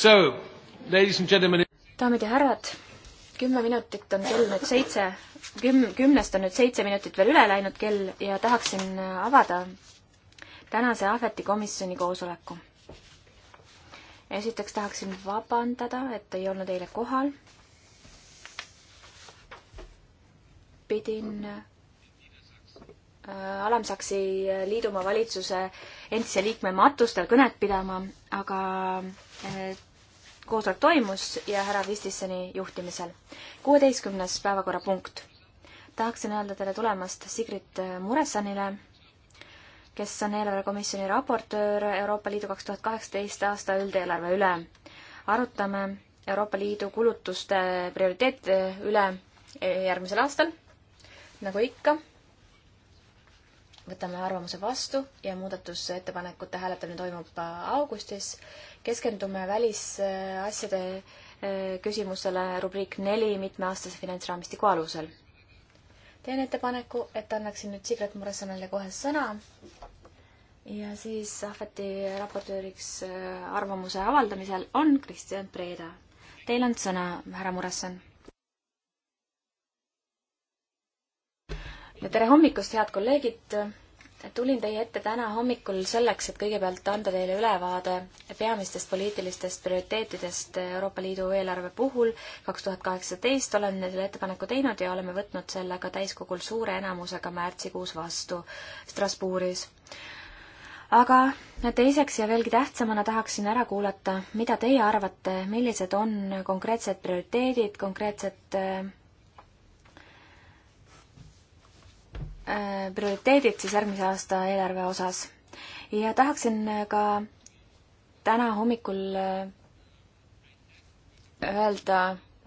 So, ladies and gentlemen. daamid ja härrad, kümme minutit on kell nüüd seitse, küm-, kümnest on nüüd seitse minutit veel üle läinud kell ja tahaksin avada tänase Ahveti komisjoni koosoleku. esiteks tahaksin vabandada, et ei olnud eile kohal. pidin Äh, Alamsaksi liidumaa valitsuse endise liikme matustel kõnet pidama, aga äh, koosolek toimus ja härra Vistissoni juhtimisel. kuueteistkümnes päevakorrapunkt. tahaksin öelda tere tulemast Sigrid äh, Muresanile, kes on eelarvekomisjoni raportöör Euroopa Liidu kaks tuhat kaheksateist aasta üldeelarve üle. arutame Euroopa Liidu kulutuste prioriteete üle järgmisel aastal, nagu ikka võtame arvamuse vastu ja muudatusettepanekute hääletamine toimub äh, augustis. keskendume välisasjade äh, küsimusele rubriik neli mitmeaastase finantsraamistiku alusel. teen ettepaneku, et annaksin nüüd Sigret Muressonale kohe sõna ja siis Ahveti raportööriks äh, arvamuse avaldamisel on Kristjan Preeda. Teil on sõna, härra Muresson. ja tere hommikust, head kolleegid! tulin teie ette täna hommikul selleks, et kõigepealt anda teile ülevaade peamistest poliitilistest prioriteetidest Euroopa Liidu eelarve puhul kaks tuhat kaheksateist. olen selle ettepaneku teinud ja oleme võtnud selle ka täiskogul suure enamusega märtsikuus vastu Strasbourgis. aga teiseks ja veelgi tähtsamana tahaksin ära kuulata, mida teie arvate, millised on konkreetsed prioriteedid, konkreetsed Äh, prioriteedid siis järgmise aasta eelarve osas. ja tahaksin ka täna hommikul äh, öelda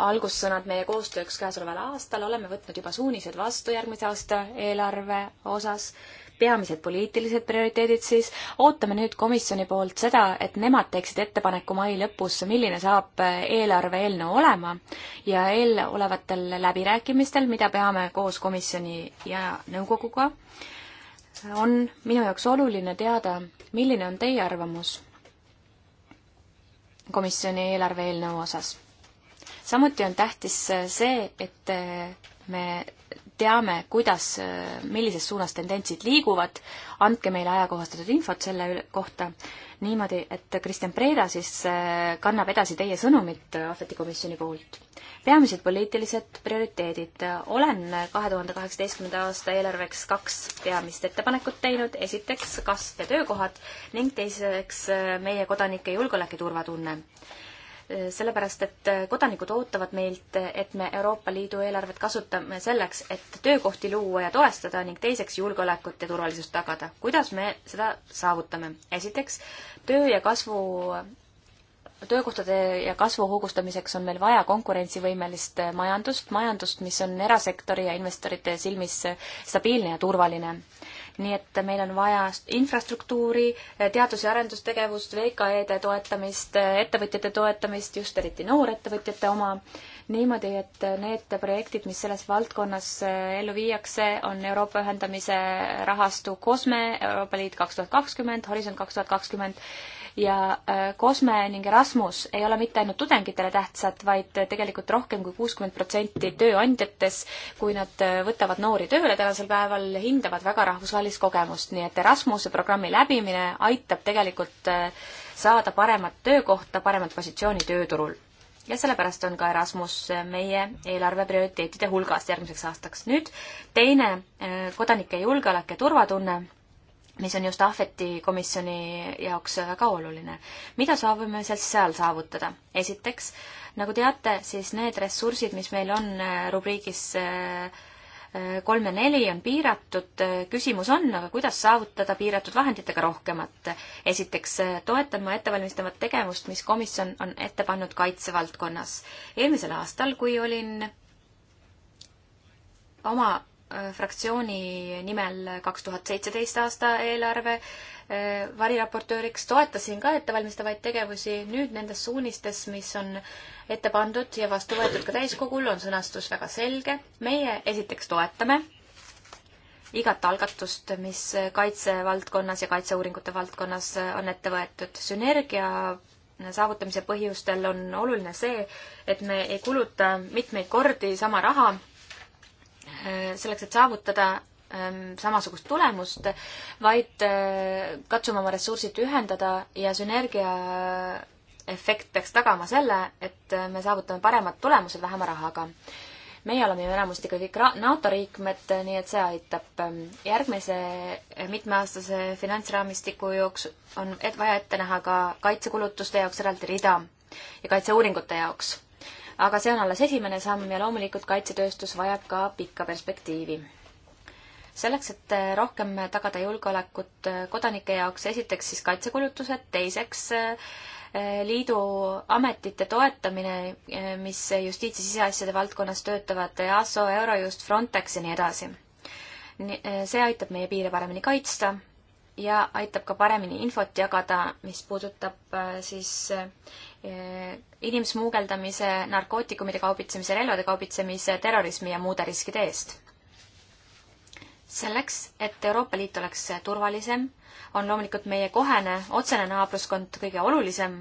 algussõnad meie koostööks käesoleval aastal, oleme võtnud juba suunised vastu järgmise aasta eelarve osas peamised poliitilised prioriteedid siis, ootame nüüd komisjoni poolt seda, et nemad teeksid ettepaneku mai lõpus, milline saab eelarve eelnõu olema ja eelolevatel läbirääkimistel, mida peame koos komisjoni ja nõukoguga, on minu jaoks oluline teada, milline on teie arvamus komisjoni eelarve eelnõu osas. samuti on tähtis see, et me teame, kuidas, millises suunas tendentsid liiguvad, andke meile ajakohastatud infot selle üle, kohta niimoodi, et Kristjan Preda siis äh, kannab edasi teie sõnumit Ahveti komisjoni poolt. peamised poliitilised prioriteedid. olen kahe tuhande kaheksateistkümnenda aasta eelarveks kaks peamist ettepanekut teinud, esiteks kasv ja töökohad ning teiseks äh, meie kodanike julgeolek ja turvatunne sellepärast, et kodanikud ootavad meilt, et me Euroopa Liidu eelarvet kasutame selleks, et töökohti luua ja toestada ning teiseks julgeolekut ja turvalisust tagada. kuidas me seda saavutame? esiteks, töö ja kasvu, töökohtade ja kasvu hoogustamiseks on meil vaja konkurentsivõimelist majandust, majandust, mis on erasektori ja investorite silmis stabiilne ja turvaline nii et meil on vaja infrastruktuuri, teadus- ja arendustegevust, VKE-de toetamist, ettevõtjate toetamist, just eriti noorettevõtjate oma, niimoodi, et need projektid, mis selles valdkonnas eh, ellu viiakse, on Euroopa ühendamise rahastu COSME, Euroopa Liit kaks tuhat kakskümmend, Horisont kaks tuhat kakskümmend ja Kosme äh, ning Erasmus ei ole mitte ainult tudengitele tähtsad, vaid äh, tegelikult rohkem kui kuuskümmend protsenti tööandjates, kui nad äh, võtavad noori tööle tänasel päeval, hindavad väga rahvusvahelist kogemust, nii et Erasmuse programmi läbimine aitab tegelikult saada paremat töökohta, paremat positsiooni tööturul ja sellepärast on ka Erasmus meie eelarve prioriteetide hulgas järgmiseks aastaks. nüüd teine kodanike julgeolek ja turvatunne mis on just Ahveti komisjoni jaoks väga oluline. mida soovime siis seal saavutada? esiteks, nagu teate, siis need ressursid, mis meil on äh, rubriigis äh, äh, kolm ja neli on piiratud, küsimus on, aga kuidas saavutada piiratud vahenditega rohkemat? esiteks toetan ma ettevalmistavat tegevust, mis komisjon on ette pannud kaitsevaldkonnas. eelmisel aastal, kui olin oma fraktsiooni nimel kaks tuhat seitseteist aasta eelarve eh, variraportööriks, toetasin ka ettevalmistavaid tegevusi, nüüd nendes suunistes, mis on ette pandud ja vastu võetud ka täiskogul, on sõnastus väga selge. meie esiteks toetame igat algatust, mis kaitsevaldkonnas ja kaitseuuringute valdkonnas on ette võetud. sünergia saavutamise põhjustel on oluline see, et me ei kuluta mitmeid kordi sama raha Äh, selleks, et saavutada ähm, samasugust tulemust, vaid äh, katsume oma ressursid ühendada ja sünergia efekt peaks tagama selle, et äh, me saavutame paremad tulemused vähema rahaga. meie oleme ju enamasti ikkagi NATO liikmed, nii et see aitab. Ähm, järgmise mitmeaastase finantsraamistiku jooksul on et vaja ette näha ka kaitsekulutuste jaoks eraldi rida ja kaitseuuringute jaoks aga see on alles esimene samm ja loomulikult kaitsetööstus vajab ka pikka perspektiivi. selleks, et rohkem tagada julgeolekut kodanike jaoks, esiteks siis kaitsekulutused, teiseks eh, liidu ametite toetamine, eh, mis justiits- ja siseasjade valdkonnas töötavad, EASO, Eurojust, Frontex ja nii edasi. Eh, see aitab meie piire paremini kaitsta ja aitab ka paremini infot jagada, mis puudutab siis Eh, inimsmuugeldamise, narkootikumide kaubitsemise, relvade kaubitsemise, terrorismi ja muude riskide eest. selleks, et Euroopa Liit oleks turvalisem, on loomulikult meie kohene otsene naabruskond kõige olulisem.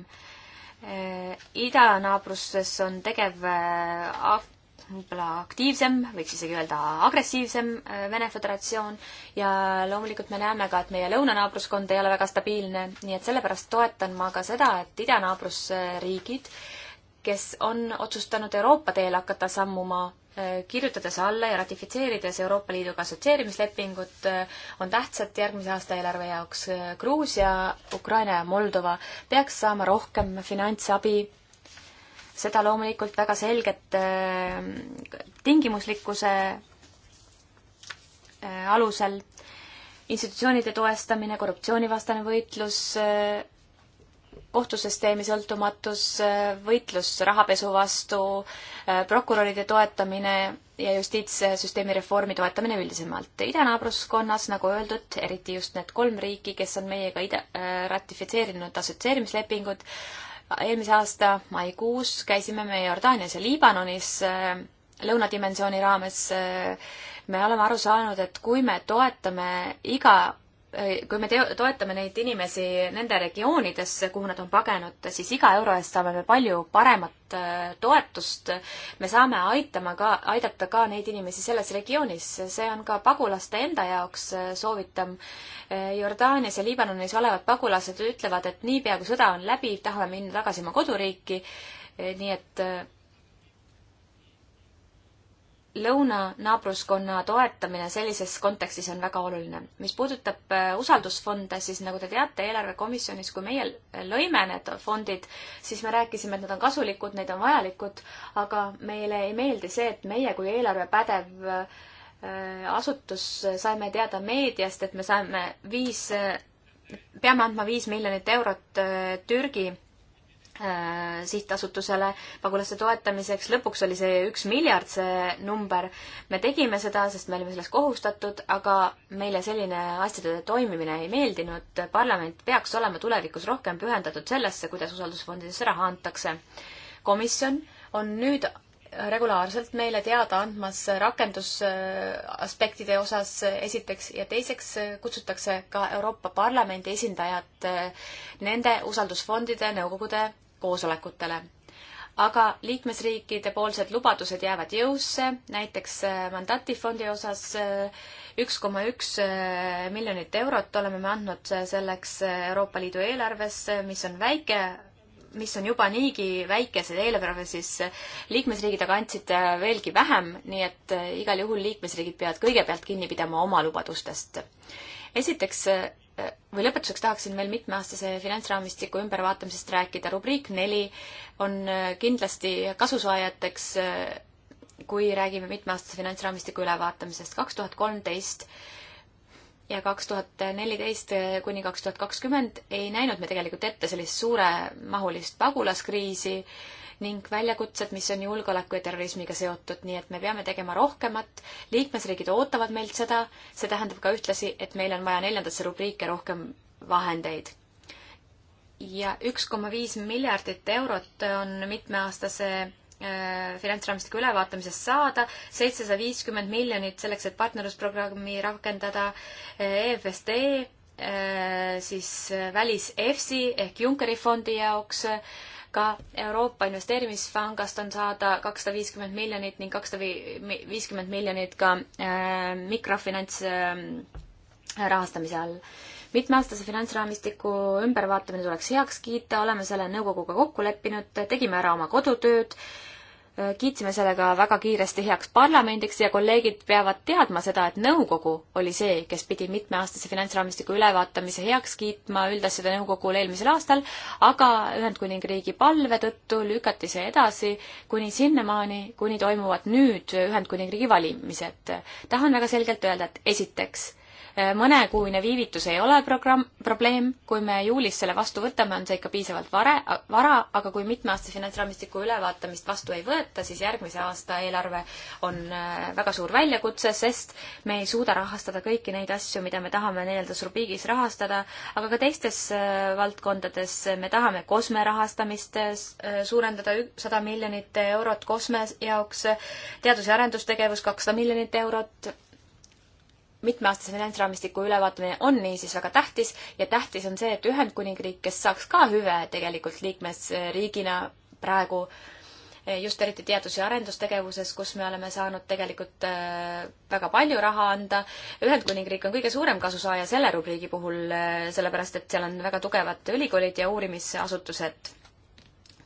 Eh, idanaabrustes on tegev eh, võib-olla aktiivsem, võiks isegi öelda agressiivsem äh, Vene Föderatsioon ja loomulikult me näeme ka, et meie lõunanaabruskond ei ole väga stabiilne, nii et sellepärast toetan ma ka seda, et idanaabrusriigid, kes on otsustanud Euroopa teel hakata sammuma, äh, kirjutades alla ja ratifitseerides Euroopa Liiduga assotsieerimislepingut, äh, on tähtsad järgmise aasta eelarve jaoks. Gruusia, Ukraina ja Moldova peaks saama rohkem finantsabi seda loomulikult väga selget äh, tingimuslikkuse äh, alusel, institutsioonide toestamine, korruptsioonivastane võitlus, äh, kohtusüsteemi sõltumatus, võitlus rahapesu vastu, prokuröride toetamine ja justiitssüsteemi reformi toetamine üldisemalt. idanaabruskonnas, nagu öeldud, eriti just need kolm riiki, kes on meiega ida-, ratifitseerinud assotsieerimislepingud, eelmise aasta maikuus käisime me Jordaanias ja Liibanonis äh, lõunadimensiooni raames. Äh, me oleme aru saanud, et kui me toetame iga Äh, kui me teo-, toetame neid inimesi nende regioonidesse, kuhu nad on pagenud, siis iga euro eest saame me palju paremat äh, toetust. me saame aitama ka, aidata ka neid inimesi selles regioonis, see on ka pagulaste enda jaoks äh, soovitav. Jordaanias ja Liibanonis olevad pagulased ütlevad, et niipea kui sõda on läbi, tahame minna tagasi oma koduriiki, nii et lõunanaabruskonna toetamine sellises kontekstis on väga oluline. mis puudutab äh, usaldusfonde, siis nagu te teate, eelarvekomisjonis, kui meie lõime need fondid, siis me rääkisime, et nad on kasulikud, need on vajalikud, aga meile ei meeldi see, et meie kui eelarvepädev äh, asutus saime teada meediast, et me saime viis, äh, peame andma viis miljonit eurot Türgi Äh, sihtasutusele pagulaste toetamiseks. lõpuks oli see üks miljard, see number. me tegime seda, sest me olime sellest kohustatud, aga meile selline asjade toimimine ei meeldinud. parlament peaks olema tulevikus rohkem pühendatud sellesse, kuidas usaldusfondidesse raha antakse. komisjon on nüüd regulaarselt meile teada andmas rakendusaspektide osas esiteks ja teiseks kutsutakse ka Euroopa Parlamendi esindajad nende usaldusfondide nõukogude koosolekutele. aga liikmesriikide poolsed lubadused jäävad jõusse, näiteks äh, mandatifondi osas äh, üks koma üks äh, miljonit eurot oleme me andnud selleks Euroopa Liidu eelarvesse, mis on väike, mis on juba niigi väikese eelarve, siis liikmesriigid aga andsid veelgi vähem, nii et igal juhul liikmesriigid peavad kõigepealt kinni pidama oma lubadustest. esiteks või lõpetuseks tahaksin veel mitmeaastase finantsraamistiku ümbervaatamisest rääkida. rubriik neli on äh, kindlasti kasusaajateks, äh, kui räägime mitmeaastase finantsraamistiku ülevaatamisest. kaks tuhat kolmteist ja kaks tuhat neliteist äh, kuni kaks tuhat kakskümmend ei näinud me tegelikult ette sellist suuremahulist pagulaskriisi äh, ning väljakutsed, mis on julgeoleku ja terrorismiga seotud, nii et me peame tegema rohkemat. liikmesriigid ootavad meilt seda, see tähendab ka ühtlasi, et meil on vaja neljandasse rubriike rohkem vahendeid. ja üks koma viis miljardit eurot on mitmeaastase äh, finantsraamistiku ülevaatamisest saada, seitsesada viiskümmend miljonit selleks, et partnerlusprogrammi rakendada, äh, EFSD, äh, siis välis EFSI ehk Junckeri fondi jaoks, ka Euroopa Investeerimispangast on saada kakssada viiskümmend miljonit ning kakssada viiskümmend miljonit ka äh, mikrofinants äh, rahastamise all. mitmeaastase finantsraamistiku ümbervaatamine tuleks heaks kiita, oleme selle nõukoguga kokku leppinud, tegime ära oma kodutööd äh,, Äh, kiitsime selle ka väga kiiresti heaks parlamendiks ja kolleegid peavad teadma seda, et nõukogu oli see, kes pidi mitmeaastase finantsraamistiku ülevaatamise heaks kiitma üldasjade nõukogul eelmisel aastal, aga Ühendkuningriigi palve tõttu lükati see edasi kuni sinnamaani, kuni toimuvad nüüd Ühendkuningriigi valimised. tahan väga selgelt öelda, et esiteks Äh, mõnekuune viivitus ei ole programm, probleem, kui me juulis selle vastu võtame, on see ikka piisavalt vare, äh, vara, aga kui mitmeaastase finantsraamistiku ülevaatamist vastu ei võeta, siis järgmise aasta eelarve on äh, väga suur väljakutse, sest me ei suuda rahastada kõiki neid asju, mida me tahame neljandas rubiigis rahastada, aga ka teistes valdkondades me tahame kosme rahastamist suurendada sada miljonit eurot kosme jaoks, teadus- ja arendustegevus kakssada miljonit eurot, mitmeaastase finantsraamistiku ülevaatamine on niisiis väga tähtis ja tähtis on see, et Ühendkuningriik, kes saaks ka hüve tegelikult liikmesriigina praegu eh, just eriti teadus- ja arendustegevuses, kus me oleme saanud tegelikult eh, väga palju raha anda. Ühendkuningriik on kõige suurem kasusaaja selle rubriigi puhul, eh, sellepärast et seal on väga tugevad ülikoolid ja uurimisasutused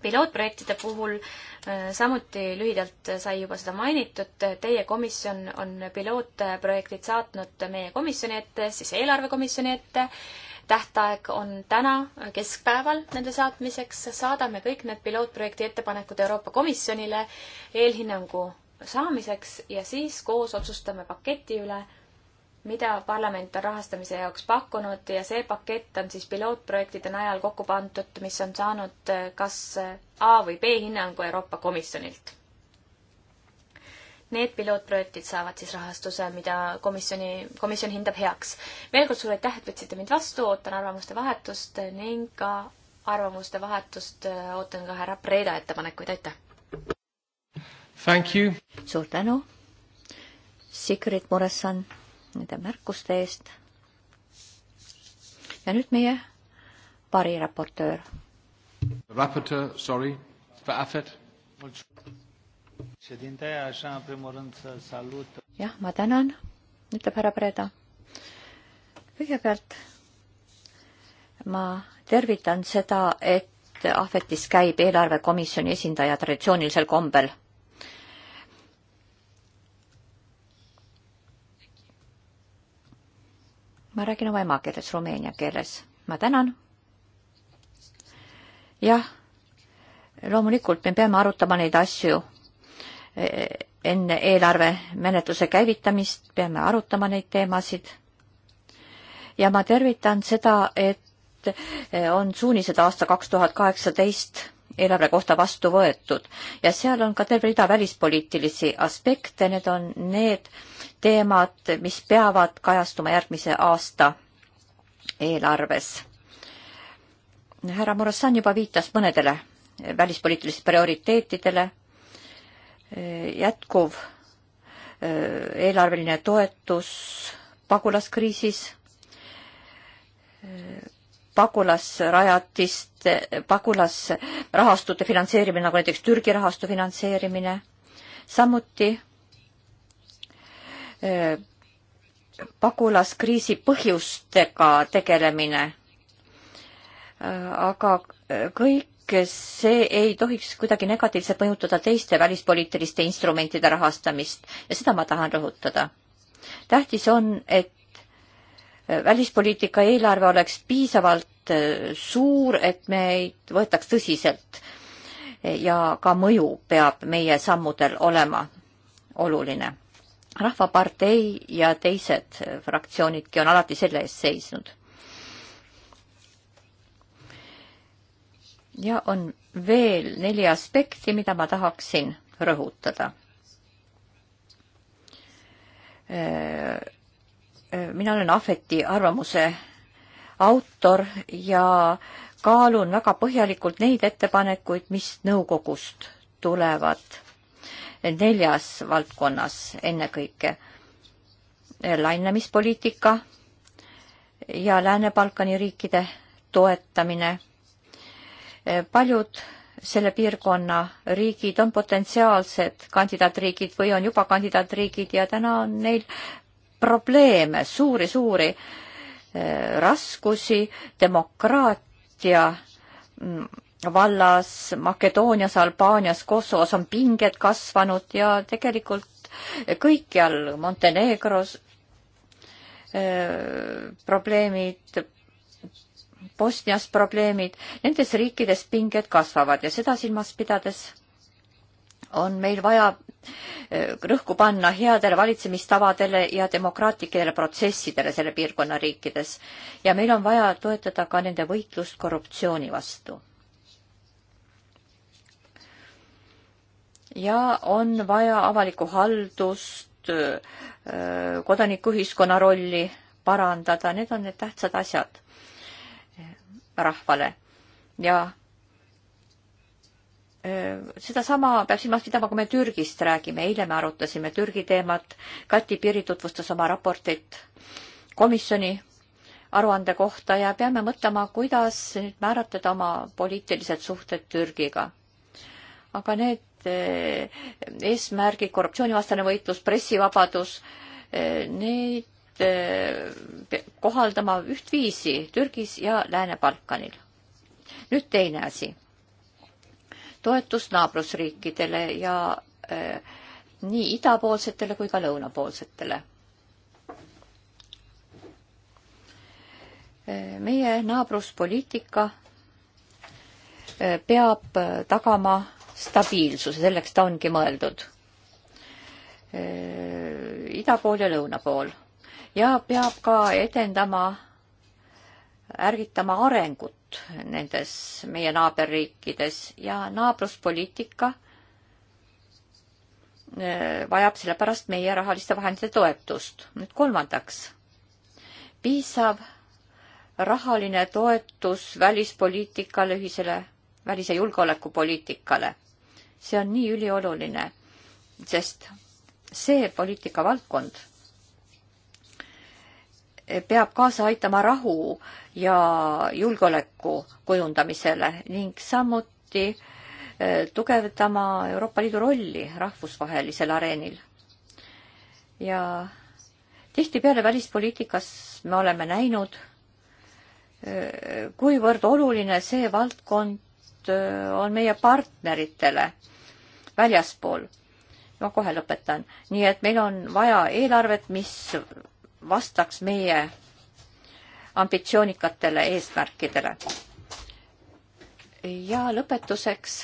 pilootprojektide puhul äh, samuti lühidalt sai juba seda mainitud, teie komisjon on pilootprojektid saatnud meie komisjoni ette, siis eelarvekomisjoni ette. tähtaeg on täna äh, keskpäeval nende saatmiseks, saadame kõik need pilootprojekti ettepanekud Euroopa Komisjonile eelhinnangu saamiseks ja siis koos otsustame paketi üle mida parlament on rahastamise jaoks pakkunud ja see pakett on siis pilootprojektide najal kokku pandud, mis on saanud eh, kas eh, A või B hinnangu Euroopa Komisjonilt. Need pilootprojektid saavad siis rahastuse, mida komisjoni, komisjon hindab heaks. veel kord suur aitäh, et võtsite mind vastu, ootan arvamuste vahetust ning ka arvamuste vahetust eh, ootan ka härra Preeda ettepanekuid, aitäh! suur tänu, Sigrid Moresson! nende märkuste eest. ja nüüd meie variraportöör. Raportöör, sorry, Afet. jah, ma tänan, ütleb härra Preda. kõigepealt ma tervitan seda, et Ahvetis käib eelarvekomisjoni esindaja traditsioonilisel kombel ma räägin oma emakeeles, rumeenia keeles. ma tänan. jah, loomulikult me peame arutama neid asju e, enne eelarvemenetluse käivitamist, peame arutama neid teemasid. ja ma tervitan seda, et e, on suunised aasta kaks tuhat kaheksateist eelarve kohta vastu võetud ja seal on ka terve rida välispoliitilisi aspekte, need on need teemad, mis peavad kajastuma järgmise aasta eelarves. härra Morossan juba viitas mõnedele välispoliitilistele prioriteetidele, jätkuv eelarveline toetus pagulaskriisis, pagulasrajatist, pagulasrahastute finantseerimine, nagu näiteks Türgi rahastu finantseerimine, samuti pagulaskriisi põhjustega tegelemine. aga kõik see ei tohiks kuidagi negatiivselt mõjutada teiste välispoliitiliste instrumentide rahastamist ja seda ma tahan rõhutada. tähtis on, et välispoliitika eelarve oleks piisavalt äh, suur, et meid võetaks tõsiselt ja ka mõju peab meie sammudel olema oluline rahvapartei ja teised fraktsioonidki on alati selle eest seisnud. ja on veel neli aspekti, mida ma tahaksin rõhutada. Äh, äh, mina olen Ahveti arvamuse autor ja kaalun väga põhjalikult neid ettepanekuid, mis nõukogust tulevad neljas valdkonnas ennekõike. lainemispoliitika ja Lääne-Balkani riikide toetamine. paljud selle piirkonna riigid on potentsiaalsed kandidaatriigid või on juba kandidaatriigid ja täna on neil probleeme suuri,, suuri-suuri eh, raskusi, demokraatia mm, vallas, Makedoonias, Albaanias, Kosovos on pinged kasvanud ja tegelikult kõikjal Montenegros öö, probleemid, Bosnias probleemid, nendes riikides pinged kasvavad ja seda silmas pidades on meil vaja rõhku panna headele valitsemistavadele ja demokraatlikele protsessidele selle piirkonna riikides ja meil on vaja toetada ka nende võitlust korruptsiooni vastu ja on vaja avalikku haldust, kodanikuühiskonna rolli parandada, need on need tähtsad asjad rahvale. ja sedasama peab silmas pidama, kui me Türgist räägime, eile me arutasime Türgi teemat, Kati Piri tutvustas oma raportit komisjoni aruande kohta ja peame mõtlema, kuidas nüüd määratleda oma poliitilised suhted Türgiga. aga need eesmärgid, korruptsioonivastane võitlus, pressivabadus, neid eh, kohaldama ühtviisi Türgis ja Lääne-Balkanil. nüüd teine asi. toetus naabrusriikidele ja eh, nii idapoolsetele kui ka lõunapoolsetele. Eh, meie naabruspoliitika eh, peab tagama stabiilsuse, selleks ta ongi mõeldud. ida pool ja lõuna pool ja peab ka edendama, ärgitama arengut nendes meie naaberriikides ja naabruspoliitika eh, vajab sellepärast meie rahaliste vahendite toetust. nüüd kolmandaks, piisav rahaline toetus välispoliitikale, ühisele välis- ja julgeolekupoliitikale see on nii ülioluline, sest see poliitikavaldkond peab kaasa aitama rahu ja julgeoleku kujundamisele ning samuti äh, tugevdama Euroopa Liidu rolli rahvusvahelisel areenil. ja tihtipeale välispoliitikas me oleme näinud, äh, kuivõrd oluline see valdkond äh, on meie partneritele väljaspool. ma kohe lõpetan. nii et meil on vaja eelarvet, mis vastaks meie ambitsioonikatele eesmärkidele. ja lõpetuseks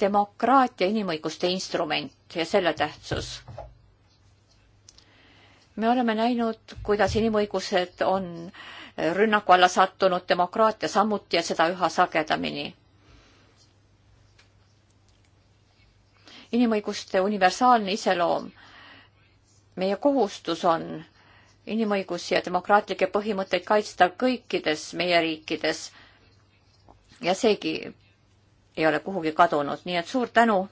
demokraatia inimõiguste instrument ja selle tähtsus. me oleme näinud, kuidas inimõigused on rünnaku alla sattunud, demokraatia samuti ja seda üha sagedamini. inimõiguste universaalne iseloom. meie kohustus on inimõigusi ja demokraatlikke põhimõtteid kaitsta kõikides meie riikides. ja seegi ei ole kuhugi kadunud, nii et suur tänu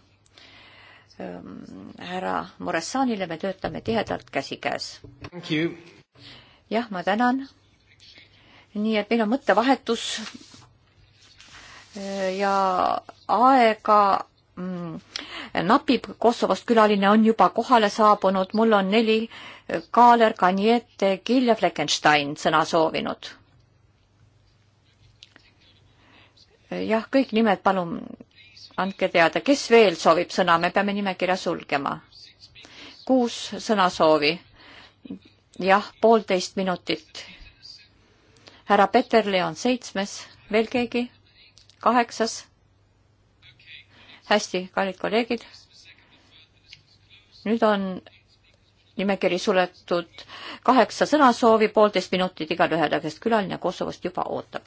ähm, härra Muressanile, me töötame tihedalt käsikäes. jah, ma tänan. nii et meil on mõttevahetus äh, ja aega Mm. napib, Kosovost külaline on juba kohale saabunud, mul on neli eh, Kaaler, Kaniete, Kill ja Fleckenstein sõna soovinud. Eh, jah, kõik nimed palun andke teada, kes veel soovib sõna, me peame nimekirja sulgema. kuus sõnasoovi. jah, poolteist minutit. härra Peterli on seitsmes, veel keegi? kaheksas hästi, kallid kolleegid, nüüd on nimekiri suletud kaheksa sõnasoovi, poolteist minutit igalühele, kes külaline Kosovost juba ootab.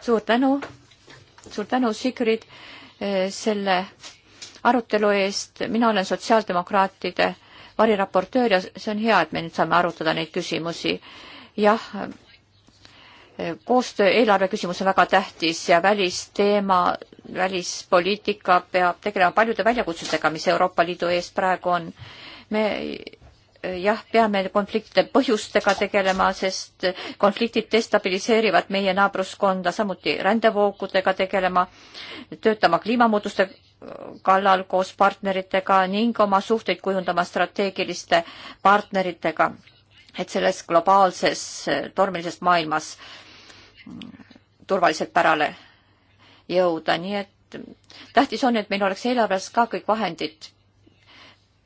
suur tänu, suur tänu, Sigrid, eh, selle arutelu eest, mina olen sotsiaaldemokraatide variraportöör ja see on hea, et me nüüd saame arutada neid küsimusi. jah, koostöö eelarve küsimus on väga tähtis ja välisteema, välispoliitika peab tegelema paljude väljakutsetega, mis Euroopa Liidu ees praegu on. me jah, peame konfliktide põhjustega tegelema, sest konfliktid destabiliseerivad meie naabruskonda, samuti rändevoogudega tegelema, töötama kliimamuutuste kallal koos partneritega ning oma suhteid kujundama strateegiliste partneritega, et selles globaalses tormilises maailmas äh, turvaliselt pärale jõuda, nii et tähtis on, et meil oleks eelarves ka kõik vahendid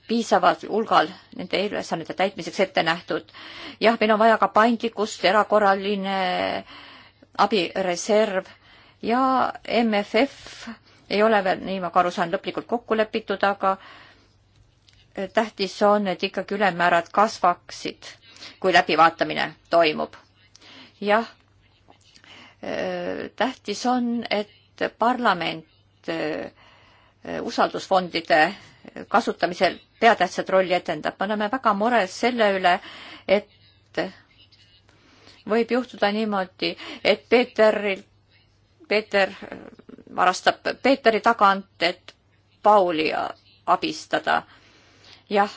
piisaval hulgal nende eelülesannete täitmiseks ette nähtud. jah, meil on vaja ka paindlikkust, erakorraline abireserv ja MFF ei ole veel, nii ma ka aru saan, lõplikult kokku lepitud, aga tähtis on, et ikkagi ülemmäärad kasvaksid, kui läbivaatamine toimub. jah tähtis on, et parlament eh, usaldusfondide kasutamisel peatähtsat rolli etendab. me oleme väga mures selle üle, et võib juhtuda niimoodi, et Peeteril, Peeter varastab Peeteri tagant, et Pauli abistada. jah,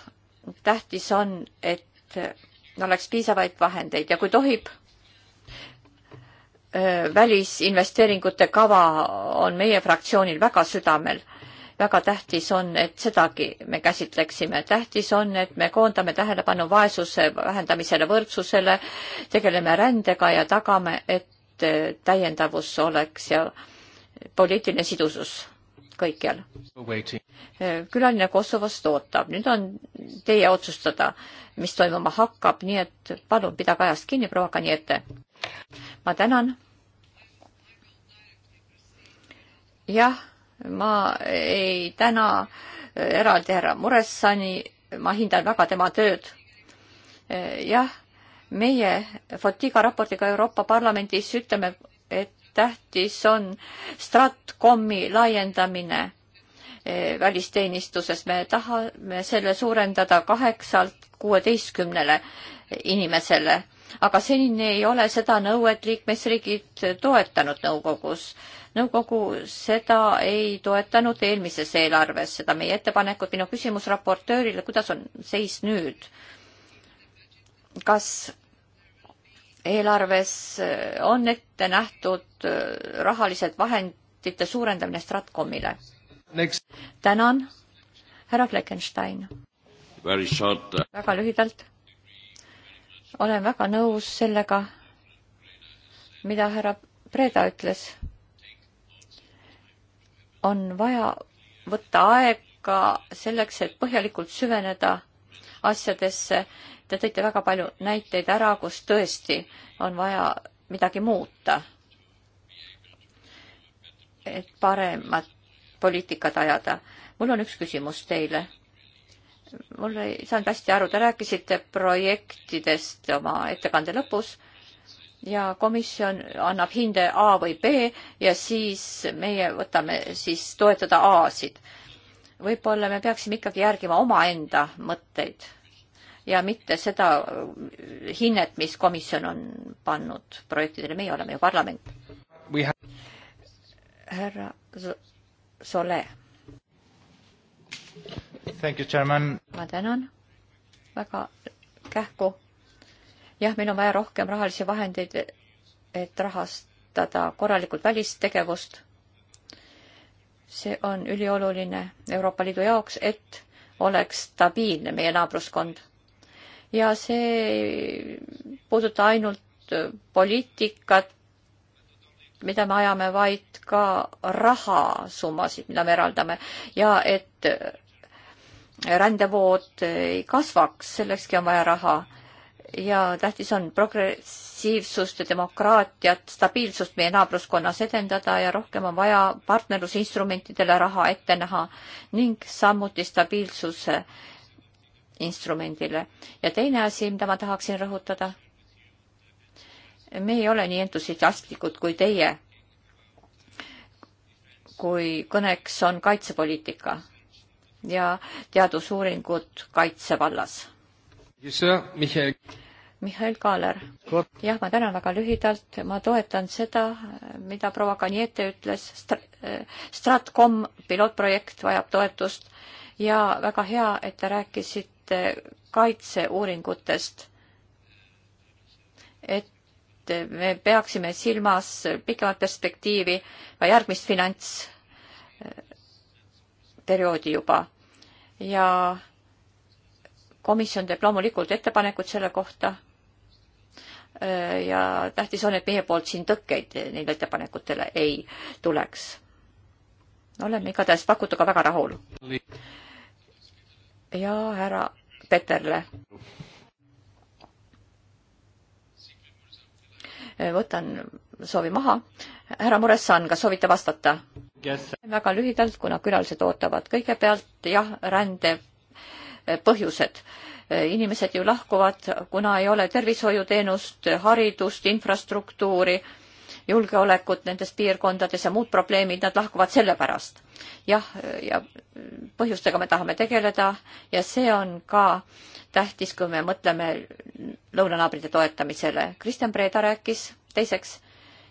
tähtis on, et oleks piisavaid vahendeid ja kui tohib, Äh, välisinvesteeringute kava on meie fraktsioonil väga südamel. väga tähtis on, et sedagi me käsitleksime. tähtis on, et me koondame tähelepanu vaesuse vähendamisele, võrdsusele, tegeleme rändega ja tagame, et äh, täiendavus oleks ja poliitiline sidusus kõikjal. Äh, külaline Kosovost ootab, nüüd on teie otsustada, mis toimuma hakkab, nii et palun pidage ajast kinni, proua Kaniete. ma tänan. jah, ma ei täna eraldi härra Muressani, ma hindan väga tema tööd. jah, meie Fotiga raportiga Euroopa Parlamendis ütleme, et tähtis on Stratkomi laiendamine välisteenistuses. me tahame selle suurendada kaheksalt kuueteistkümnele inimesele, aga senini ei ole seda nõuet liikmesriigid toetanud nõukogus nõukogu seda ei toetanud eelmises eelarves, seda meie ettepanekut. minu küsimus raportöörile, kuidas on seis nüüd? kas eelarves on ette nähtud äh, rahalised vahendite suurendamine Stratkomile? tänan, härra Fleckenstein. väga lühidalt. olen väga nõus sellega, mida härra Preda ütles on vaja võtta aega selleks, et põhjalikult süveneda asjadesse. Te tõite väga palju näiteid ära, kus tõesti on vaja midagi muuta. et paremat poliitikat ajada. mul on üks küsimus teile. mul ei saanud hästi aru, te rääkisite projektidest oma ettekande lõpus ja komisjon annab hinde A või B ja siis meie võtame siis toetada A-sid. võib-olla me peaksime ikkagi järgima omaenda mõtteid ja mitte seda hinnet, mis komisjon on pannud projektidele, meie oleme ju parlament. härra Sole. ma tänan väga kähku jah, meil on vaja rohkem rahalisi vahendeid, et rahastada korralikult välistegevust. see on ülioluline Euroopa Liidu jaoks, et oleks stabiilne meie naabruskond. ja see ei puuduta ainult poliitikat, mida me ajame, vaid ka rahasummasid, mida me eraldame ja et rändevood ei kasvaks, sellekski on vaja raha ja tähtis on progressiivsust ja demokraatiat, stabiilsust meie naabruskonnas edendada ja rohkem on vaja partnerlusinstrumentidele raha ette näha ning samuti stabiilsuse instrumendile. ja teine asi, mida ma tahaksin rõhutada. me ei ole nii entusiastlikud kui teie, kui kõneks on kaitsepoliitika ja teadusuuringud kaitsevallas Mihhail Kaaler. jah, ma tänan väga lühidalt, ma toetan seda, mida proua Kaniete ütles Strat, äh, Stratcom pilootprojekt vajab toetust ja väga hea, et te rääkisite kaitseuuringutest. et me peaksime silmas pikemat perspektiivi või järgmist finantsperioodi juba ja komisjon teeb loomulikult ettepanekud selle kohta äh, ja tähtis on, et meie poolt siin tõkkeid neile ettepanekutele ei tuleks. oleme igatahes pakutuga väga rahul. ja härra Peterle. Äh, võtan soovi maha. härra Muressan, kas soovite vastata yes.? väga lühidalt, kuna külalised ootavad. kõigepealt jah, rände põhjused. inimesed ju lahkuvad, kuna ei ole tervishoiuteenust, haridust, infrastruktuuri, julgeolekut nendes piirkondades ja muud probleemid, nad lahkuvad selle pärast. jah, ja põhjustega me tahame tegeleda ja see on ka tähtis, kui me mõtleme lõunanaabrite toetamisele. Kristjan Preda rääkis teiseks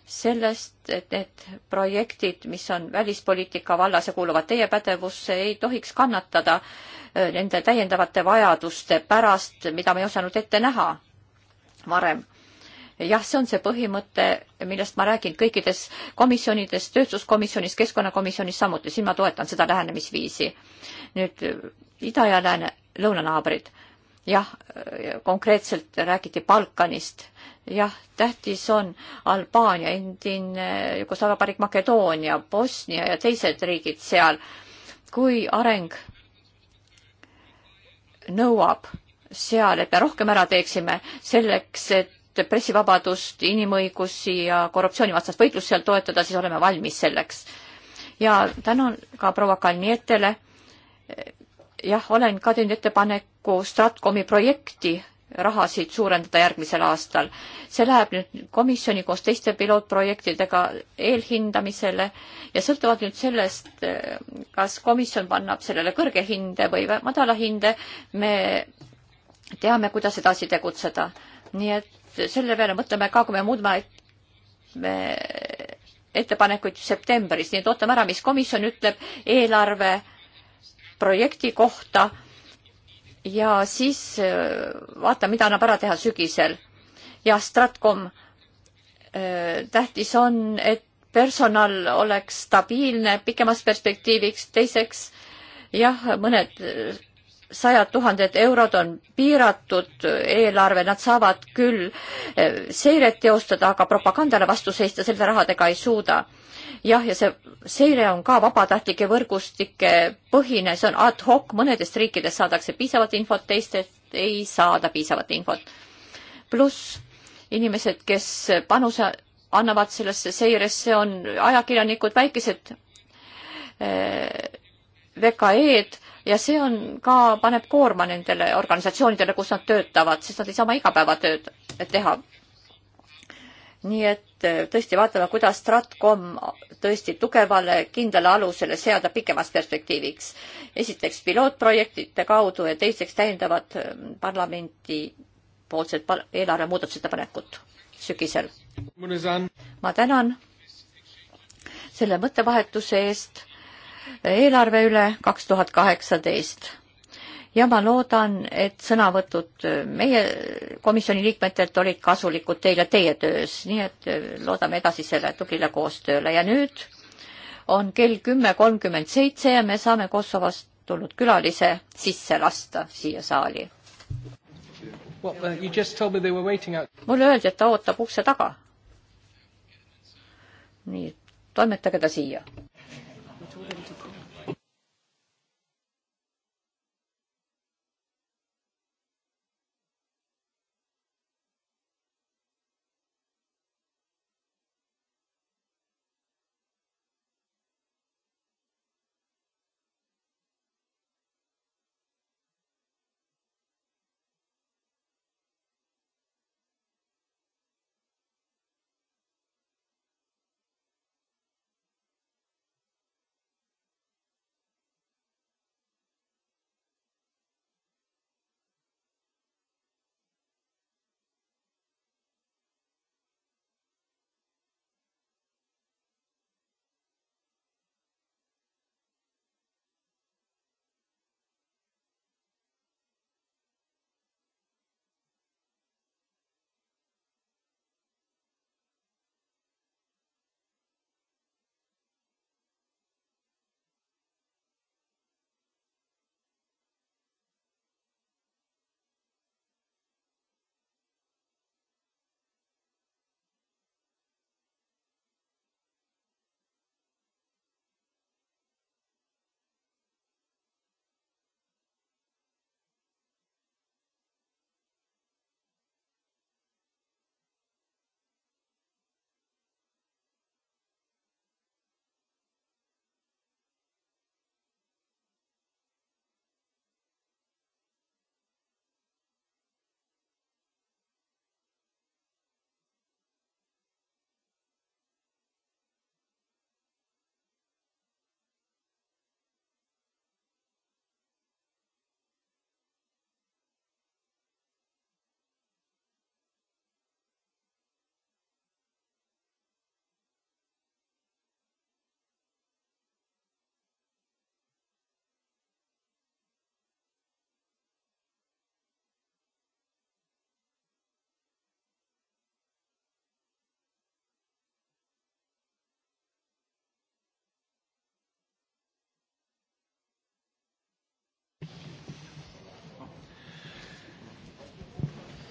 sellest, et need projektid, mis on välispoliitika vallas ja kuuluvad teie pädevusse, ei tohiks kannatada äh, nende täiendavate vajaduste pärast, mida me ei osanud ette näha varem. jah, see on see põhimõte, millest ma räägin kõikides komisjonides, tööstuskomisjonis, keskkonnakomisjonis samuti, siin ma toetan seda lähenemisviisi. nüüd ida ja lääne, lõunanaabrid jah, konkreetselt räägiti Balkanist. jah, tähtis on Albaania, endine Jugoslaavia vabariik Makedoonia, Bosnia ja teised riigid seal. kui areng nõuab seal, et me rohkem ära teeksime selleks, et pressivabadust, inimõigusi ja korruptsioonivastast võitlust seal toetada, siis oleme valmis selleks. ja tänan ka proua Kalnietele jah, olen ka teinud ettepaneku Stratkomi projekti rahasid suurendada järgmisel aastal. see läheb nüüd komisjoni koos teiste pilootprojektidega eelhindamisele ja sõltuvalt nüüd sellest, kas komisjon pannab sellele kõrge hinde või madala hinde, me teame, kuidas edasi tegutseda. nii et selle peale mõtleme ka, kui me muudame me ettepanekuid septembris, nii et ootame ära, mis komisjon ütleb, eelarve projekti kohta ja siis äh, vaata, mida annab ära teha sügisel. ja Stratkom, äh, tähtis on, et personal oleks stabiilne pikemas perspektiiviks, teiseks jah, mõned sajad tuhanded eurod on piiratud eelarve, nad saavad küll eh, seiret teostada, aga propagandale vastu seista selle rahadega ei suuda. jah, ja see seire on ka vabatahtlike võrgustike põhine, see on ad hoc, mõnedest riikidest saadakse piisavat infot, teistest ei saada piisavat infot. pluss inimesed, kes panuse annavad sellesse seiresse, on ajakirjanikud, väikesed eh, VKE-d ja see on ka, paneb koorma nendele organisatsioonidele, kus nad töötavad, sest nad ei saa oma igapäevatööd teha. nii et eh, tõesti vaatame, kuidas Stratcom tõesti tugevale kindlale alusele seada pikemas perspektiiviks. esiteks pilootprojektide kaudu ja teiseks täiendavad eh, parlamenti poolsed eelarve muudatusettepanekut sügisel. ma tänan selle mõttevahetuse eest eelarve üle kaks tuhat kaheksateist ja ma loodan, et sõnavõtud meie komisjoni liikmetelt olid kasulikud teile teie töös, nii et loodame edasisele tublile koostööle ja nüüd on kell kümme kolmkümmend seitse ja me saame Kosovost tulnud külalise sisse lasta siia saali. Uh, mulle öeldi, et ta ootab ukse taga. nii, toimetage ta siia open to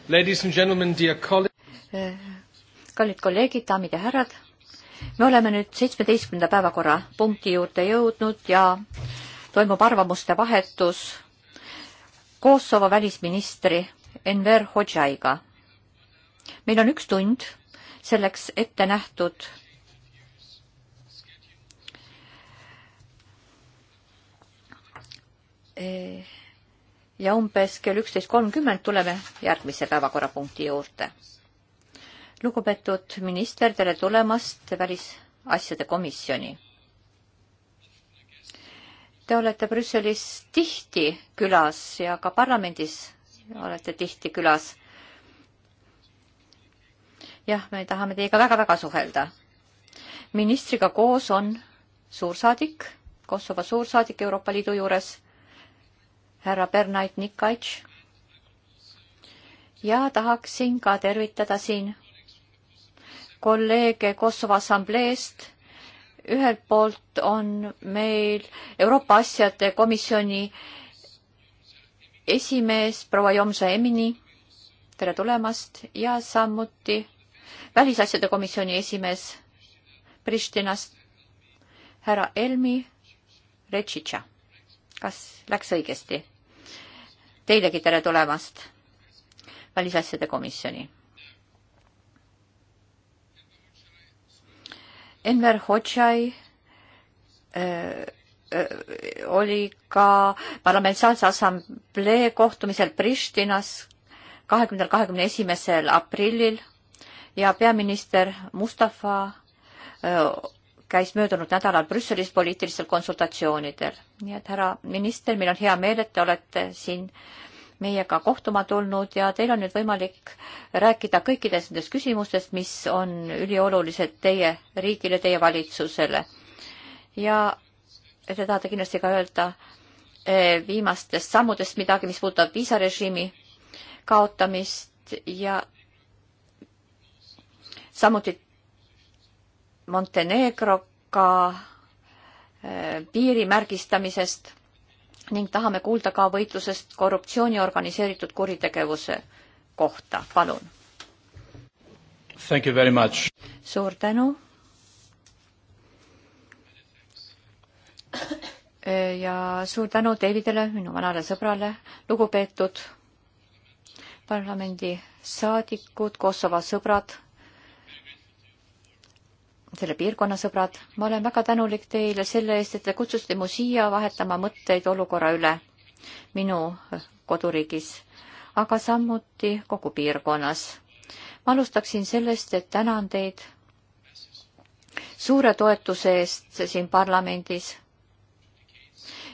Ladies and gentlemen, dear colleagues. kallid kolleegid, daamid ja härrad. me oleme nüüd seitsmeteistkümnenda päevakorrapunkti juurde jõudnud ja toimub arvamuste vahetus Kosovo välisministri Enver Hodžaiga. meil on üks tund selleks ette nähtud e ja umbes kell üksteist kolmkümmend tuleme järgmise päevakorrapunkti juurde. lugupeetud minister, tere tulemast Välisasjade Komisjoni. Te olete Brüsselis tihti külas ja ka parlamendis olete tihti külas. jah, me tahame teiega väga-väga suhelda. ministriga koos on suursaadik, Kosovo suursaadik Euroopa Liidu juures härra Bernard Nikatš. ja tahaksin ka tervitada siin kolleege Kosovo Assambleest. ühelt poolt on meil Euroopa Asjade Komisjoni esimees proua Jomsa Emini, tere tulemast, ja samuti Välisasjade Komisjoni esimees Pristinast härra Elmi Retšitša. kas läks õigesti? teilegi tere tulemast välisasjade komisjoni. Enver Hoxhai äh, äh oli ka parlamentaarse assamblee kohtumisel Pristinas kahekümnendal, kahekümne esimesel aprillil ja peaminister Mustafa äh, käis möödunud nädalal Brüsselis poliitilistel konsultatsioonidel. nii et härra minister, meil on hea meel, et te olete siin meiega kohtuma tulnud ja teil on nüüd võimalik rääkida kõikidest nendest küsimustest, mis on üliolulised teie riigile, teie valitsusele. ja te tahate kindlasti ka öelda eh, viimastest sammudest midagi, mis puudutab viisarežiimi kaotamist ja samuti Montenegroga äh, piiri märgistamisest ning tahame kuulda ka võitlusest korruptsiooni organiseeritud kuritegevuse kohta. palun. suur tänu. ja suur tänu Davidele, minu vanale sõbrale, lugupeetud parlamendi saadikud, Kosovo sõbrad selle piirkonna sõbrad. ma olen väga tänulik teile selle eest, et te kutsusite mu siia vahetama mõtteid olukorra üle minu koduriigis, aga samuti kogu piirkonnas. ma alustaksin sellest, et tänan teid suure toetuse eest siin parlamendis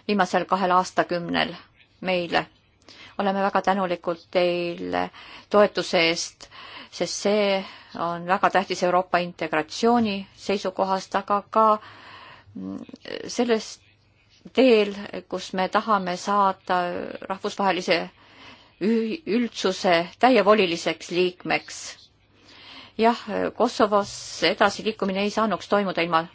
viimasel kahel aastakümnel meile. oleme väga tänulikud teile toetuse eest äh, sest see on väga tähtis Euroopa integratsiooni seisukohast, aga ka mm, sellest teel, kus me tahame saada rahvusvahelise üldsuse täievoliliseks liikmeks. jah, Kosovos edasiliikumine ei saanuks toimuda ilma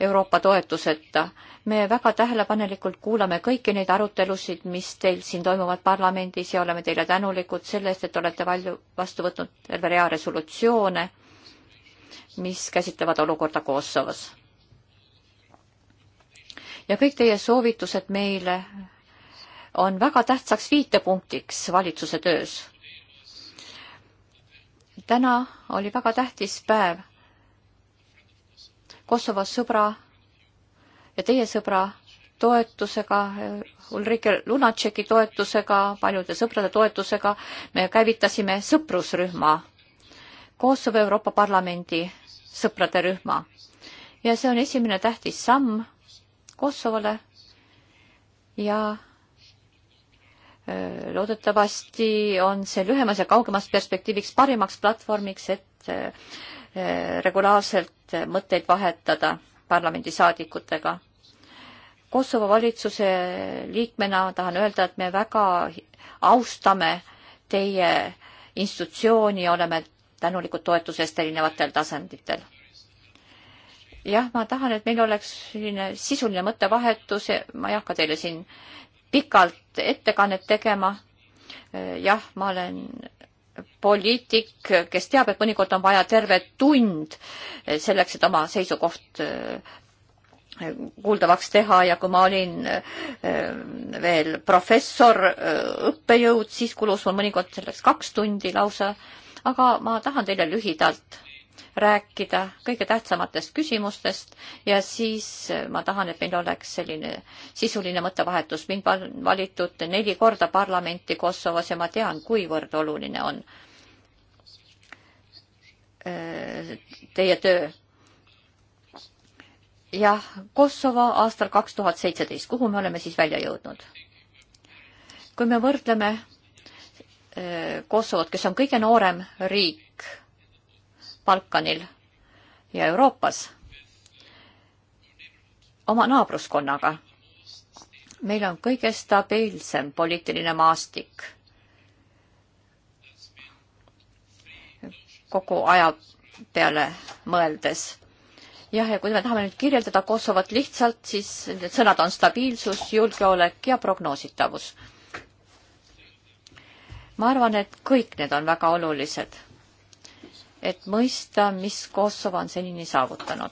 Euroopa toetuseta. me väga tähelepanelikult kuulame kõiki neid arutelusid, mis teil siin toimuvad parlamendis ja oleme teile tänulikud selle eest, et olete valju, vastu võtnud terve rea resolutsioone, mis käsitlevad olukorda Kosovos. ja kõik teie soovitused meile on väga tähtsaks viitepunktiks valitsuse töös. täna oli väga tähtis päev Kosovo sõbra ja teie sõbra toetusega, Ulrike Lunatšeki toetusega, paljude sõprade toetusega me käivitasime sõprusrühma, Kosovo Euroopa Parlamendi sõprade rühma. ja see on esimene tähtis samm Kosovole ja äh, loodetavasti on see lühemas ja kaugemas perspektiiviks parimaks platvormiks, et äh, regulaarselt mõtteid vahetada parlamendisaadikutega. Kosovo valitsuse liikmena tahan öelda, et me väga austame teie institutsiooni ja oleme tänulikud toetuse eest erinevatel tasanditel. jah, ma tahan, et meil oleks selline sisuline mõttevahetus, ma ei hakka teile siin pikalt ettekannet tegema. jah, ma olen poliitik, kes teab, et mõnikord on vaja terve tund selleks, et oma seisukoht äh, kuuldavaks teha ja kui ma olin äh, veel professor, äh, õppejõud, siis kulus mul mõnikord selleks kaks tundi lausa. aga ma tahan teile lühidalt rääkida kõige tähtsamatest küsimustest ja siis ma tahan, et meil oleks selline sisuline mõttevahetus. mind on valitud neli korda parlamenti Kosovos ja ma tean, kuivõrd oluline on äh, teie töö. jah, Kosovo aastal kaks tuhat seitseteist, kuhu me oleme siis välja jõudnud? kui me võrdleme äh, Kosovot, kes on kõige noorem riik Balkanil ja Euroopas oma naabruskonnaga. meil on kõige stabiilsem poliitiline maastik kogu aja peale mõeldes. jah, ja kui me tahame nüüd kirjeldada Kosovot lihtsalt, siis need sõnad on stabiilsus, julgeolek ja prognoositavus. ma arvan, et kõik need on väga olulised et mõista, mis Kosovo on senini saavutanud.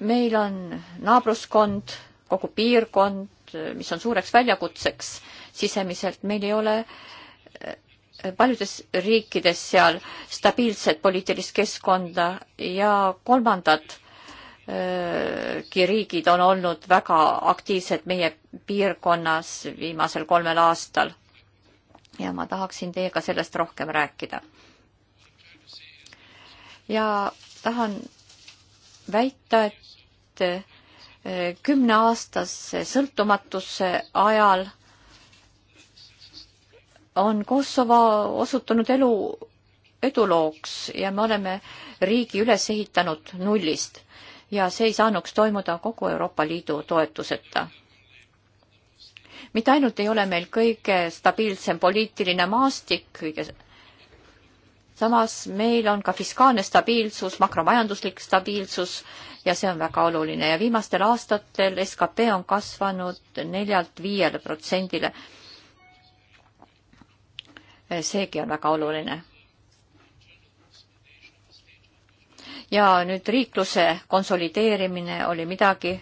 meil on naabruskond, kogu piirkond, mis on suureks väljakutseks sisemiselt, meil ei ole eh, paljudes riikides seal stabiilset poliitilist keskkonda ja kolmandad eh, riigid on olnud väga aktiivsed meie piirkonnas viimasel kolmel aastal ja ma tahaksin teiega sellest rohkem rääkida. ja tahan väita, et eh, kümneaastase sõltumatuse ajal on Kosovo osutunud elu edulooks ja me oleme riigi üles ehitanud nullist ja see ei saanuks toimuda kogu Euroopa Liidu toetuseta mitte ainult ei ole meil kõige stabiilsem poliitiline maastik, kõige samas meil on ka fiskaalne stabiilsus, makromajanduslik stabiilsus ja see on väga oluline ja viimastel aastatel skp on kasvanud neljalt viiele protsendile. seegi on väga oluline. ja nüüd riikluse konsolideerimine oli midagi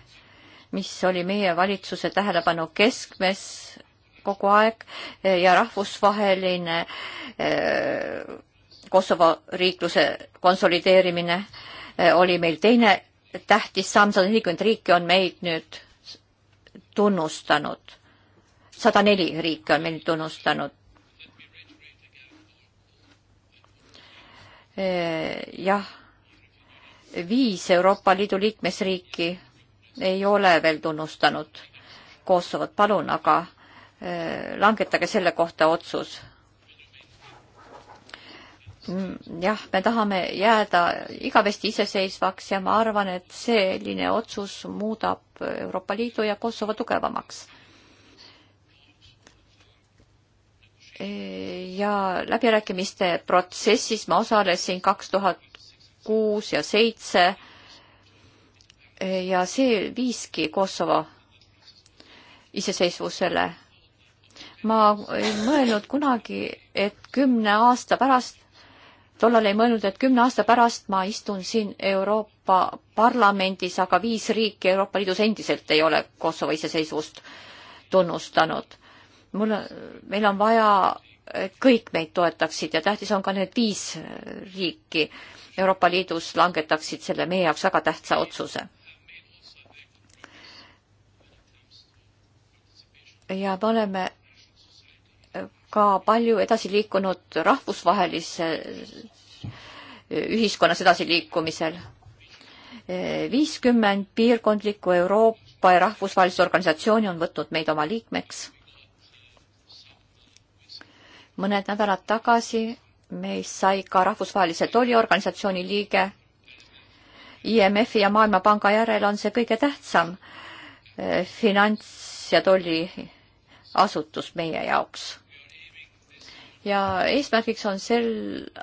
mis oli meie valitsuse tähelepanu keskmes kogu aeg eh, ja rahvusvaheline eh, Kosovo riikluse konsolideerimine eh, oli meil teine tähtis samm, sada nelikümmend riiki on meid nüüd tunnustanud. sada neli riiki on meid tunnustanud. jah, viis Euroopa Liidu liikmesriiki ei ole veel tunnustanud Kosovot, palun aga äh, langetage selle kohta otsus. Mm, jah, me tahame jääda igavesti iseseisvaks ja ma arvan, et selline otsus muudab Euroopa Liidu ja Kosovo tugevamaks. ja läbirääkimiste protsessis ma osalesin kaks tuhat kuus ja seitse ja see viiski Kosovo iseseisvusele. ma ei mõelnud kunagi, et kümne aasta pärast, tollal ei mõelnud, et kümne aasta pärast ma istun siin Euroopa Parlamendis, aga viis riiki Euroopa Liidus endiselt ei ole Kosovo iseseisvust tunnustanud. mul, meil on vaja, et kõik meid toetaksid ja tähtis on ka need viis riiki Euroopa Liidus langetaksid selle meie jaoks väga tähtsa otsuse ja me oleme ka palju edasi liikunud rahvusvahelise ühiskonnas edasiliikumisel. viiskümmend piirkondlikku Euroopa ja rahvusvahelist organisatsiooni on võtnud meid oma liikmeks. mõned nädalad tagasi meist sai ka rahvusvahelise tolliorganisatsiooni liige. IMF-i ja Maailmapanga järel on see kõige tähtsam eh, finants- ja tolliorganisatsioon asutus meie jaoks. ja eesmärgiks on sel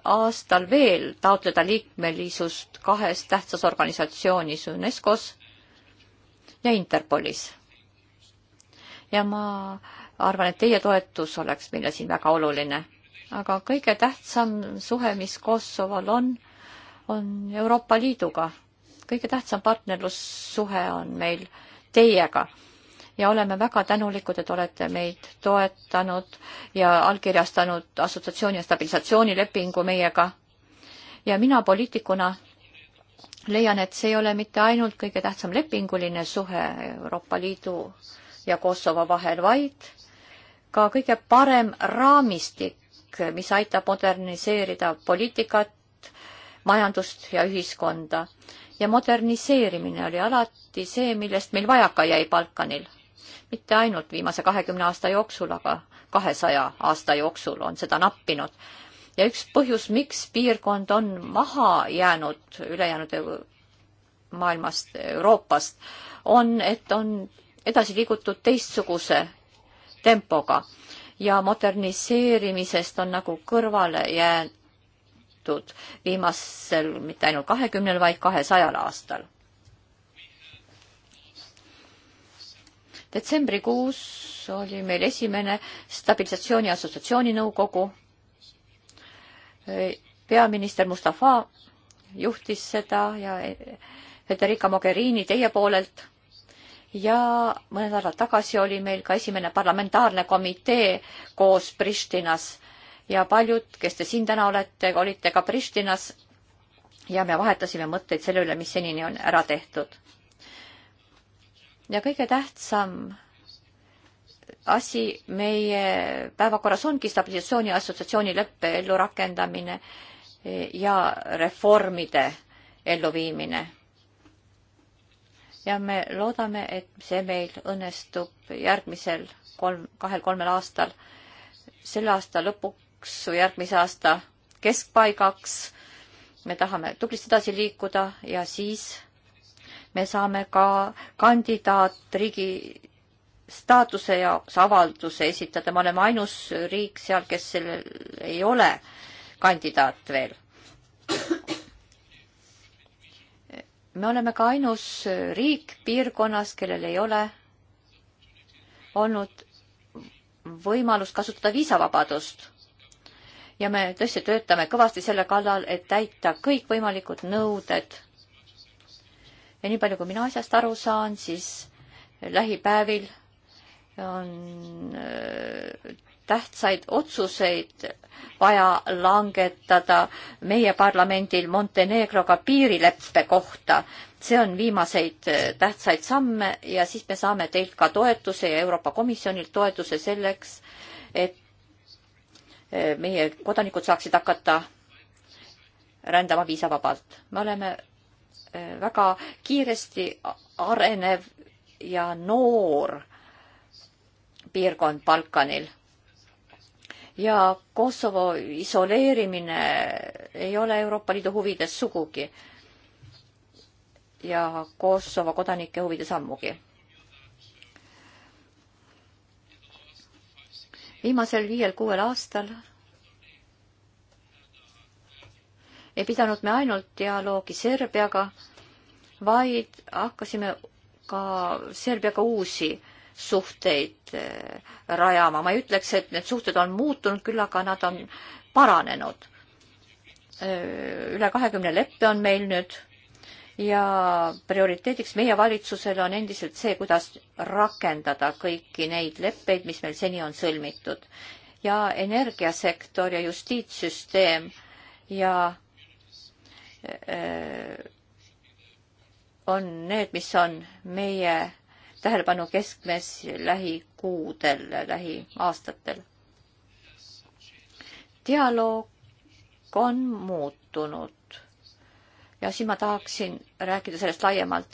aastal veel taotleda liikmelisust kahes tähtsas organisatsioonis UNESCO-s ja Interpolis. ja ma arvan, et teie toetus oleks meile siin väga oluline. aga kõige tähtsam suhe, mis Kosoval on, on Euroopa Liiduga. kõige tähtsam partnerlussuhe on meil teiega ja oleme väga tänulikud, et olete meid toetanud ja allkirjastanud assotsiatsiooni ja stabilisatsioonilepingu meiega. ja mina poliitikuna leian, et see ei ole mitte ainult kõige tähtsam lepinguline suhe Euroopa Liidu ja Kosovo vahel, vaid ka kõige parem raamistik, mis aitab moderniseerida poliitikat, majandust ja ühiskonda. ja moderniseerimine oli alati see, millest meil vajaka jäi Balkanil mitte ainult viimase kahekümne aasta jooksul, aga kahesaja aasta jooksul on seda nappinud. ja üks põhjus, miks piirkond on maha jäänud ülejäänud maailmast, Euroopast, on, et on edasi liigutud teistsuguse tempoga ja moderniseerimisest on nagu kõrvale jäänud viimasel mitte ainult kahekümnel, vaid kahesajal aastal detsembrikuus oli meil esimene stabilisatsiooni assotsiatsiooni nõukogu. peaminister Mustafa juhtis seda ja Federica Mogherini teie poolelt ja mõned nädalad tagasi oli meil ka esimene parlamentaarne komitee koos Pristinas ja paljud, kes te siin täna olete, olite ka Pristinas ja me vahetasime mõtteid selle üle, mis senini on ära tehtud ja kõige tähtsam asi meie päevakorras ongi stabilisatsiooni assotsiatsiooni leppe ellurakendamine ja reformide elluviimine. ja me loodame, et see meil õnnestub järgmisel kolm, kahel-kolmel aastal, selle aasta lõpuks või järgmise aasta keskpaigaks. me tahame tublisti edasi liikuda ja siis me saame ka kandidaatriigi staatuse jaoks avalduse esitada, me oleme ainus riik seal, kes sellel ei ole kandidaat veel. me oleme ka ainus riik piirkonnas, kellel ei ole olnud võimalust kasutada viisavabadust. ja me tõesti töötame kõvasti selle kallal, et täita kõikvõimalikud nõuded ja nii palju, kui mina asjast aru saan, siis lähipäevil on äh, tähtsaid otsuseid vaja langetada meie parlamendil Montenegroga piirileppe kohta. see on viimaseid äh, tähtsaid samme ja siis me saame teilt ka toetuse ja Euroopa Komisjonilt toetuse selleks, et äh, meie kodanikud saaksid hakata rändama viisavabalt. me oleme Äh, väga kiiresti arenev ja noor piirkond Balkanil. ja Kosovo isoleerimine ei ole Euroopa Liidu huvides sugugi. ja Kosovo kodanike huvides ammugi. viimasel viiel-kuuel aastal ei pidanud me ainult dialoogi Serbiaga, vaid hakkasime ka Serbiaga uusi suhteid eh, rajama. ma ei ütleks, et need suhted on muutunud, küll aga nad on paranenud. Eh, üle kahekümne leppe on meil nüüd ja prioriteediks meie valitsusele on endiselt see, kuidas rakendada kõiki neid leppeid, mis meil seni on sõlmitud. ja energiasektor ja justiitssüsteem ja Äh, on need, mis on meie tähelepanu keskmes lähikuudel, lähiaastatel. dialoog on muutunud ja siin ma tahaksin rääkida sellest laiemalt.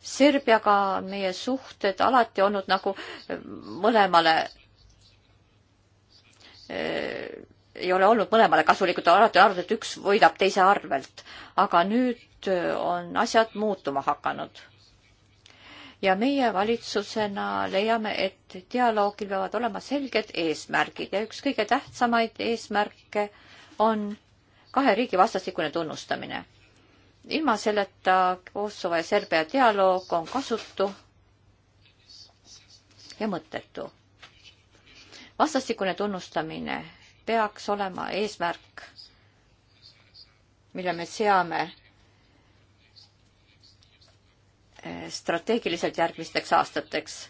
Serbiaga meie suhted alati olnud nagu mõlemale äh, ei ole olnud mõlemale kasulikud, alati on arvatud, et üks võidab teise arvelt. aga nüüd äh, on asjad muutuma hakanud. ja meie valitsusena leiame, et dialoogil peavad olema selged eesmärgid ja üks kõige tähtsamaid eesmärke on kahe riigi vastastikune tunnustamine. ilma selleta Kosovo ja Serbia dialoog on kasutu ja mõttetu. vastastikune tunnustamine peaks olema eesmärk, mille me seame eh, strateegiliselt järgmisteks aastateks.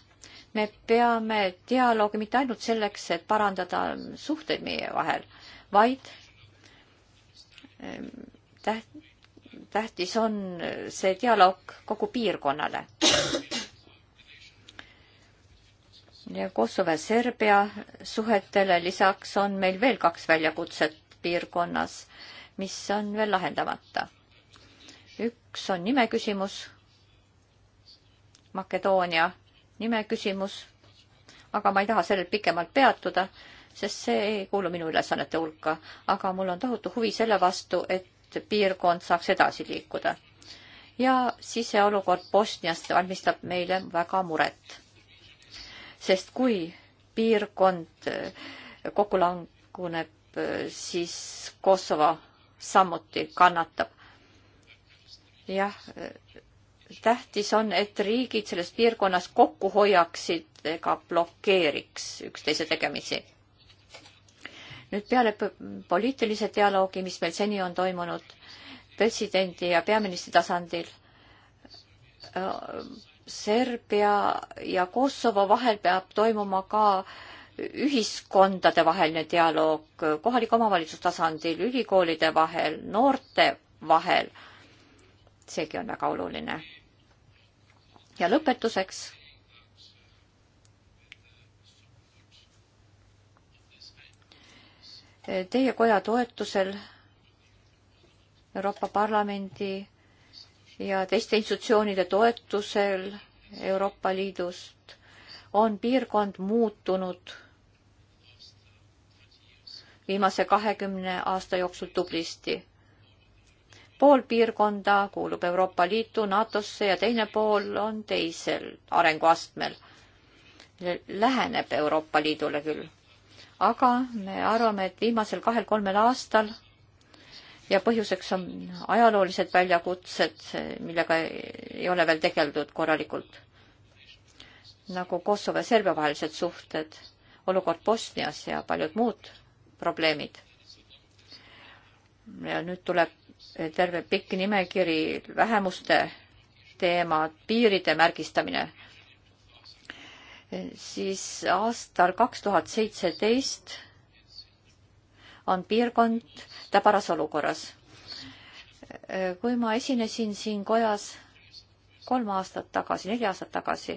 me peame dialoogi mitte ainult selleks, et parandada suhteid meie vahel, vaid ehm, täht-, tähtis on eh, see dialoog kogu piirkonnale ja Kosovo ja Serbia suhetele lisaks on meil veel kaks väljakutset piirkonnas, mis on veel lahendamata. üks on nime küsimus, Makedoonia nime küsimus, aga ma ei taha sellel pikemalt peatuda, sest see ei kuulu minu ülesannete hulka, aga mul on tohutu huvi selle vastu, et piirkond saaks edasi liikuda. ja siseolukord Bosniast valmistab meile väga muret sest kui piirkond eh, kokku languneb, eh, siis Kosovo samuti kannatab. jah, eh, tähtis on, et riigid selles piirkonnas kokku hoiaksid ega blokeeriks üksteise tegemisi. nüüd peale poliitilise dialoogi, mis meil seni on toimunud presidendi ja peaministri tasandil, Serbia ja Kosovo vahel peab toimuma ka ühiskondade vaheline dialoog kohalike omavalitsustasandil, ülikoolide vahel, noorte vahel. seegi on väga oluline. ja lõpetuseks. Teie koja toetusel Euroopa Parlamendi ja teiste institutsioonide toetusel Euroopa Liidust on piirkond muutunud viimase kahekümne aasta jooksul tublisti. pool piirkonda kuulub Euroopa Liitu, NATO-sse ja teine pool on teisel arenguastmel. läheneb Euroopa Liidule küll. aga me arvame, et viimasel kahel-kolmel aastal ja põhjuseks on ajaloolised väljakutsed, millega ei ole veel tegeldud korralikult, nagu Kosovo ja Serbia vahelised suhted, olukord Bosnias ja paljud muud probleemid. ja nüüd tuleb terve pikk nimekiri vähemuste teemad, piiride märgistamine. siis aastal kaks tuhat seitseteist on piirkond täbaras olukorras. kui ma esinesin siin kojas kolm aastat tagasi, neli aastat tagasi,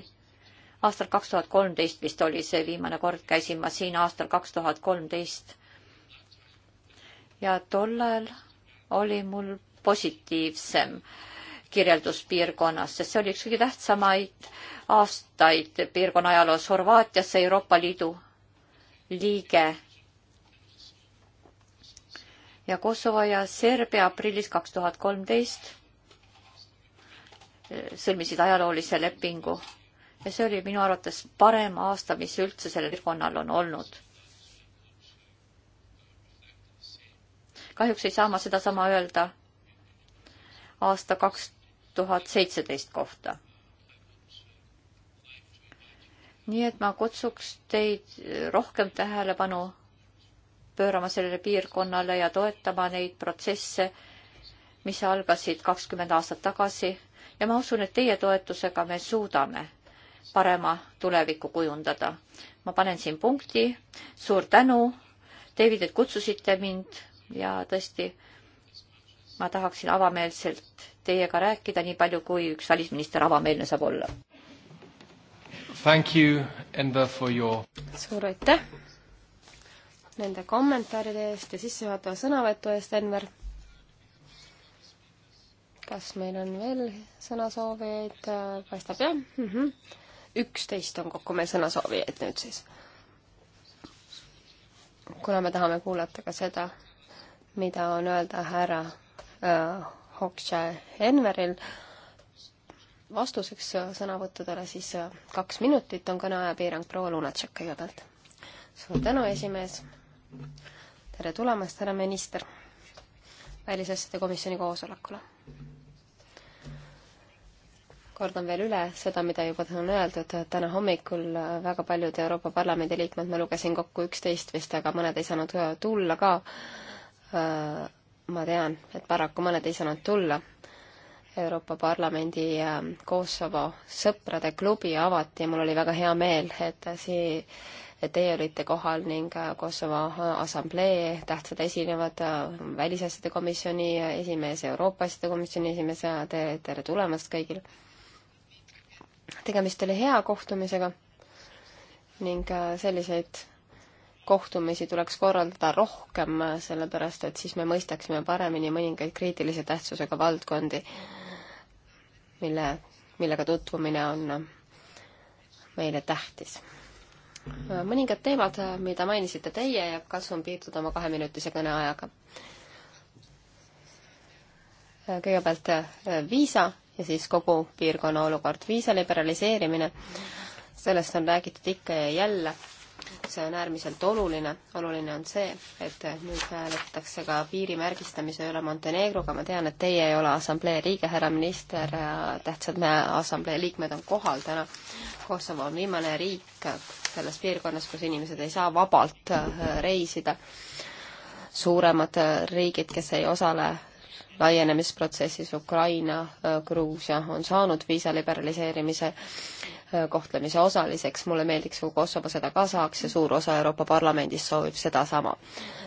aastal kaks tuhat kolmteist vist oli see viimane kord, käisin ma siin aastal kaks tuhat kolmteist. ja tol ajal oli mul positiivsem kirjeldus piirkonnas, sest see oli üks kõige tähtsamaid aastaid piirkonna ajaloos. Horvaatias sai Euroopa Liidu liige ja Kosovo ja Serbia aprillis kaks tuhat kolmteist eh, sõlmisid ajaloolise lepingu ja see oli minu arvates parem aasta, mis üldse sellel piirkonnal on olnud. kahjuks ei saa ma sedasama öelda aasta kaks tuhat seitseteist kohta. nii et ma kutsuks teid rohkem tähelepanu pöörama sellele piirkonnale ja toetama neid protsesse, mis algasid kakskümmend aastat tagasi ja ma usun, et teie toetusega me suudame parema tuleviku kujundada. ma panen siin punkti, suur tänu, David, et kutsusite mind ja tõesti, ma tahaksin avameelselt teiega rääkida, nii palju kui üks välisminister avameelne saab olla. Thank you, Enver, for your suur aitäh nende kommentaaride eest ja sissejuhatava sõnavõtu eest, Enver. kas meil on veel sõnasoovijaid? paistab jah mm -hmm.. üksteist on kokku meil sõnasoovijaid nüüd siis. kuna me tahame kuulata ka seda, mida on öelda härra äh, Hoxha Enveril vastuseks sõnavõttudele, siis äh, kaks minutit on kõneaja piirang proua Lunatšek kõigepealt. suur tänu, esimees tere tulemast, härra minister, välisasjade komisjoni koosolekule. kordan veel üle seda, mida juba on öeldud, täna hommikul väga paljud Euroopa Parlamendi liikmed, ma lugesin kokku üksteist vist, aga mõned ei saanud tulla ka. ma tean, et paraku mõned ei saanud tulla Euroopa Parlamendi äh, Kosovo sõprade klubi avati ja mul oli väga hea meel, et see et teie olite kohal ning äh, Kosovo Assamblee tähtsad esinevad, äh, Välisasjade Komisjoni esimees, Euroopa Asjade Komisjoni esimees ja äh, tere, tere tulemast kõigile! tegemist oli hea kohtumisega ning selliseid kohtumisi tuleks korraldada rohkem, sellepärast et siis me mõistaksime paremini mõningaid kriitilise tähtsusega valdkondi, mille, millega tutvumine on meile tähtis mõningad teemad, mida mainisite teie ja katsun piirduda oma kaheminutise kõneajaga. kõigepealt eh, viisa ja siis kogu piirkonna olukord. viisa liberaliseerimine, sellest on räägitud ikka ja jälle see on äärmiselt oluline. oluline on see, et nüüd hääletatakse ka piiri märgistamise üle Montenegroga. ma tean, et teie ei ole assamblee liige, härra minister, tähtsad meie assamblee liikmed on kohal täna. Kosovo on viimane riik selles piirkonnas, kus inimesed ei saa vabalt reisida. suuremad riigid, kes ei osale laienemisprotsessis Ukraina, äh, Gruusia on saanud viisa liberaliseerimise äh, kohtlemise osaliseks, mulle meeldiks, kui Kosovo seda ka saaks ja suur osa Euroopa Parlamendist soovib sedasama.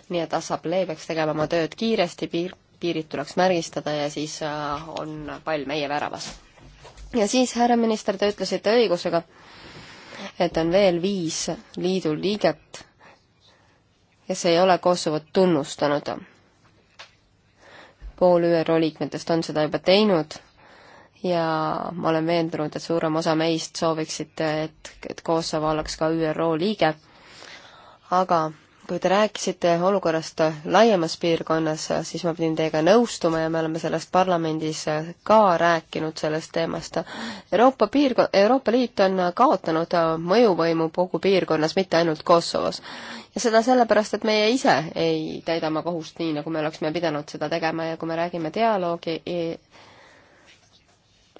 nii et assamblee peaks tegema oma tööd kiiresti, piir, piirid tuleks märgistada ja siis äh, on pall meie väravas. ja siis, härra minister, te ütlesite õigusega, et on veel viis liidu liiget, kes ei ole Kosovot tunnustanud pool ÜRO liikmetest on seda juba teinud ja ma olen veendunud, et suurem osa meist sooviksid, et, et Kosovo oleks ka ÜRO liige, aga kui te rääkisite olukorrast laiemas piirkonnas, siis ma pidin teiega nõustuma ja me oleme sellest parlamendis ka rääkinud sellest teemast. Euroopa piirko-, Euroopa Liit on kaotanud mõjuvõimu kogu piirkonnas, mitte ainult Kosovos ja seda sellepärast, et meie ise ei täida oma kohust nii, nagu me oleksime pidanud seda tegema ja kui me räägime dialoogi e,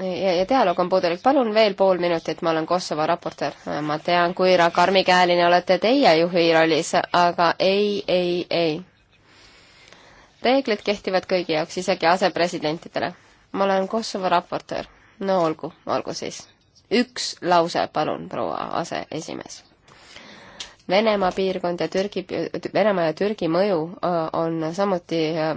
e, ja, ja dialoog on puudulik, palun veel pool minutit, ma olen Kosovo raportöör. ma tean, kui karmikäeline olete teie juhi rollis, aga ei, ei, ei. reeglid kehtivad kõigi jaoks, isegi asepresidentidele. ma olen Kosovo raportöör. no olgu, olgu siis. üks lause, palun, proua aseesimees Venemaa piirkond ja Türgi, Venemaa ja Türgi mõju äh, on samuti äh,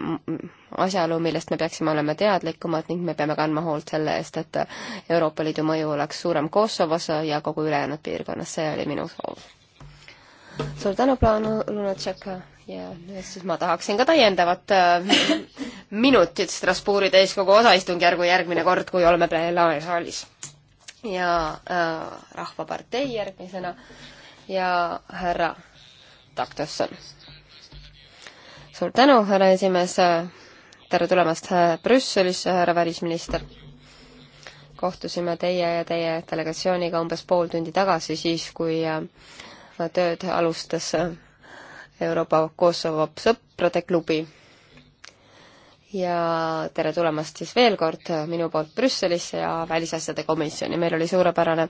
asjaolu, millest me peaksime olema teadlikumad ning me peame kandma hoolt selle eest, et äh, Euroopa Liidu mõju oleks suurem Kosovos ja kogu ülejäänud piirkonnas, see oli minu soov. suur tänu, Plaanu Lunatšek ja siis ma tahaksin ka täiendavat minutit Strasbourgi täiskogu osaistungjärgu järgmine kord, kui oleme plenaarsaalis. ja äh, Rahvapartei järgmisena äh, ja härra Taktusson. suur tänu, härra esimees, tere tulemast äh, Brüsselisse, härra välisminister! kohtusime teie ja teie delegatsiooniga umbes pool tundi tagasi, siis kui äh, tööd alustas äh, Euroopa Kosovo sõprade klubi ja tere tulemast siis veel kord minu poolt Brüsselisse ja Välisasjade Komisjoni. meil oli suurepärane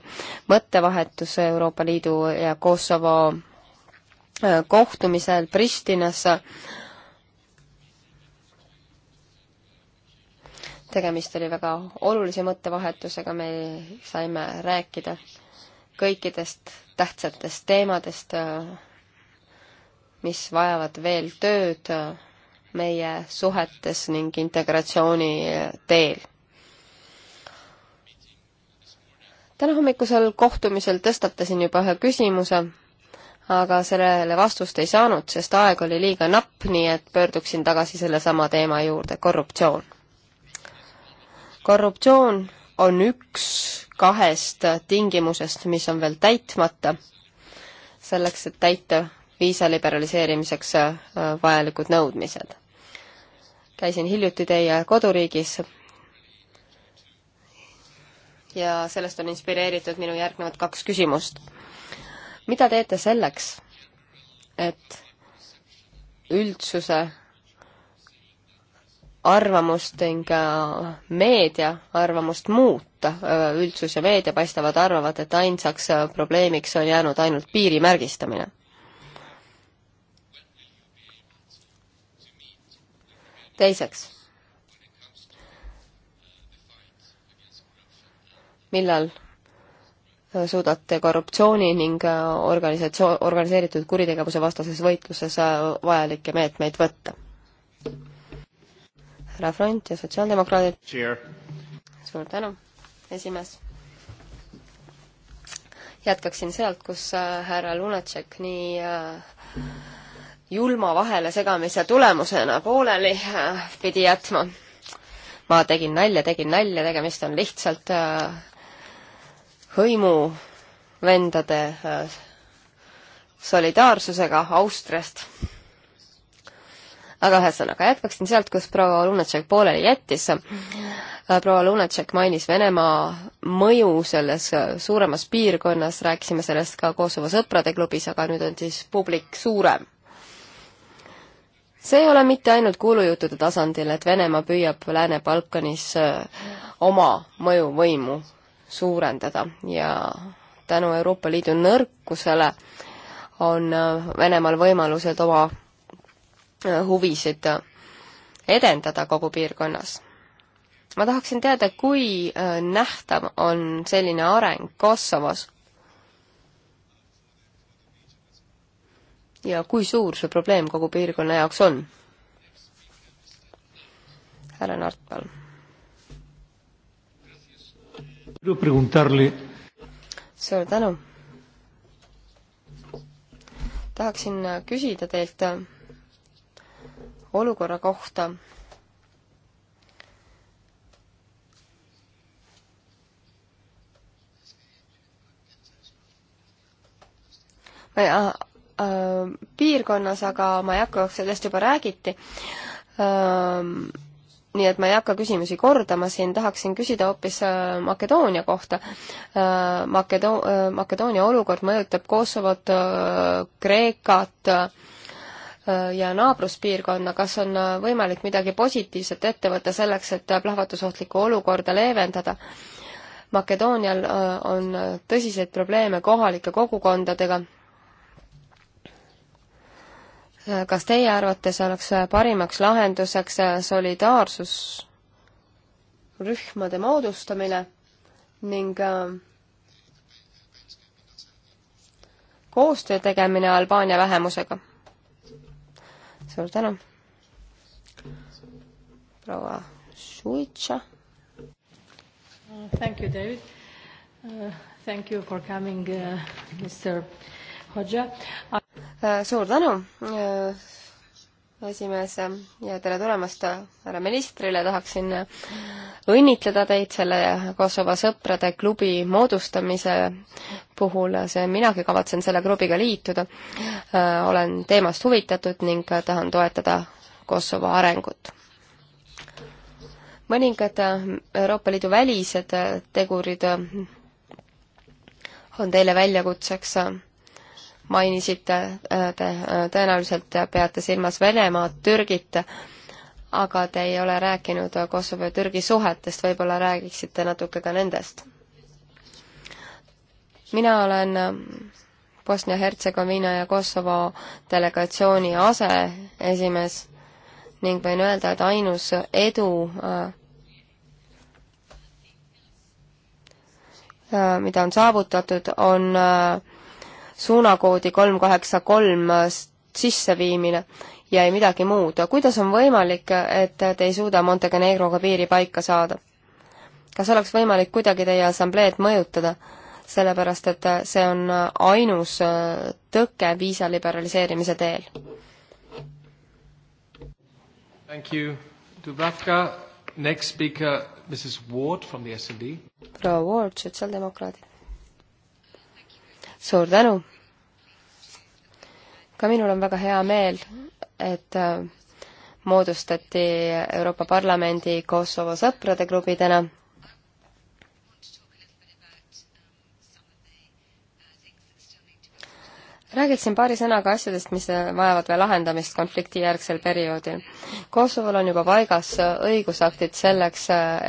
mõttevahetus Euroopa Liidu ja Kosovo äh, kohtumisel Pristinas. tegemist oli väga olulise mõttevahetusega, me saime rääkida kõikidest tähtsatest teemadest, äh, mis vajavad veel tööd meie suhetes ning integratsiooni teel. täna hommikusel kohtumisel tõstatasin juba ühe küsimuse, aga sellele vastust ei saanud, sest aeg oli liiga napp, nii et pöörduksin tagasi sellesama teema juurde, korruptsioon. korruptsioon on üks kahest tingimusest, mis on veel täitmata, selleks et täita viisa liberaliseerimiseks äh, vajalikud nõudmised käisin hiljuti teie koduriigis ja sellest on inspireeritud minu järgnevad kaks küsimust. mida teete selleks, et üldsuse arvamust ning äh, meedia arvamust muuta, äh, üldsus ja meedia paistavad arvavat, et ainsaks äh, probleemiks on jäänud ainult piiri märgistamine. teiseks, millal äh, suudate korruptsiooni ning äh, organisatsioon, organiseeritud kuritegevuse vastases võitluses äh, vajalikke meetmeid võtta? härra Front ja sotsiaaldemokraadid. suur tänu, esimees. jätkaksin sealt, kus härra Lunatšek nii äh, julma vahelesegamise tulemusena pooleli äh, pidi jätma. ma tegin nalja, tegin nalja, tegemist on lihtsalt äh, hõimuvendade äh, solidaarsusega Austriast. aga ühesõnaga, jätkaksin sealt, kus proua Lunatšek pooleli jättis. proua Lunatšek mainis Venemaa mõju selles suuremas piirkonnas, rääkisime sellest ka Kosovo sõprade klubis, aga nüüd on siis publik suurem see ei ole mitte ainult kuulujuttude tasandil, et Venemaa püüab Lääne-Balkanis äh, oma mõjuvõimu suurendada ja tänu Euroopa Liidu nõrkusele on äh, Venemaal võimalused oma äh, huvisid edendada kogu piirkonnas. ma tahaksin teada, kui nähtav on selline areng Kosovos ja kui suur see probleem kogu piirkonna jaoks on? härra Nart, palun. suur tänu. tahaksin küsida teilt olukorra kohta ma öö, äh, piirkonnas, aga ma ei hakka, sellest juba räägiti. Ähm, nii et ma ei hakka küsimusi kordama siin, tahaksin küsida hoopis äh, Makedoonia kohta. Äh, Makedo-, Makedoonia olukord mõjutab Kosovot, Kreekat ja naabruspiirkonna, kas on võimalik midagi positiivset ette võtta selleks, et plahvatusohtlikku olukorda leevendada? Makedoonial on tõsiseid probleeme kohalike kogukondadega kas teie arvates oleks parimaks lahenduseks solidaarsusrühmade moodustamine ning äh, koostöö tegemine Albaania vähemusega? suur tänu! proua Suitša. Thank you, David uh,. Thank you for coming uh,, Mr Hodža. Äh, suur tänu, äh, esimees ja tere tulemast härra ministrile, tahaksin õnnitleda teid selle Kosovo sõprade klubi moodustamise puhul, see, minagi kavatsen selle klubiga liituda. Äh, olen teemast huvitatud ning tahan toetada Kosovo arengut mõningad Euroopa Liidu välised tegurid on teile väljakutseks mainisite, te tõenäoliselt peate silmas Venemaad, Türgit, aga te ei ole rääkinud Kosovo ja Türgi suhetest, võib-olla räägiksite natuke ka nendest? mina olen Bosnia-Hertsegoviina ja Kosovo delegatsiooni aseesimees ning võin öelda, et ainus edu, äh, mida on saavutatud, on äh, suunakoodi kolm kaheksa kolm sisseviimine ja ei midagi muud. kuidas on võimalik, et te ei suuda Montenegroga piiri paika saada? kas oleks võimalik kuidagi teie assambleed mõjutada? sellepärast, et see on ainus tõke viisa liberaliseerimise teel. Thank you, Dubravka. Next speaker, Mrs Ward from the SD. proua Ward, sotsiaaldemokraadid suur tänu! ka minul on väga hea meel, et äh, moodustati Euroopa Parlamendi Kosovo sõprade klubi täna räägiksin paari sõnaga asjadest, mis vajavad veel lahendamist konfliktijärgsel perioodil. Kosovol on juba paigas õigusaktid selleks,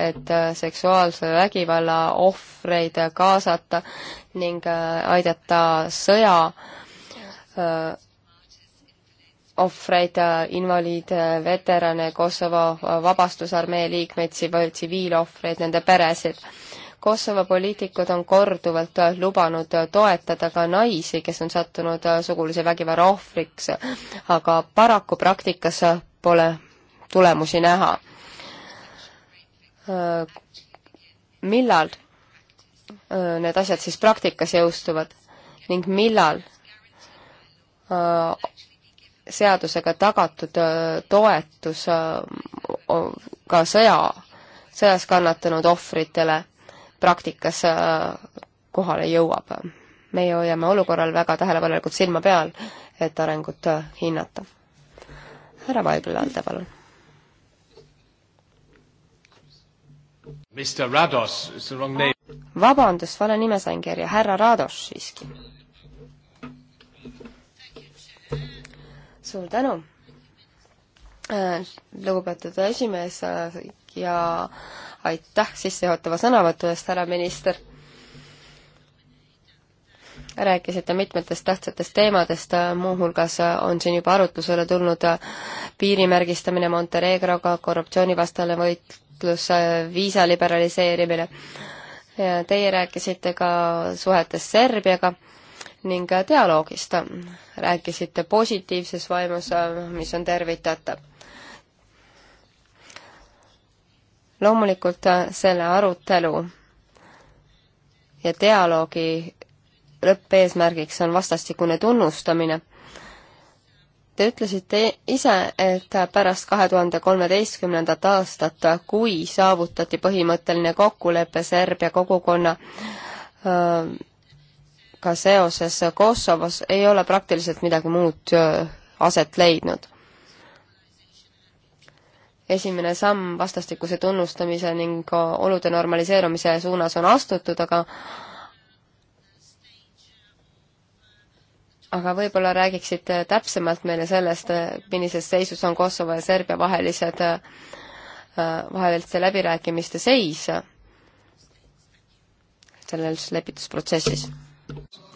et seksuaalse vägivalla ohvreid kaasata ning aidata sõja ohvreid, invaliide, veterane, Kosovo Vabastusarmee liikmeid, tsiviilohvreid, nende peresid Kosovo poliitikud on korduvalt lubanud toetada ka naisi, kes on sattunud sugulise vägivalla ohvriks, aga paraku praktikas pole tulemusi näha. millal need asjad siis praktikas jõustuvad ning millal seadusega tagatud toetus ka sõja, sõjas kannatanud ohvritele praktikas äh, kohale jõuab. meie hoiame olukorral väga tähelepanelikult silma peal, et arengut äh, hinnata. härra Vaibel-Alde, palun. vabandust, vale nime sain kirja, härra Rados siiski. suur tänu, äh, lugupeetud esimees ja äh, aitäh sissejuhatava sõnavõtu eest, härra minister! rääkisite mitmetest tähtsatest teemadest, muuhulgas on siin juba arutlusele tulnud piirimärgistamine Montenegroga, korruptsioonivastane võitlus, viisa liberaliseerimine. Teie rääkisite ka suhetest Serbiaga ning dialoogist. rääkisite positiivses vaimus, mis on tervitatav. loomulikult äh, selle arutelu ja dialoogi lõppeesmärgiks on vastastikune tunnustamine. Te ütlesite ise, et pärast kahe tuhande kolmeteistkümnendat aastat, kui saavutati põhimõtteline kokkulepe Serbia kogukonna äh, ka seoses Kosovos, ei ole praktiliselt midagi muud äh, aset leidnud esimene samm vastastikuse tunnustamise ning olude normaliseerumise suunas on astutud, aga aga võib-olla räägiksite täpsemalt meile sellest, millises seisus on Kosovo ja Serbia vahelised, äh, vaheliste läbirääkimiste seis selles lepitusprotsessis?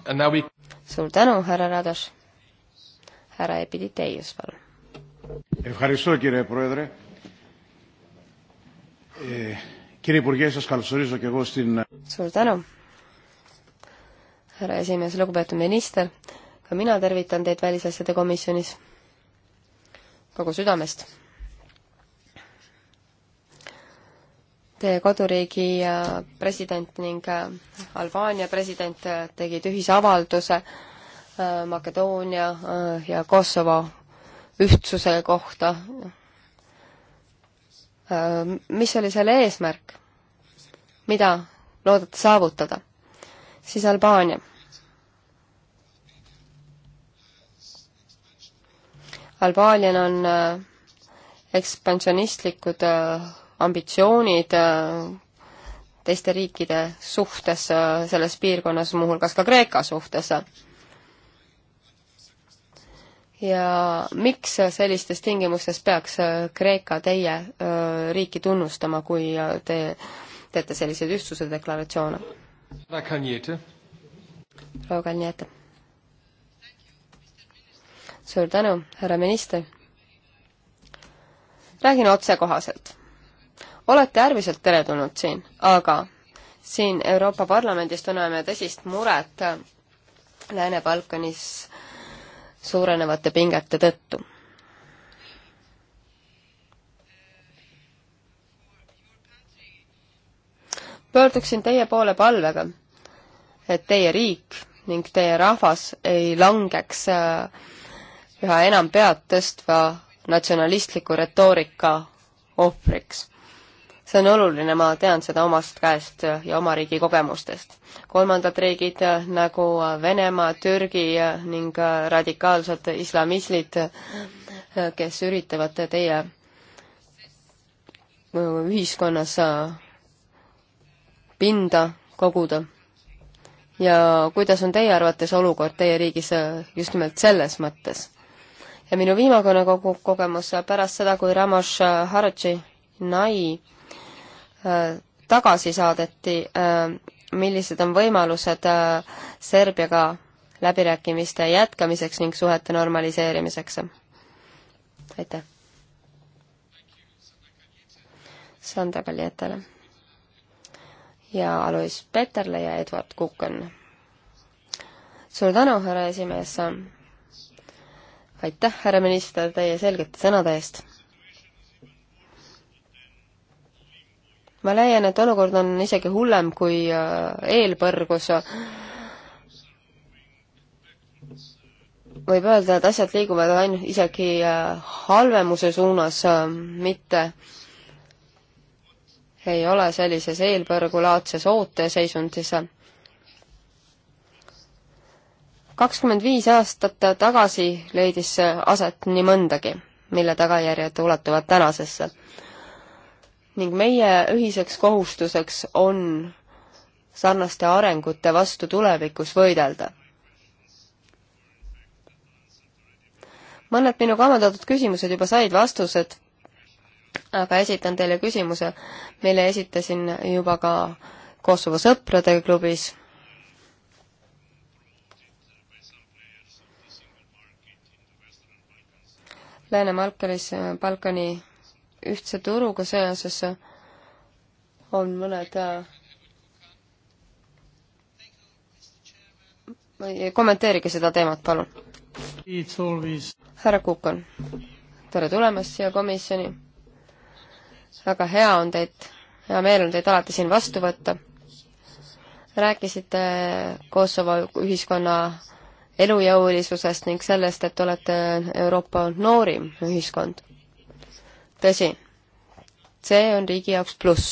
We... suur tänu, härra Radoš. härra Epiditeius, palun. Eh, Κύριε Υπουργέ, σας καλωσορίζω και εγώ στην... Suur tänu, härra esimees, lugupeetud minister. Ka mina tervitan teid välisasjade komisjonis kogu südamest. Teie koduriigi äh, president ning äh, Albaania president äh, tegid ühisavalduse Makedoonia ja Kosovo ühtsuse kohta Äh, mis oli selle eesmärk, mida loodate saavutada, siis Albaania. Albaanial on äh, ekspansionistlikud äh, ambitsioonid teiste riikide suhtes selles piirkonnas, muuhulgas ka Kreeka suhtes ja miks sellistes tingimustes peaks äh, Kreeka teie äh, riiki tunnustama, kui äh, te teete selliseid ühtsuse deklaratsioone? proua Kalniete. suur tänu, härra minister. räägin otsekohaselt. olete äärmiselt teretulnud siin, aga siin Euroopa Parlamendis tunneme tõsist muret Lääne-Balkanis suurenevate pingete tõttu. pöörduksin teie poole palvega, et teie riik ning teie rahvas ei langeks äh, üha enam pead tõstva natsionalistliku retoorika ohvriks see on oluline, ma tean seda omast käest ja oma riigi kogemustest. kolmandad riigid nagu Venemaa, Türgi ning radikaalsed islamistid, kes üritavad teie ühiskonnas pinda koguda. ja kuidas on teie arvates olukord teie riigis just nimelt selles mõttes? ja minu viimane kogu kogemus pärast seda, kui Ramos Haradži nai Äh, tagasi saadeti, äh, millised on võimalused äh, Serbiaga läbirääkimiste jätkamiseks ning suhete normaliseerimiseks? aitäh! Sandra Kaljetale ja Alois Peterle ja Edward Kukan. suur tänu, härra esimees! aitäh, härra minister, teie selgete sõnade eest! ma leian, et olukord on isegi hullem kui äh, eelpõrgus. võib öelda, et asjad liiguvad ainult isegi äh, halvemuse suunas, äh, mitte ei ole sellises eelpõrgulaadses ooteseisundis kakskümmend viis aastat tagasi leidis aset nii mõndagi, mille tagajärjed ulatuvad tänasesse ning meie ühiseks kohustuseks on sarnaste arengute vastu tulevikus võidelda. mõned minu kavandatud küsimused juba said vastused, aga esitan teile küsimuse, mille esitasin juba ka Kosovo sõprade klubis Lääne-Balkanis, Balkani ühtse turuga seoses on mõned äh, kommenteerige seda teemat, palun. härra Kukan, tere tulemast siia komisjoni. väga hea on teid, hea meel on teid alati siin vastu võtta. rääkisite Kosovo ühiskonna elujõulisusest ning sellest, et olete Euroopa noorim ühiskond tõsi, see on riigi jaoks pluss.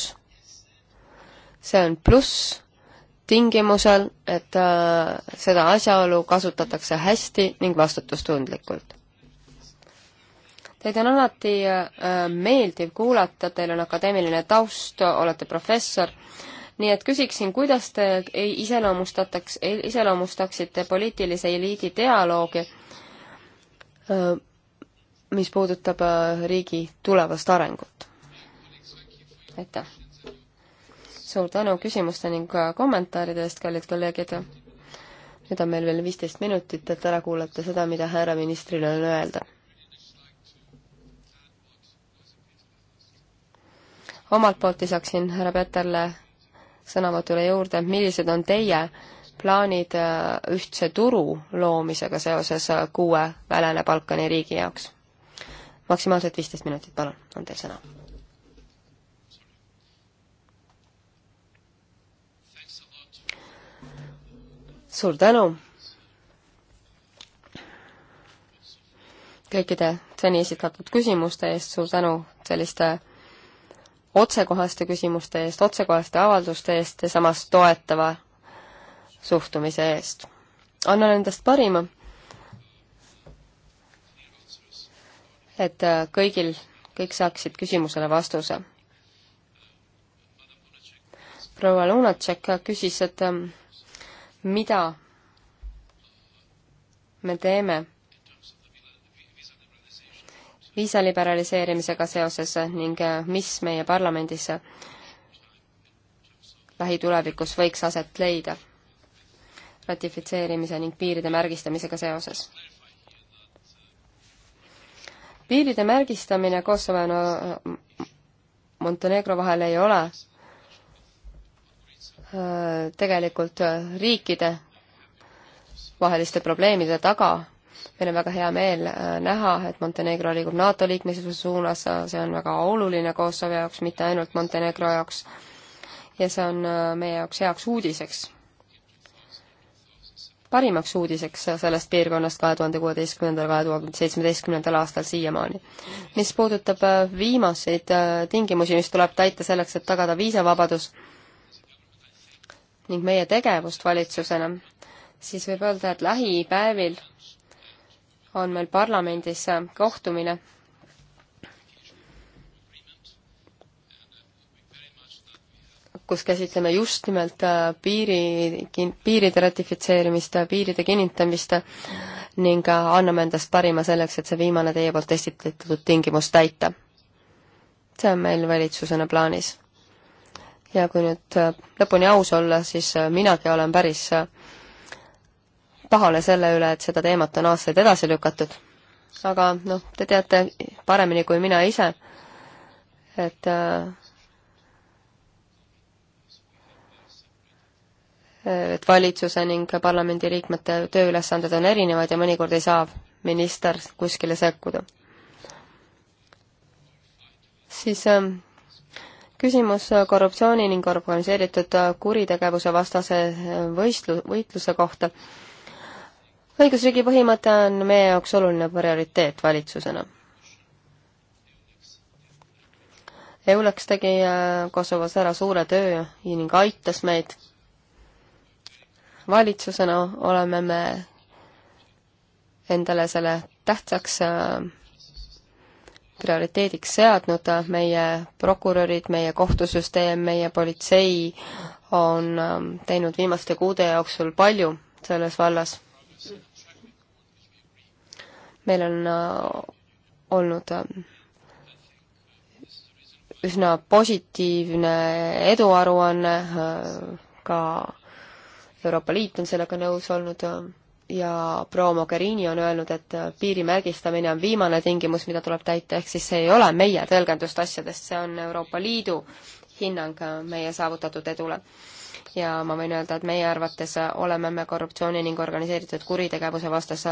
see on pluss tingimusel, et äh, seda asjaolu kasutatakse hästi ning vastutustundlikult. Teid on alati äh, meeldiv kuulata, teil on akadeemiline taust, olete professor, nii et küsiksin, kuidas te iseloomustataks, iseloomustaksite poliitilise eliidi dialoogi äh, mis puudutab äh, riigi tulevast arengut. aitäh! suur tänu küsimuste ning äh, kommentaaride eest, kallid kolleegid! nüüd on meil veel viisteist minutit, et ära kuulata seda, mida härra ministril on öelda. omalt poolt lisaksin härra Peterle sõnavõtule juurde, millised on teie plaanid äh, ühtse turu loomisega seoses kuue Lääne-Balkani riigi jaoks? maksimaalselt viisteist minutit, palun, on teil sõna. suur tänu kõikide seni esitatud küsimuste eest, suur tänu selliste otsekohaste küsimuste eest, otsekohaste avalduste eest ja samas toetava suhtumise eest. annan endast parima et äh, kõigil, kõik saaksid küsimusele vastuse. proua Lunatšek küsis, et ähm, mida me teeme viisa liberaliseerimisega seoses ning äh, mis meie parlamendis lähitulevikus võiks aset leida ratifitseerimise ning piiride märgistamisega seoses piiride märgistamine Kosovo ja no, Montenegro vahel ei ole äh, tegelikult riikide vaheliste probleemide taga. meil on väga hea meel äh, näha, et Montenegro liigub NATO liikmesuse suunas, see on väga oluline Kosovo jaoks, mitte ainult Montenegro jaoks. ja see on äh, meie jaoks heaks uudiseks parimaks uudiseks sellest piirkonnast kahe tuhande kuueteistkümnendal, kahe tuhande seitsmeteistkümnendal aastal siiamaani. mis puudutab äh, viimaseid äh, tingimusi, mis tuleb täita selleks, et tagada viisavabadus ning meie tegevust valitsusena, siis võib öelda, et lähipäevil on meil parlamendis äh, kohtumine kus käsitleme just nimelt äh, piiri, piiride ratifitseerimist, piiride kinnitamist ning äh, anname endast parima selleks, et see viimane teie poolt esitletud tingimus täita. see on meil valitsusena plaanis. ja kui nüüd äh, lõpuni aus olla, siis minagi olen päris pahane selle üle, et seda teemat on aastaid edasi lükatud. aga noh, te teate paremini kui mina ise, et äh, et valitsuse ning parlamendiliikmete tööülesanded on erinevad ja mõnikord ei saa minister kuskile sekkuda. siis ähm, küsimus korruptsiooni ning organiseeritud kuritegevuse vastase äh, võistlu-, võitluse kohta. õigusriigi põhimõte on meie jaoks oluline prioriteet valitsusena Euleks tegi äh, Kosovos ära suure töö ning aitas meid valitsusena oleme me endale selle tähtsaks äh, prioriteediks seadnud, meie prokurörid, meie kohtusüsteem, meie politsei on ähm, teinud viimaste kuude jooksul palju selles vallas. meil on äh, olnud äh, üsna positiivne eduaruanne ka Euroopa Liit on sellega nõus olnud äh, ja proua Mogherini on öelnud, et äh, piiri märgistamine on viimane tingimus, mida tuleb täita, ehk siis see ei ole meie tõlgendust asjadest, see on Euroopa Liidu hinnang äh, meie saavutatud edule. ja ma võin öelda, et meie arvates oleme me korruptsiooni ning organiseeritud kuritegevuse vastase,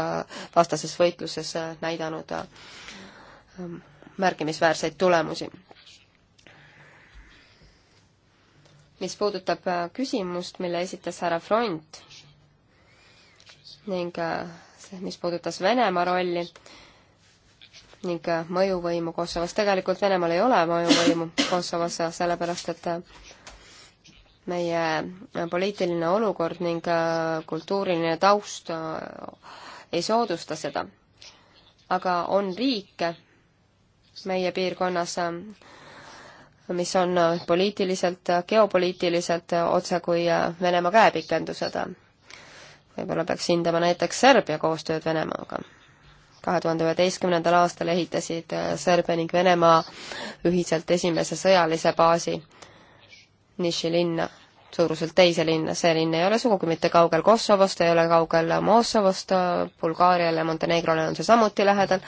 vastases võitluses näidanud märkimisväärseid tulemusi mis puudutab äh, küsimust, mille esitas härra Front ning äh, mis puudutas Venemaa rolli ning äh, mõjuvõimu Kosovos. tegelikult Venemaal ei ole mõjuvõimu Kosovos, sellepärast et meie poliitiline olukord ning kultuuriline taust ei soodusta seda. aga on riike meie piirkonnas, mis on äh, poliitiliselt, äh, geopoliitiliselt äh, otsekui Venemaa käepikendused. võib-olla peaks hindama näiteks Serbia koostööd Venemaaga. kahe tuhande üheteistkümnendal aastal ehitasid Serbia ning Venemaa ühiselt esimese sõjalise baasi Niši linna, suuruselt teise linna, see linn ei ole sugugi mitte kaugel Kosovost, ei ole kaugel Mosovost, Bulgaariale ja Montenegrole on see samuti lähedal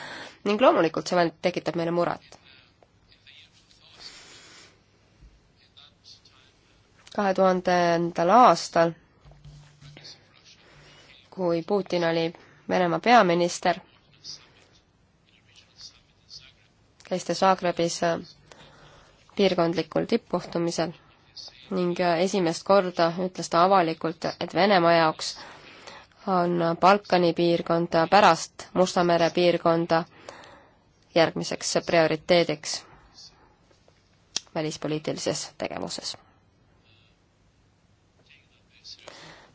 ning loomulikult see tekitab meile muret kahe tuhandendal aastal, kui Putin oli Venemaa peaminister, käis ta Zagrebis äh, piirkondlikul tippkohtumisel ning äh, esimest korda ütles ta avalikult, et Venemaa jaoks on Balkani piirkonda pärast Musta mere piirkonda järgmiseks prioriteediks välispoliitilises tegevuses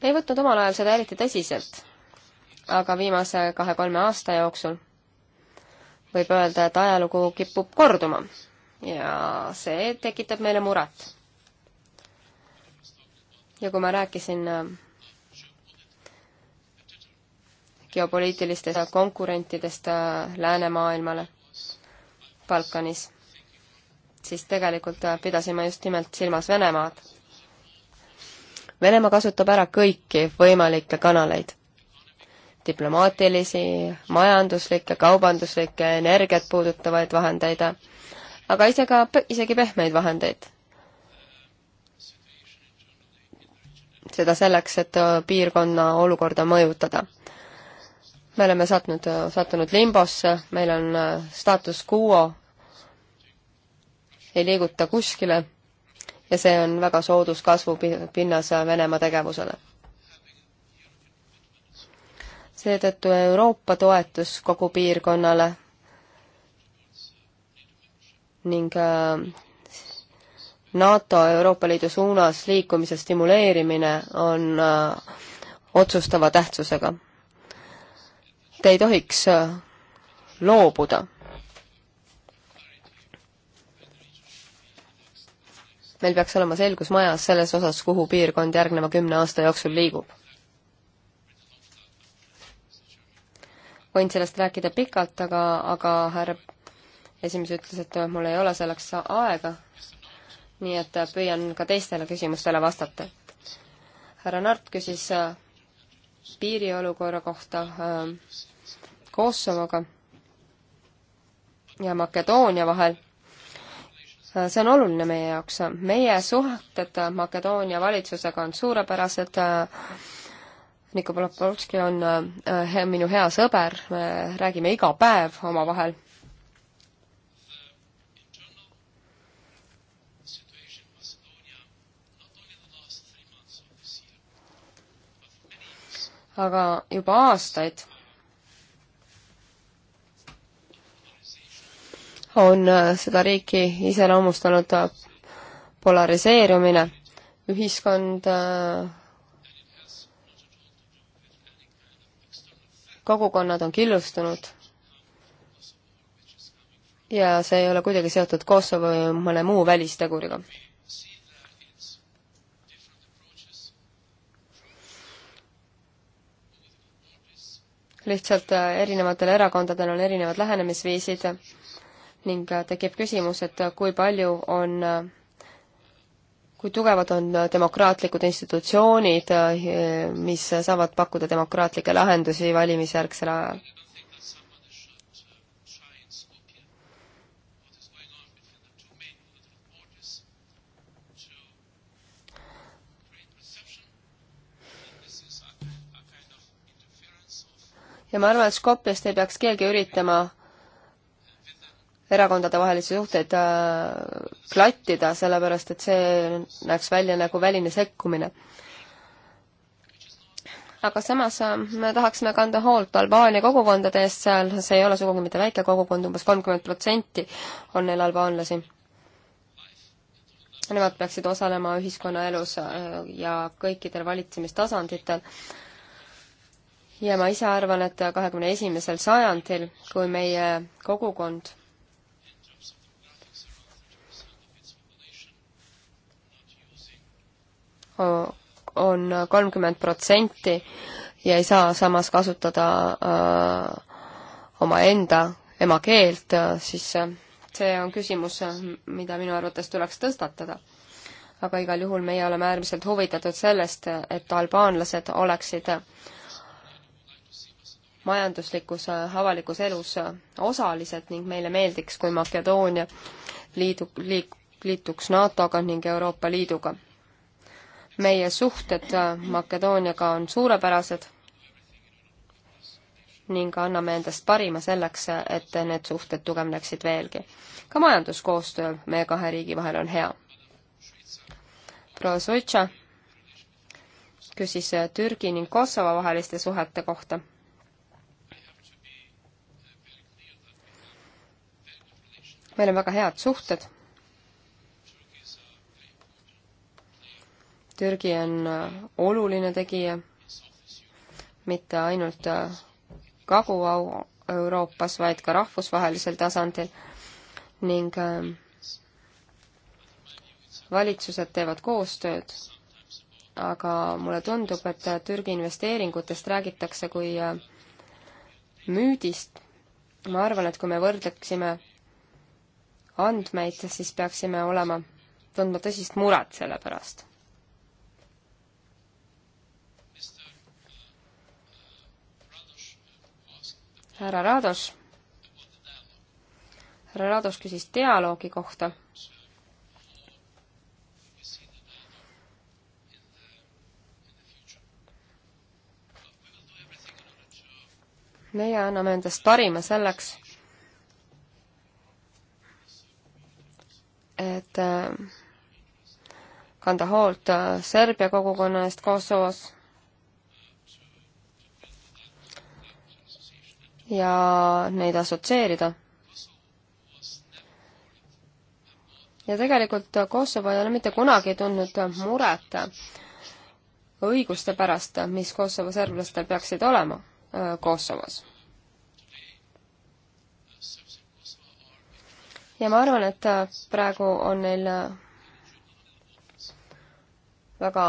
ei võtnud omal ajal seda eriti tõsiselt, aga viimase kahe-kolme aasta jooksul võib öelda, et ajalugu kipub korduma ja see tekitab meile muret. ja kui ma rääkisin äh, geopoliitilistest konkurentidest äh, läänemaailmale Balkanis, siis tegelikult äh, pidasime just nimelt silmas Venemaad Venemaa kasutab ära kõiki võimalikke kanaleid. diplomaatilisi, majanduslikke, kaubanduslikke, energiat puudutavaid vahendeid, aga ise ka, isegi pehmeid vahendeid. seda selleks, et äh, piirkonna olukorda mõjutada me oleme sattunud, äh, sattunud limbosse, meil on äh, staatus quo, ei liiguta kuskile ja see on väga soodus kasvupinnas Venemaa tegevusele. seetõttu Euroopa toetus kogu piirkonnale ning äh, NATO Euroopa Liidu suunas liikumise stimuleerimine on äh, otsustava tähtsusega. Te ei tohiks äh, loobuda meil peaks olema selgus majas selles osas, kuhu piirkond järgneva kümne aasta jooksul liigub. võin sellest rääkida pikalt, aga, aga härra esimees ütles, et mul ei ole selleks aega, nii et püüan ka teistele küsimustele vastata. härra Nart küsis äh, piiriolukorra kohta äh, Kosovoga ja Makedoonia vahel see on oluline meie jaoks. meie suhted Makedoonia valitsusega on suurepärased. Niko Polovtški on äh, minu hea sõber, me räägime iga päev omavahel. aga juba aastaid on äh, seda riiki iseloomustanud äh, polariseerumine, ühiskond äh, kogukonnad on killustunud ja see ei ole kuidagi seotud Kosovo või mõne muu välisteguriga. lihtsalt erinevatel erakondadel on erinevad lähenemisviisid ning äh, tekib küsimus, et äh, kui palju on, äh, kui tugevad on demokraatlikud institutsioonid, mis saavad pakkuda demokraatlikke lahendusi valimisjärgsel ajal. ja ma arvan, et Skopjast ei peaks keegi üritama erakondadevahelisi suhteid äh, klattida, sellepärast et see näeks välja nagu väline sekkumine. aga samas äh, me tahaksime kanda hoolt Albaania kogukondade eest seal, see ei ole sugugi mitte väike kogukond umbes, umbes kolmkümmend protsenti on neil albaanlasi. Nemad peaksid osalema ühiskonnaelus äh, ja kõikidel valitsemistasanditel ja ma ise arvan, et kahekümne esimesel sajandil, kui meie kogukond on kolmkümmend protsenti ja ei saa samas kasutada äh, omaenda emakeelt, äh, siis äh, see on küsimus, mida minu arvates tuleks tõstatada. aga igal juhul meie oleme äärmiselt huvitatud sellest, et albaanlased oleksid majanduslikus avalikus elus osalised ning meile meeldiks, kui Makedoonia liidu, liik-, liituks NATO-ga ning Euroopa Liiduga meie suhted äh, Makedooniaga on suurepärased ning anname endast parima selleks, et need suhted tugevneksid veelgi. ka majanduskoostöö meie kahe riigi vahel on hea. proua Suitša küsis äh, Türgi ning Kosovo vaheliste suhete kohta. meil on väga head suhted Türgi on oluline tegija, mitte ainult Kagu-Euroopas, vaid ka rahvusvahelisel tasandil ning ähm, valitsused teevad koostööd, aga mulle tundub, et Türgi investeeringutest räägitakse kui äh, müüdist. ma arvan, et kui me võrdleksime andmeid, siis peaksime olema, tundma tõsist muret selle pärast härra Rados. härra Rados küsis dialoogi kohta. meie anname endast parima selleks, et äh, kanda hoolt äh, Serbia kogukonna eest Kosovos ja neid assotsieerida. ja tegelikult Kosovo ei ole mitte kunagi tundnud muret õiguste pärast, mis Kosovo serblastel peaksid olema äh, Kosovos. ja ma arvan, et äh, praegu on neil äh, väga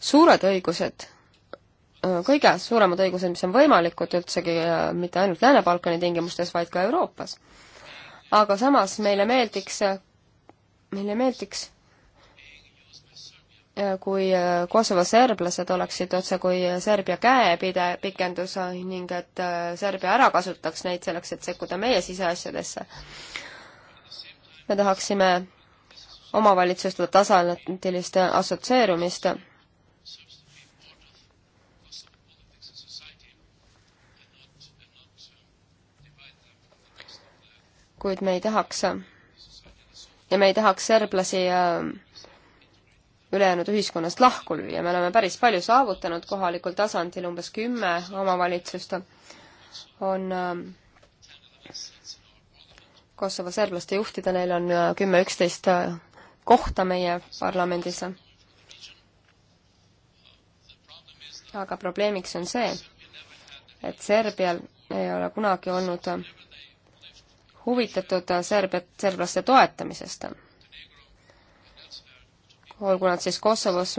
suured õigused Äh, kõige suuremad õigused, mis on võimalikud üldsegi äh, mitte ainult Lääne-Balkani tingimustes, vaid ka Euroopas. aga samas meile meeldiks, äh, meile meeldiks, kui Kosovo serblased oleksid otsekui Serbia käepide-, pikendus ning et Serbia ära kasutaks neid selleks, et sekkuda meie siseasjadesse. me tahaksime omavalitsuste tasandilist assotsieerumist kuid me ei tahaks ja me ei tahaks serblasi äh, ülejäänud ühiskonnast lahku lüüa, me oleme päris palju saavutanud kohalikul tasandil, umbes kümme omavalitsust on äh, Kosovo serblaste juhtida, neil on äh, kümme-üksteist kohta meie parlamendis. aga probleemiks on see, et Serbial ei ole kunagi olnud huvitatud Serbiat, serblaste toetamisest. olgu nad siis Kosovos,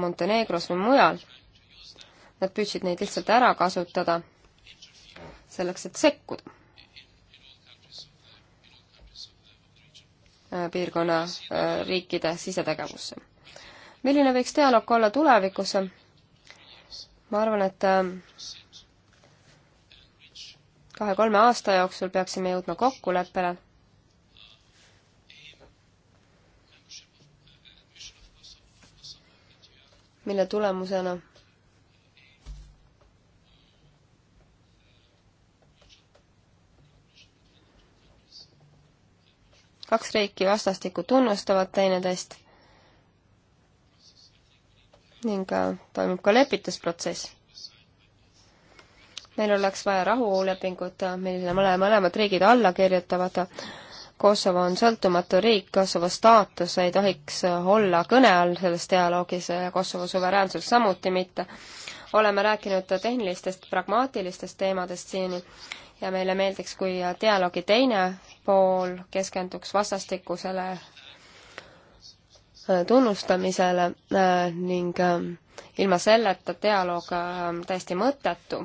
Montenegros või mujal. Nad püüdsid neid lihtsalt ära kasutada selleks, et sekkuda. Äh, piirkonna äh, riikide sisetegevusse. milline võiks dialoog olla tulevikus? ma arvan, et äh, kahe-kolme aasta jooksul peaksime jõudma kokkuleppele mille tulemusena kaks riiki vastastikku tunnustavad teineteist ning toimub ka lepitusprotsess meil oleks vaja rahulepingut, millele mõle, mõlemad riigid alla kirjutavad. Kosovo on sõltumatu riik, Kosovo staatus ei tohiks olla kõne all selles dialoogis ja Kosovo suveräänsus samuti mitte. oleme rääkinud tehnilistest pragmaatilistest teemadest siin ja meile meeldiks, kui dialoogi teine pool keskenduks vastastikusele äh, tunnustamisele äh, ning äh, ilma selleta dialoog täiesti mõttetu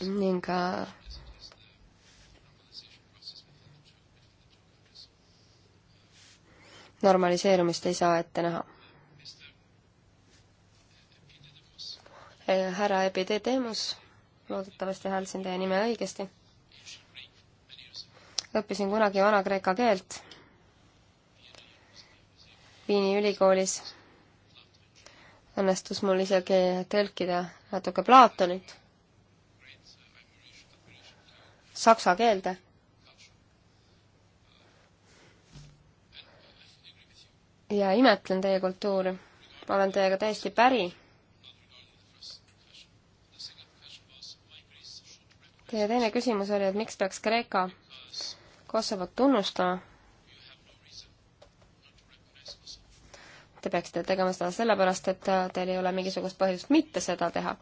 ning äh, normaliseerumist ei saa ette näha. Äh, härra Epidedemus, loodetavasti hääldasin teie nime õigesti. õppisin kunagi Vana-Kreeka keelt Viini ülikoolis. õnnestus mul isegi tõlkida natuke Platonit saksa keelde. ja imetlen teie kultuuri. olen teiega täiesti päri. Teie teine küsimus oli, et miks peaks Kreeka Kosovot tunnustama? Te peaksite tegema seda sellepärast, et teil ei ole mingisugust põhjust mitte seda teha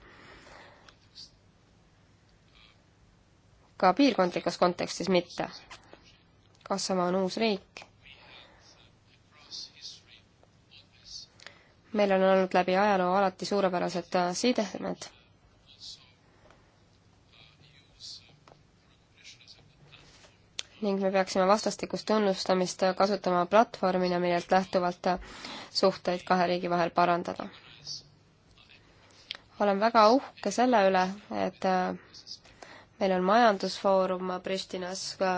ka piirkondlikus kontekstis mitte. Kassamaa on uus riik. meil on olnud läbi ajaloo alati suurepärased äh, sidemed. ning me peaksime vastastikust tunnustamist kasutama platvormina, millelt lähtuvalt äh, suhteid kahe riigi vahel parandada. olen väga uhke selle üle, et äh, meil on majandusfoorum Pristinas ka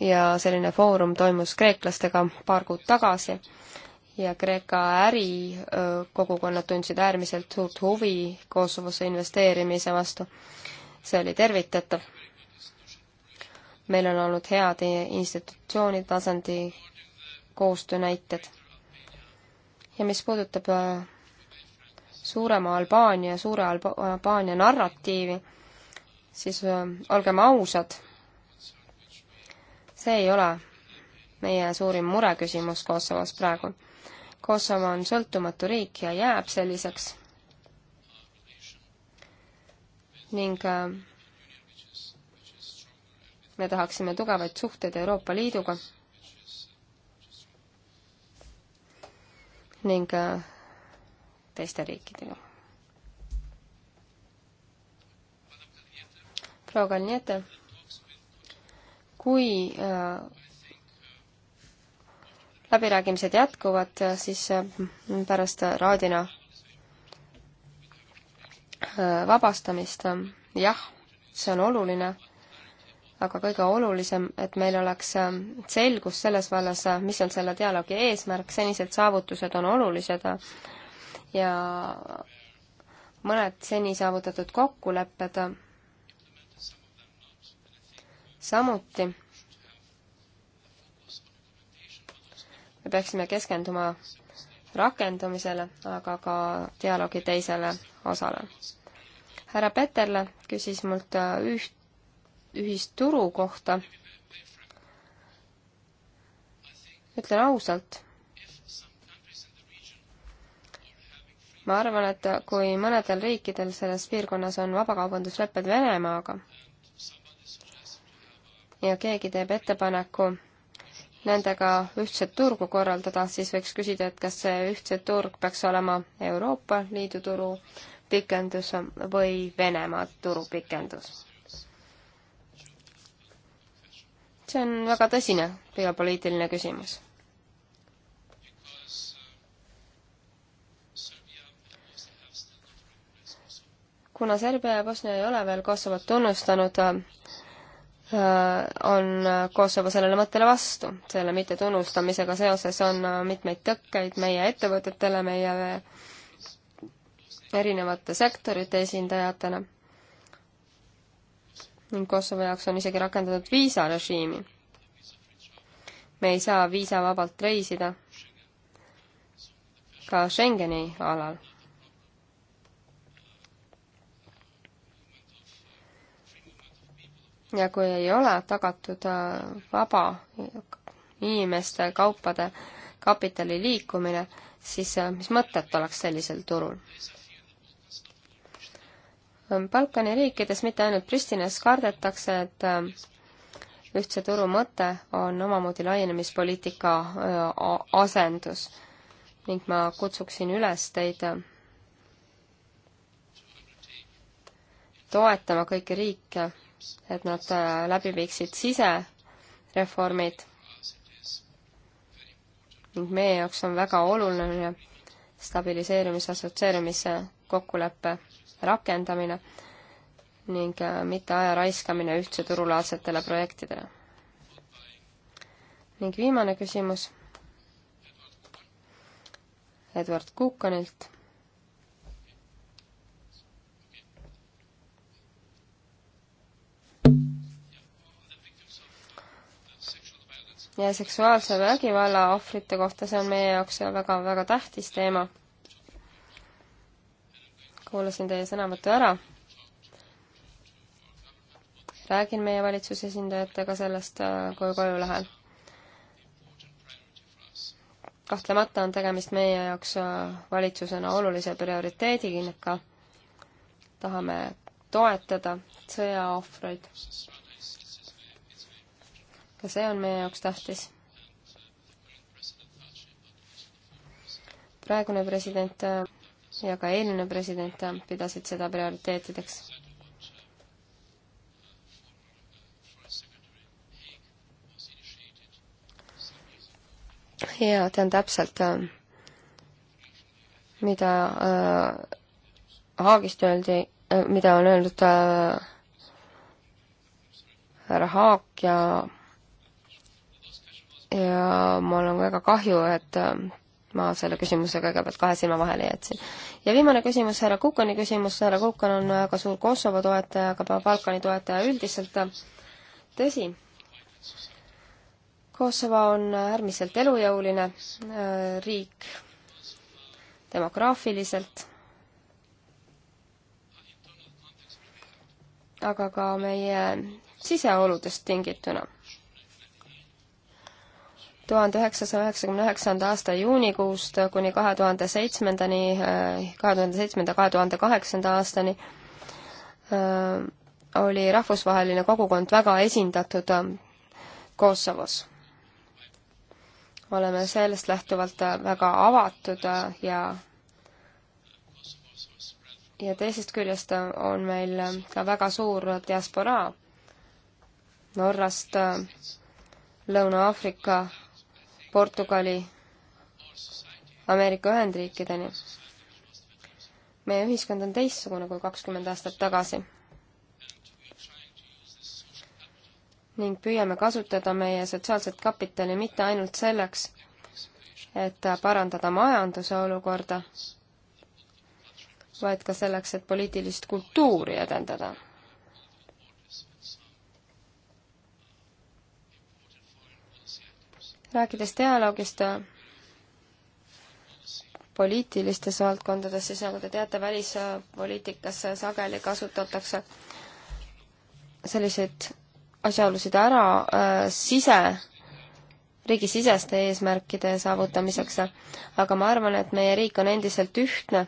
ja selline foorum toimus kreeklastega paar kuud tagasi ja Kreeka ärikogukonnad tundsid äärmiselt suurt huvi Kosovosse investeerimise vastu. see oli tervitatav. meil on olnud head institutsiooni tasandi koostöönäited. ja mis puudutab äh, suurema Albaania, suure Alba-, Albaania narratiivi, siis olgem ausad, see ei ole meie suurim mureküsimus Kosovos praegu. Kosovo on sõltumatu riik ja jääb selliseks ning me tahaksime tugevaid suhteid Euroopa Liiduga ning teiste riikidega. proua Kalniete, kui äh, läbirääkimised jätkuvad, äh, siis äh, pärast Raadina vabastamist, jah, see on oluline aga kõige olulisem, et meil oleks selgus selles vallas, mis on selle dialoogi eesmärk, senised saavutused on olulised, ja mõned seni saavutatud kokkulepped samuti me peaksime keskenduma rakendamisele, aga ka dialoogi teisele osale. härra Peterle küsis mult äh, üht, ühisturu kohta. ütlen ausalt, ma arvan, et kui mõnedel riikidel selles piirkonnas on vabakaubanduslepped Venemaaga ja keegi teeb ettepaneku nendega ühtset turgu korraldada, siis võiks küsida, et kas see ühtse turg peaks olema Euroopa Liidu turu pikendus või Venemaa turu pikendus. see on väga tõsine geopoliitiline küsimus kuna Serbia ja Bosnia ei ole veel Kosovot tunnustanud, äh, on Kosovo sellele mõttele vastu. selle mittetunnustamisega seoses on äh, mitmeid tõkkeid meie ettevõtetele, meie erinevate sektorite esindajatele. ning Kosovo jaoks on isegi rakendatud viisarežiimi. me ei saa viisavabalt reisida ka Schengeni alal ja kui ei ole tagatud äh, vaba inimeste, kaupade, kapitali liikumine, siis äh, mis mõtet oleks sellisel turul? Ähm, Balkani riikides, mitte ainult Pristinas, kardetakse, et äh, ühtse turu mõte on omamoodi laienemispoliitika asendus ning ma kutsuksin üles teid toetama kõiki riike et nad äh, läbi viiksid sisereformid ning meie jaoks on väga oluline stabiliseerimise assotsieerimise kokkuleppe rakendamine ning äh, mitte aja raiskamine ühtse turulaadsetele projektidele. ning viimane küsimus Edward Kukanilt ja seksuaalse vägivalla ohvrite kohta, see on meie jaoks väga-väga tähtis teema. kuulasin teie sõnavõttu ära. räägin meie valitsuse esindajatega sellest, äh, kui koju lähen. kahtlemata on tegemist meie jaoks äh, valitsusena olulise prioriteediga. tahame toetada sõjaohvreid ka see on meie jaoks tähtis. praegune president äh, ja ka eelmine president äh, pidasid seda prioriteetideks. ja tean täpselt, äh, mida äh, Haagist öeldi äh,, mida on öeldud härra äh, Haak ja ja mul on väga kahju, et äh, ma selle küsimuse kõigepealt kahe silma vahele jätsin. ja viimane küsimus, härra Kukani küsimus, härra Kukan on väga suur Kosovo toetaja, aga Balkani toetaja üldiselt, tõsi, Kosovo on äärmiselt elujõuline äh, riik demograafiliselt, aga ka meie siseoludest tingituna tuhande üheksasaja üheksakümne üheksanda aasta juunikuust kuni kahe tuhande seitsmendani, kahe tuhande seitsmenda, kahe tuhande kaheksanda aastani äh, oli rahvusvaheline kogukond väga esindatud äh, Kosovos. oleme sellest lähtuvalt äh, väga avatud ja ja teisest küljest on meil ka väga suur diasporaa Norrast, Lõuna-Aafrika Portugali, Ameerika Ühendriikideni. meie ühiskond on teistsugune kui kakskümmend aastat tagasi. ning püüame kasutada meie sotsiaalset kapitali mitte ainult selleks, et parandada majanduse olukorda, vaid ka selleks, et poliitilist kultuuri edendada rääkides dialoogist poliitilistes valdkondades, siis nagu te teate, välispoliitikas sageli kasutatakse selliseid asjaolusid ära äh, sise, riigisiseste eesmärkide saavutamiseks, aga ma arvan, et meie riik on endiselt ühtne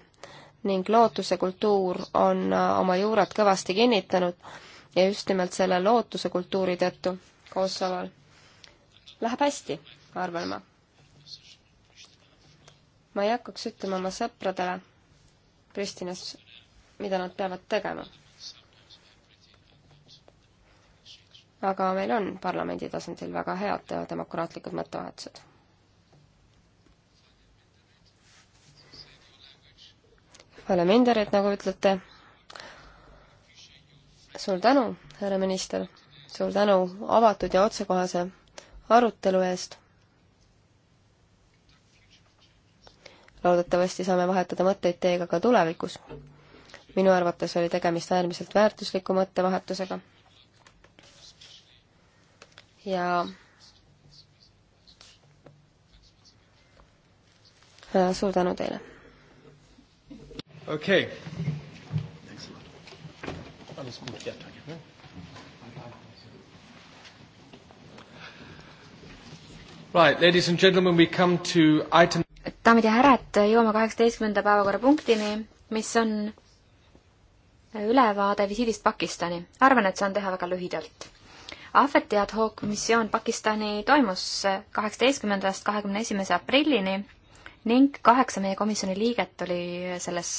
ning lootuse kultuur on äh, oma juured kõvasti kinnitanud ja just nimelt selle lootuse kultuuri tõttu Kosoval läheb hästi, arvan ma. ma ei hakkaks ütlema oma sõpradele Pristinas, mida nad peavad tegema. aga meil on parlamendi tasandil väga head demokraatlikud mõttevahetused. parlamendirid, nagu ütlete, suur tänu, härra minister, suur tänu avatud ja otsekohase arutelu eest. loodetavasti saame vahetada mõtteid teiega ka tulevikus. minu arvates oli tegemist äärmiselt väärtusliku mõttevahetusega. ja äh, suur tänu teile! okei okay.. alles gut, jah. Right, ladies and gentlemen, we come to item daamid ja härrad, jõuame kaheksateistkümnenda päevakorrapunktini, mis on ülevaade visiidist Pakistani. arvan, et saan teha väga lühidalt. Ahveti ad hoc missioon Pakistani toimus kaheksateistkümnendast kahekümne esimese aprillini ning kaheksa meie komisjoni liiget oli selles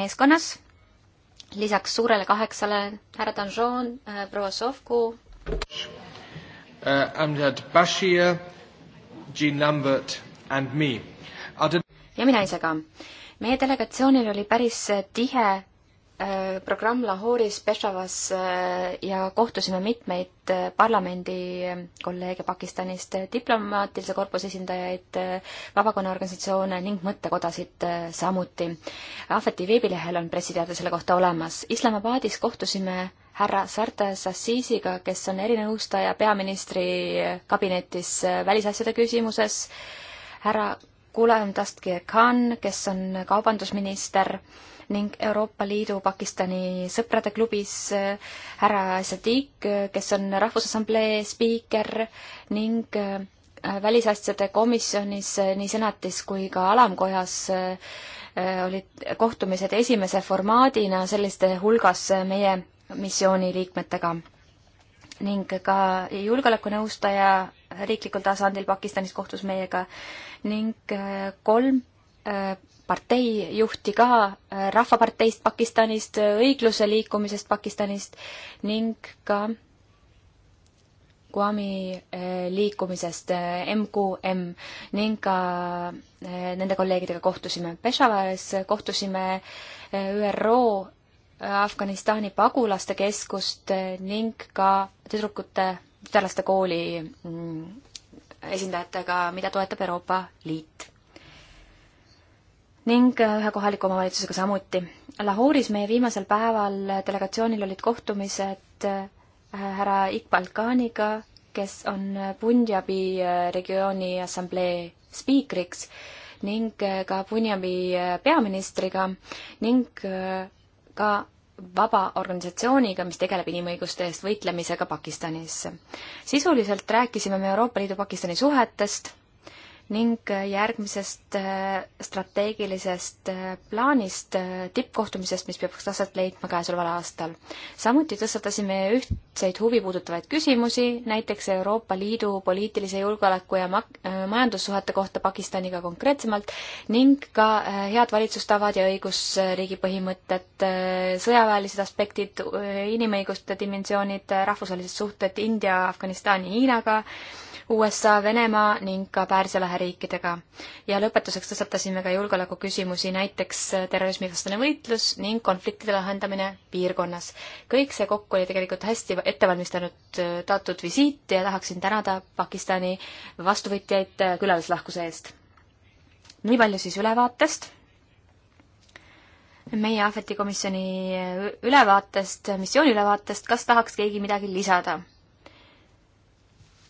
meeskonnas. lisaks suurele kaheksale härra Danjon, äh, proua Sovku uh, Amjad Bashir, Jean Lambert and me. ja mina ise ka. meie delegatsioonil oli päris äh, tihe äh, programm Lahoris, Peshawas äh, ja kohtusime mitmeid parlamendi kolleege Pakistanist, diplomaatilise korpuse esindajaid, vabakonnaorganisatsioone ning mõttekodasid samuti. Ahveti veebilehel on pressiteade selle kohta olemas. Islamabadis kohtusime härra Sartes Assisiga, kes on erinõustaja peaministri kabinetis välisasjade küsimuses, härra Gulam Dastki Khan, kes on kaubandusminister ning Euroopa Liidu Pakistani sõprade klubis härra Sadiq, kes on Rahvusassamblee spiiker ning äh, välisasjade komisjonis nii senatis kui ka alamkojas äh, olid kohtumised esimese formaadina selliste hulgas meie missiooni liikmetega ning ka julgeolekunõustaja riiklikul tasandil Pakistanis kohtus meiega ning äh, kolm äh, parteijuhti ka äh, Rahvaparteist Pakistanist, õigluse liikumisest Pakistanist ning ka Guami liikumisest MQM ning ka nende kolleegidega kohtusime. Peshawaris kohtusime ÜRO Afganistani pagulaste keskust ning ka tüdrukute, tütarlaste kooli mm, esindajatega, mida toetab Euroopa Liit. ning äh, ühe kohaliku omavalitsusega samuti. Lahoris meie viimasel päeval delegatsioonil olid kohtumised äh, härra Iqbal Khaniga, kes on Punjabi äh, regiooni assamblee spiikriks ning ka Punjabi peaministriga ning ka vaba organisatsiooniga, mis tegeleb inimõiguste eest võitlemisega Pakistanis. sisuliselt rääkisime me Euroopa Liidu Pakistani suhetest ning järgmisest äh, strateegilisest äh, plaanist äh, tippkohtumisest, mis peaks aset leidma käesoleval aastal. samuti tõstatasime ühtseid huvi puudutavaid küsimusi, näiteks Euroopa Liidu poliitilise julgeoleku ja mak-, majandussuhete kohta Pakistaniga konkreetsemalt ning ka head valitsustavad ja õigusriigi põhimõtted, sõjaväelised aspektid, inimõiguste dimensioonid, rahvusvahelised suhted India, Afganistani, Hiinaga, USA, Venemaa ning ka Pärsia lahe riikidega. ja lõpetuseks tõstatasime ka julgeolekuküsimusi, näiteks äh, terrorismivastane võitlus ning konfliktide lahendamine piirkonnas. kõik see kokku oli tegelikult hästi ette valmistanud äh, taotud visiit ja tahaksin tänada Pakistani vastuvõtjaid äh, külalislahkuse eest. nii palju siis ülevaatest meie Ahveti komisjoni ülevaatest, missiooni ülevaatest, kas tahaks keegi midagi lisada?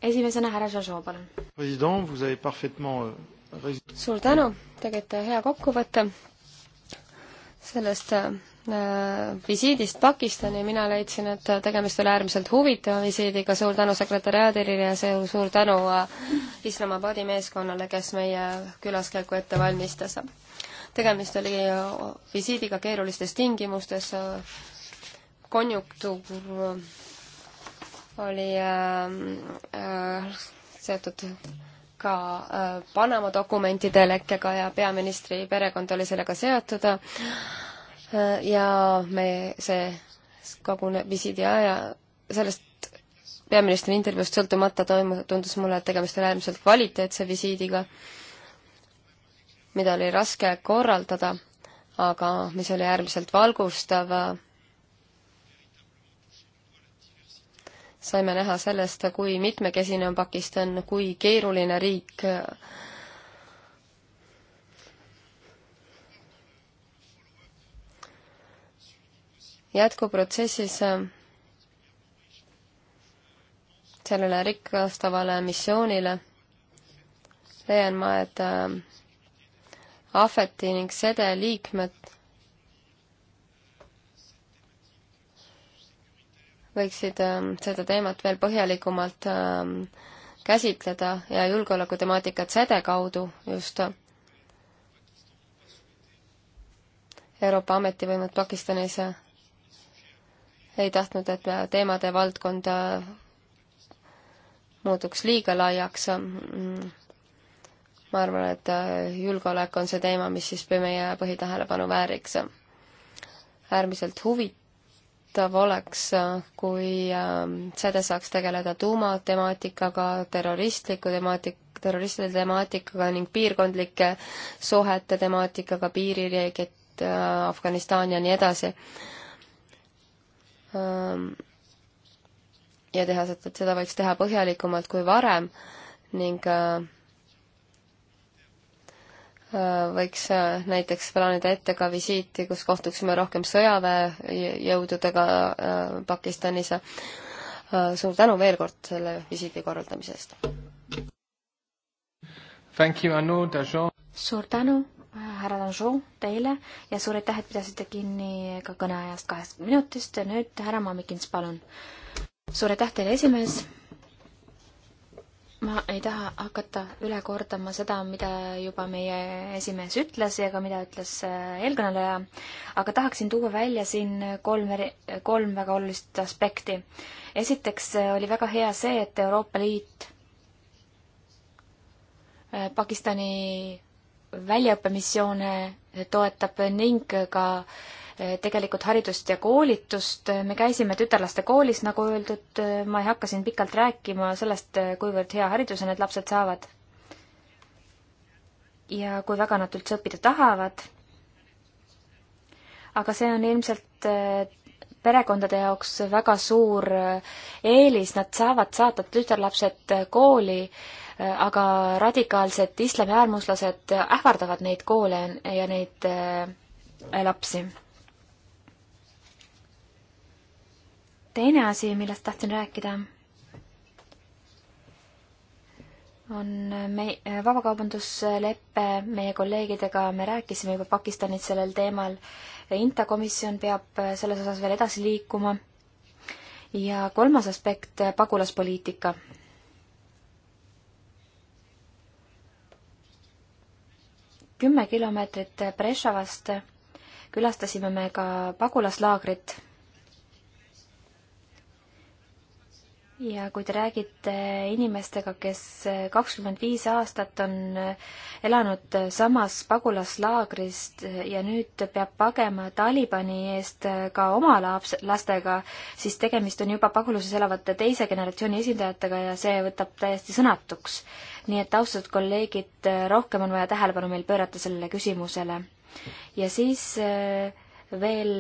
esimesena härra Žažo, palun. Euh, suur tänu, tegite hea kokkuvõtte sellest äh, visiidist Pakistani mina leidsin, et tegemist oli äärmiselt huvitava visiidiga, suur tänu sekretäriaadile ja see suur tänu äh, Islamabadi meeskonnale, kes meie külaskäiku ette valmistas. tegemist oli äh, visiidiga keerulistes tingimustes, konjunktuur oli ähm, äh, seotud ka äh, Panama dokumentide lekkega ja peaministri perekond oli sellega seotud äh, ja me see kogune visiidi aja sellest peaministri intervjuust sõltumata toimu-, tundus mulle, et tegemist on äärmiselt kvaliteetse visiidiga, mida oli raske korraldada, aga mis oli äärmiselt valgustav äh, saime näha sellest, kui mitmekesine on Pakistan, kui keeruline riik jätkuprotsessis sellele rikastavale missioonile leian ma, et äh, Ahveti ning Sede liikmed võiksid ähm, seda teemat veel põhjalikumalt ähm, käsitleda ja julgeolekutemaatikat säde kaudu just Euroopa ametivõimud Pakistanis äh, ei tahtnud, et äh, teemade valdkond äh, muutuks liiga laiaks. Mm, ma arvan, et julgeolek on see teema, mis siis meie põhitähelepanu vääriks. äärmiselt huvitav tervitatav oleks, kui ähm, säde saaks tegeleda tuumatemaatikaga, terroristliku temaatik-, terroristide temaatikaga ning piirkondlike suhete temaatikaga, piirireeglid, äh, Afganistan ja nii edasi. Ähm, ja teha, seda võiks teha põhjalikumalt kui varem ning äh, võiks äh, näiteks plaanida ette ka visiiti, kus kohtuksime rohkem sõjaväejõududega äh, Pakistanis. Äh, suur tänu veel kord selle visiidi korraldamise eest! suur tänu, härra Danjon, teile ja suur aitäh, et pidasite kinni ka kõneajast kahest minutist ja nüüd härra Mamikins, palun! suur aitäh teile, esimees! ma ei taha hakata üle kordama seda, mida juba meie esimees ütles ja ka mida ütles äh, eelkõneleja, aga tahaksin tuua välja siin kolm, kolm väga olulist aspekti. esiteks äh, oli väga hea see, et Euroopa Liit äh, Pakistani väljaõppemissioone toetab ning ka äh, Eh, tegelikult haridust ja koolitust. Eh, me käisime tütarlaste koolis, nagu öeldud, eh, ma ei hakka siin pikalt rääkima sellest, kuivõrd hea hariduse need lapsed saavad. ja kui väga nad üldse õppida tahavad. aga see on ilmselt perekondade jaoks väga suur eelis, nad saavad saata tütarlapsed kooli aga radikaalsed islami äärmuslased ähvardavad neid koole ja neid lapsi. teine asi, millest tahtsin rääkida, on me-, vabakaubanduslepe meie kolleegidega, me rääkisime juba Pakistanis sellel teemal, INTA komisjon peab selles osas veel edasi liikuma ja kolmas aspekt, pagulaspoliitika. kümme kilomeetrit Brešavast külastasime me ka pagulaslaagrit ja kui te räägite inimestega, kes kakskümmend viis aastat on elanud samas pagulaslaagrist ja nüüd peab pagema Talibani eest ka oma laps, lastega, siis tegemist on juba paguluses elavate teise generatsiooni esindajatega ja see võtab täiesti sõnatuks. nii et austatud kolleegid, rohkem on vaja tähelepanu meil pöörata sellele küsimusele. ja siis äh, veel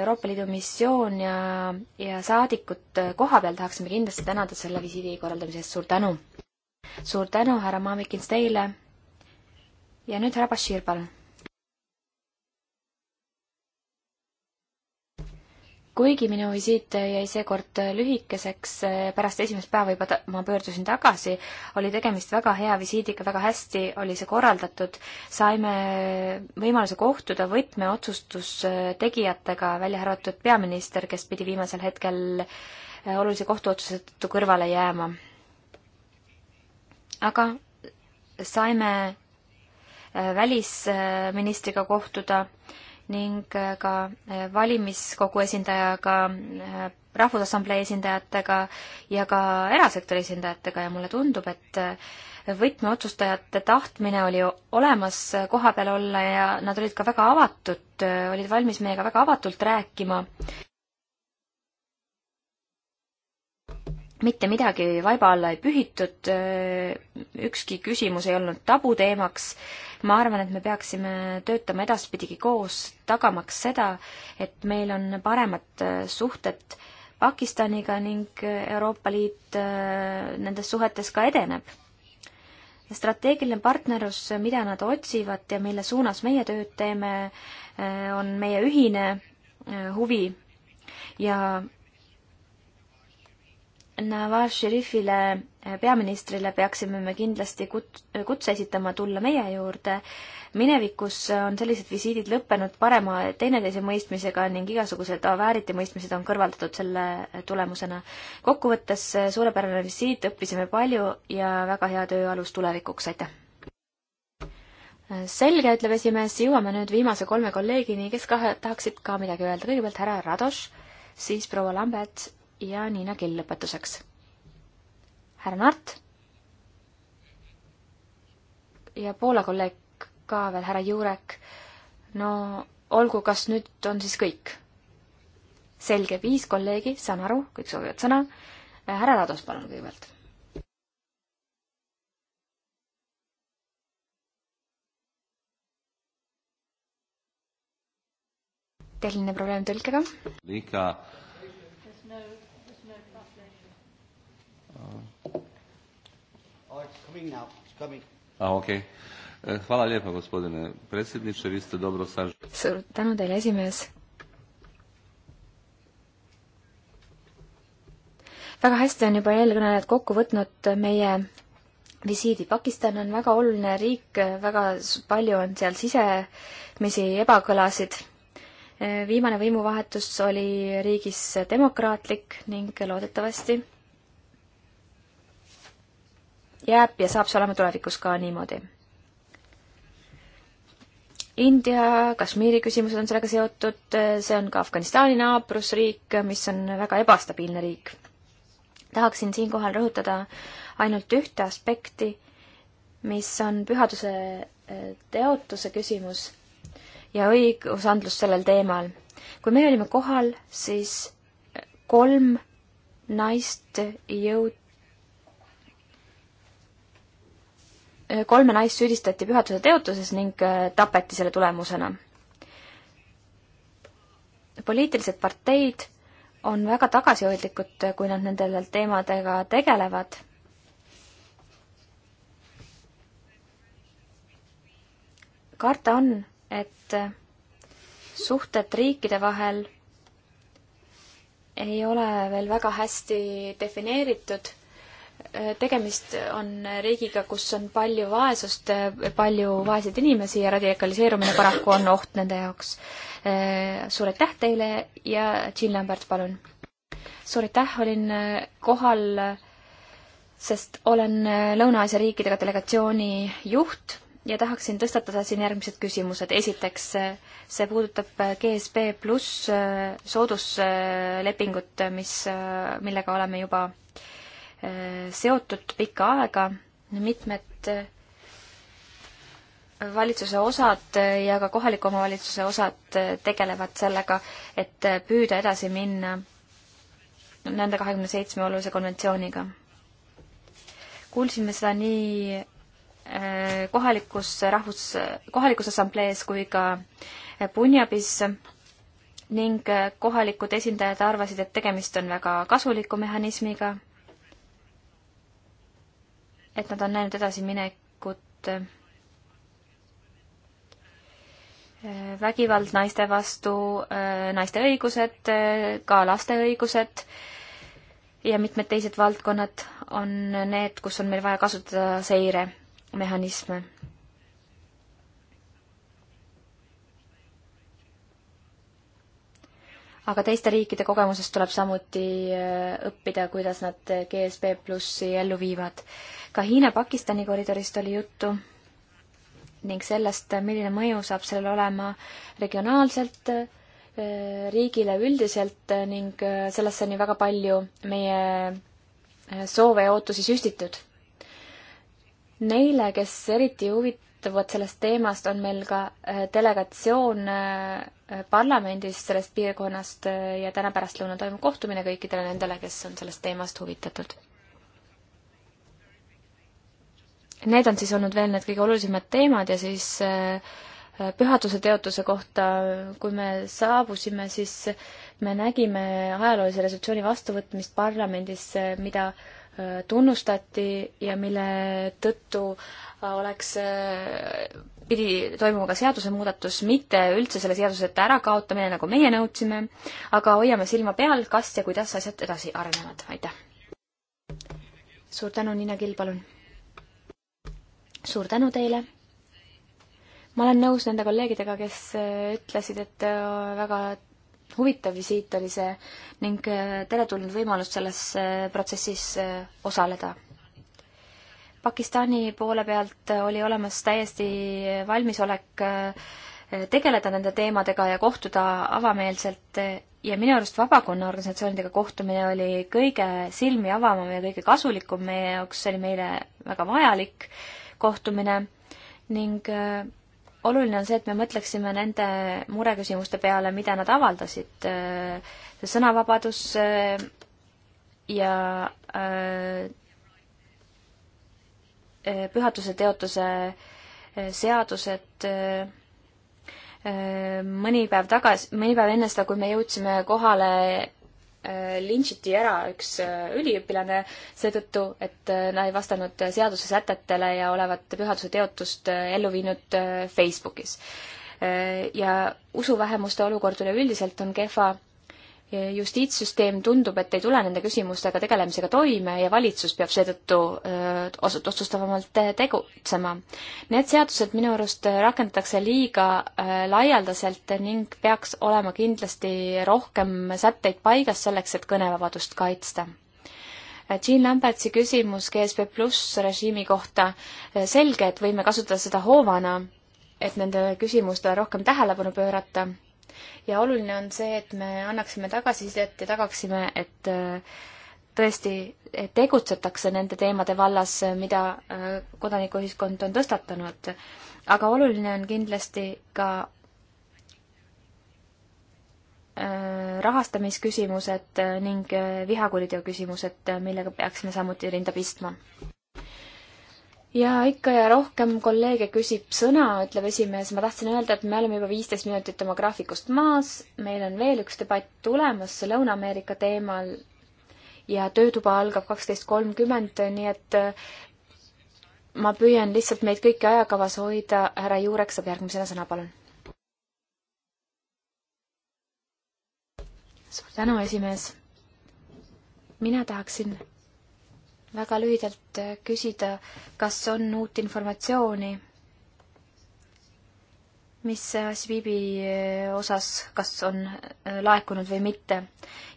Euroopa Liidu missioon ja, ja saadikut koha peal tahaksime kindlasti tänada selle visiidi korraldamise eest, suur tänu! suur tänu, härra Maamikins, teile! ja nüüd härra Bashir, palun! kuigi minu visiit jäi seekord lühikeseks, pärast esimest päeva juba ta, ma pöördusin tagasi, oli tegemist väga hea visiidiga, väga hästi oli see korraldatud, saime võimaluse kohtuda võtmeotsustustegijatega, välja arvatud peaminister, kes pidi viimasel hetkel olulise kohtuotsuse tõttu kõrvale jääma. aga saime välisministriga kohtuda äh, ning äh, ka äh, valimiskogu esindajaga, äh, Rahvusassamblee esindajatega ja ka erasektori esindajatega ja mulle tundub, et võtmeotsustajate tahtmine oli olemas koha peal olla ja nad olid ka väga avatud, olid valmis meiega väga avatult rääkima. mitte midagi vaiba alla ei pühitud, ükski küsimus ei olnud tabuteemaks ma arvan, et me peaksime töötama edaspidigi koos, tagamaks seda, et meil on paremad äh, suhted Pakistaniga ning äh, Euroopa Liit äh, nendes suhetes ka edeneb. strateegiline partnerlus, mida nad otsivad ja mille suunas meie tööd teeme, on meie ühine huvi ja Nawaz Sharifile Äh, peaministrile peaksime me kindlasti kut-, kutse esitama tulla meie juurde. minevikus on sellised visiidid lõppenud parema teineteise mõistmisega ning igasugused vääritimõistmised on kõrvaldatud selle tulemusena. kokkuvõttes äh, suurepärane visiit, õppisime palju ja väga hea töö alus tulevikuks, aitäh! Äh, selge, ütleb esimees, jõuame nüüd viimase kolme kolleegini, kes kahe, tahaksid ka midagi öelda. kõigepealt härra Radoš, siis proua Lambert ja Niina Kill lõpetuseks härra Nart ja Poola kolleeg ka veel, härra Jurek. no olgu, kas nüüd on siis kõik? selge, viis kolleegi, saan aru, kõik soovivad sõna. Eh, härra Rados, palun kõigepealt. tehniline probleem tõlkega. liiga Ah, okei okay.. Hvala lijepa, gospodine predsjedniče, vi ste dobro saž-. suur tänu teile, esimees. väga hästi on juba eelkõnelejad kokku võtnud meie visiidi. Pakistan on väga oluline riik, väga palju on seal sisemisi ebakõlasid. E, viimane võimuvahetus oli riigis demokraatlik ning loodetavasti jääb ja saab see olema tulevikus ka niimoodi. India, Kashmiri küsimused on sellega seotud, see on ka Afganistani naabrusriik, mis on väga ebastabiilne riik. tahaksin siinkohal rõhutada ainult ühte aspekti, mis on pühaduse eh, teotuse küsimus ja õigusandlus sellel teemal. kui meie olime kohal, siis kolm naist jõud-, Äh, kolme naist süüdistati pühaduse teotuses ning äh, tapeti selle tulemusena. poliitilised parteid on väga tagasihoidlikud, äh, kui nad nendele teemadega tegelevad. karta on, et suhted riikide vahel ei ole veel väga hästi defineeritud tegemist on riigiga, kus on palju vaesust, palju vaeseid inimesi ja radikaliseerumine paraku on oht nende jaoks. suur aitäh teile ja Jill Lambert, palun! suur aitäh, olin kohal, sest olen Lõuna-Aasia riikidega delegatsiooni juht ja tahaksin tõstatada siin järgmised küsimused. esiteks, see puudutab GSB pluss sooduslepingut, mis, millega oleme juba Äh, seotud pikka aega, mitmed äh, valitsuse osad äh, ja ka kohaliku omavalitsuse osad tegelevad sellega, et püüda edasi minna nende kahekümne seitsme olulise konventsiooniga. kuulsime seda nii kohalikus rahvus, kohalikus assamblees kui ka Punjabis ning kohalikud esindajad arvasid, et tegemist on väga kasuliku mehhanismiga et nad on näinud edasiminekut äh, vägivald naiste vastu, äh, naiste õigused, äh, ka laste õigused ja mitmed teised valdkonnad on need, kus on meil vaja kasutada seiremehhanisme aga teiste riikide kogemusest tuleb samuti äh, õppida, kuidas nad äh, GSB plussi ellu viivad. ka Hiina-Pakistani koridorist oli juttu ning sellest, äh, milline mõju saab sellel olema regionaalselt, riigile üldiselt ning sellesse on ju väga palju meie soove ja ootusi süstitud. Neile, kes eriti huvit-, lähtuvalt sellest teemast on meil ka äh, delegatsioon äh, parlamendis sellest piirkonnast äh, ja täna pärastlõunal toimub kohtumine kõikidele nendele, kes on sellest teemast huvitatud. Need on siis olnud veel need kõige olulisemad teemad ja siis pühaduse teotuse kohta, kui me saabusime, siis me nägime ajaloolise resolutsiooni vastuvõtmist parlamendis, mida tunnustati ja mille tõttu oleks, äh, pidi toimuma ka seadusemuudatus, mitte üldse selle seaduseta ärakaotamine, nagu meie nõudsime, aga hoiame silma peal, kas ja kuidas asjad edasi arenevad, aitäh! suur tänu, Niina Kill, palun! suur tänu teile! ma olen nõus nende kolleegidega, kes äh, ütlesid, et äh, väga huvitav visiit oli see ning teretulnud võimalus selles protsessis osaleda Pakistani poole pealt oli olemas täiesti valmisolek äh, tegeleda nende teemadega ja kohtuda avameelselt ja minu arust vabakonna organisatsioonidega kohtumine oli kõige silmi avavam ja kõige kasulikum meie jaoks, see oli meile väga vajalik kohtumine ning äh, oluline on see, et me mõtleksime nende mureküsimuste peale, mida nad avaldasid. Äh, see sõnavabadus ja pühaduse teotuse eh, seadused eh, eh, mõni päev tagasi, mõni päev enne seda, kui me jõudsime kohale, lintšiti ära üks üliõpilane seetõttu, et ta ei vastanud seaduse sätetele ja olevat pühaduse teotust ellu viinud Facebookis. ja usuvähemuste olukord üleüldiselt on kehva justiitssüsteem tundub, et ei tule nende küsimustega tegelemisega toime ja valitsus peab seetõttu otsustavamalt tegutsema. Need seadused minu arust rakendatakse liiga laialdaselt ning peaks olema kindlasti rohkem sätteid paigas selleks, et kõnevabadust kaitsta. Jean Lambertsi küsimus GSP pluss režiimi kohta, selge, et võime kasutada seda hoovana, et nendele küsimustele rohkem tähelepanu pöörata ja oluline on see, et me annaksime tagasisidet ja tagaksime, et äh, tõesti tegutsetakse nende teemade vallas, mida äh, kodanikuühiskond on tõstatanud. aga oluline on kindlasti ka äh, rahastamisküsimused ning vihakuriteo küsimused, millega peaksime samuti rinda pistma ja ikka ja rohkem kolleege küsib sõna, ütleb esimees, ma tahtsin öelda, et me oleme juba viisteist minutit oma graafikust maas, meil on veel üks debatt tulemas Lõuna-Ameerika teemal ja töötuba algab kaksteist kolmkümmend, nii et äh, ma püüan lihtsalt meid kõiki ajakavas hoida, härra Juurek saab järgmisena sõna, palun. suur tänu, esimees. mina tahaksin väga lühidalt küsida, kas on uut informatsiooni, mis Sviibi osas kas on äh, laekunud või mitte.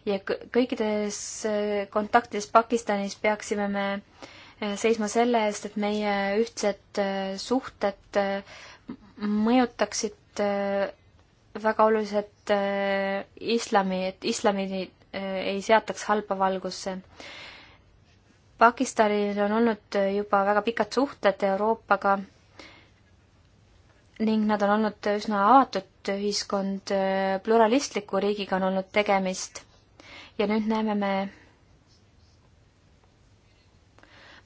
ja kõikides äh, kontaktides Pakistanis peaksime me äh, seisma selle eest, et meie ühtsed suhted mõjutaksid väga oluliselt islami, et islami ei seataks halba valgusse. Pakistanil on olnud juba väga pikad suhted Euroopaga ning nad on olnud üsna avatud ühiskond, pluralistliku riigiga on olnud tegemist. ja nüüd näeme me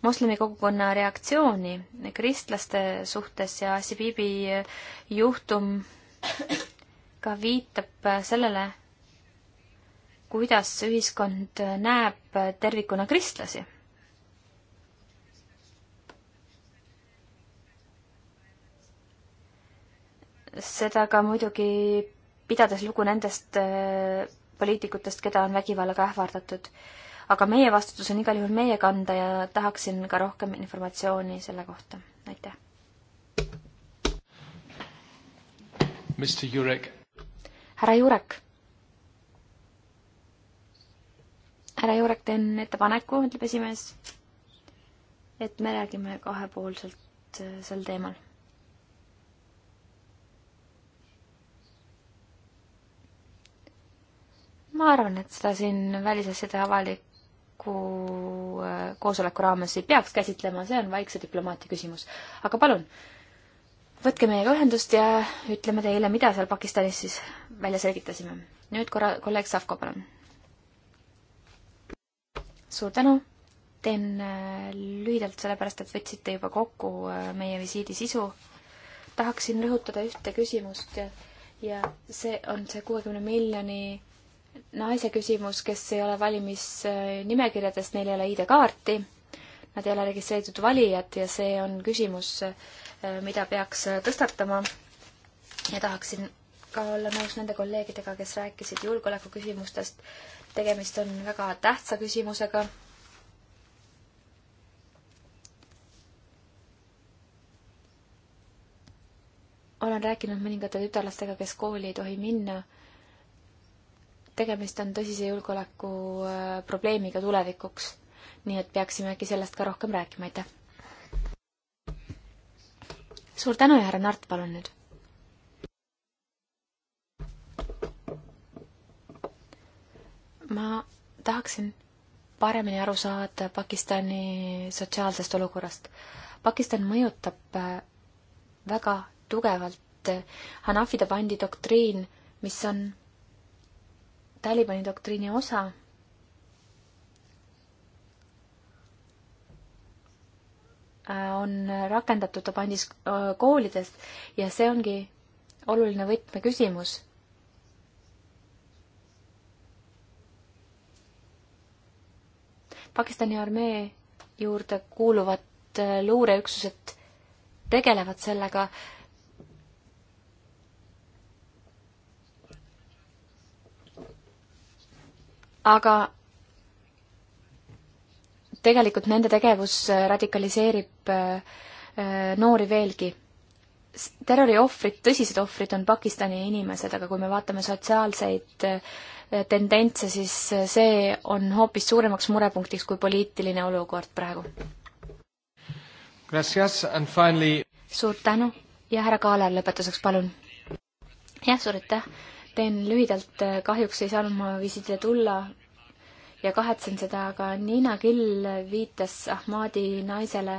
moslemi kogukonna reaktsiooni kristlaste suhtes ja Sibibi juhtum ka viitab sellele, kuidas ühiskond näeb tervikuna kristlasi seda ka muidugi pidades lugu nendest äh, poliitikutest, keda on vägivallaga ähvardatud. aga meie vastutus on igal juhul meie kanda ja tahaksin ka rohkem informatsiooni selle kohta. aitäh. härra Jurek. härra Jurek, teen ettepaneku, ütleb esimees, et me räägime kahepoolselt äh, sel teemal ma arvan, et seda siin välisasjade avaliku äh, koosoleku raames ei peaks käsitlema, see on vaikse diplomaatia küsimus. aga palun, võtke meiega ühendust ja ütleme teile, mida seal Pakistanis siis välja selgitasime. nüüd korra, kolleeg Savko, palun. suur tänu, teen äh, lühidalt, sellepärast et võtsite juba kokku äh, meie visiidi sisu. tahaksin rõhutada ühte küsimust ja, ja see on see kuuekümne miljoni naise küsimus, kes ei ole valimisnimekirjades, neil ei ole ID-kaarti, nad ei ole registreeritud valijad ja see on küsimus, eh, mida peaks tõstatama. ja tahaksin ka olla nõus nende kolleegidega, kes rääkisid julgeoleku küsimustest. tegemist on väga tähtsa küsimusega. olen rääkinud mõningate tütarlastega, kes kooli ei tohi minna tegemist on tõsise julgeolekuprobleemiga äh, tulevikuks. nii et peaksime äkki sellest ka rohkem rääkima, aitäh! suur tänu ja härra Nart, palun nüüd! ma tahaksin paremini aru saada Pakistani sotsiaalsest olukorrast. Pakistan mõjutab äh, väga tugevalt Hanafide bandi doktriin, mis on Talibani doktriini osa. on rakendatud Abandis koolides ja see ongi oluline võtmeküsimus Pakistani armee juurde kuuluvad äh, luureüksused tegelevad sellega aga tegelikult nende tegevus äh, radikaliseerib äh, äh, noori veelgi. terrori ohvrid, tõsised ohvrid on Pakistani inimesed, aga kui me vaatame sotsiaalseid tendentse, siis see on hoopis suuremaks murepunktiks kui poliitiline olukord praegu. Finally... suur tänu ja härra Kaaler lõpetuseks, palun. jah, suur aitäh teen lühidalt, kahjuks ei saanud ma visiidile tulla ja kahetsen seda, aga Niina Kill viitas Ahmadi naisele,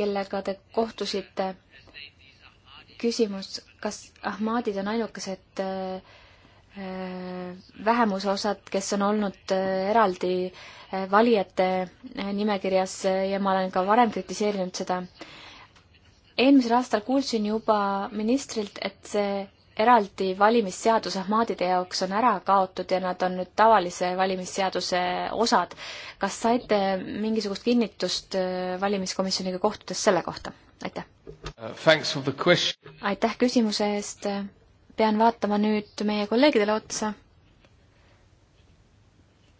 kellega te kohtusite. küsimus, kas Ahmadid on ainukesed äh, vähemuse osad, kes on olnud äh, eraldi äh, valijate nimekirjas ja ma olen ka varem kritiseerinud seda eelmisel aastal kuulsin juba ministrilt, et see eraldi valimisseadus ahmaadide jaoks on ära kaotud ja nad on nüüd tavalise valimisseaduse osad. kas saite mingisugust kinnitust äh, valimiskomisjoniga kohtudes selle kohta? aitäh uh,! aitäh küsimuse eest, pean vaatama nüüd meie kolleegidele otsa.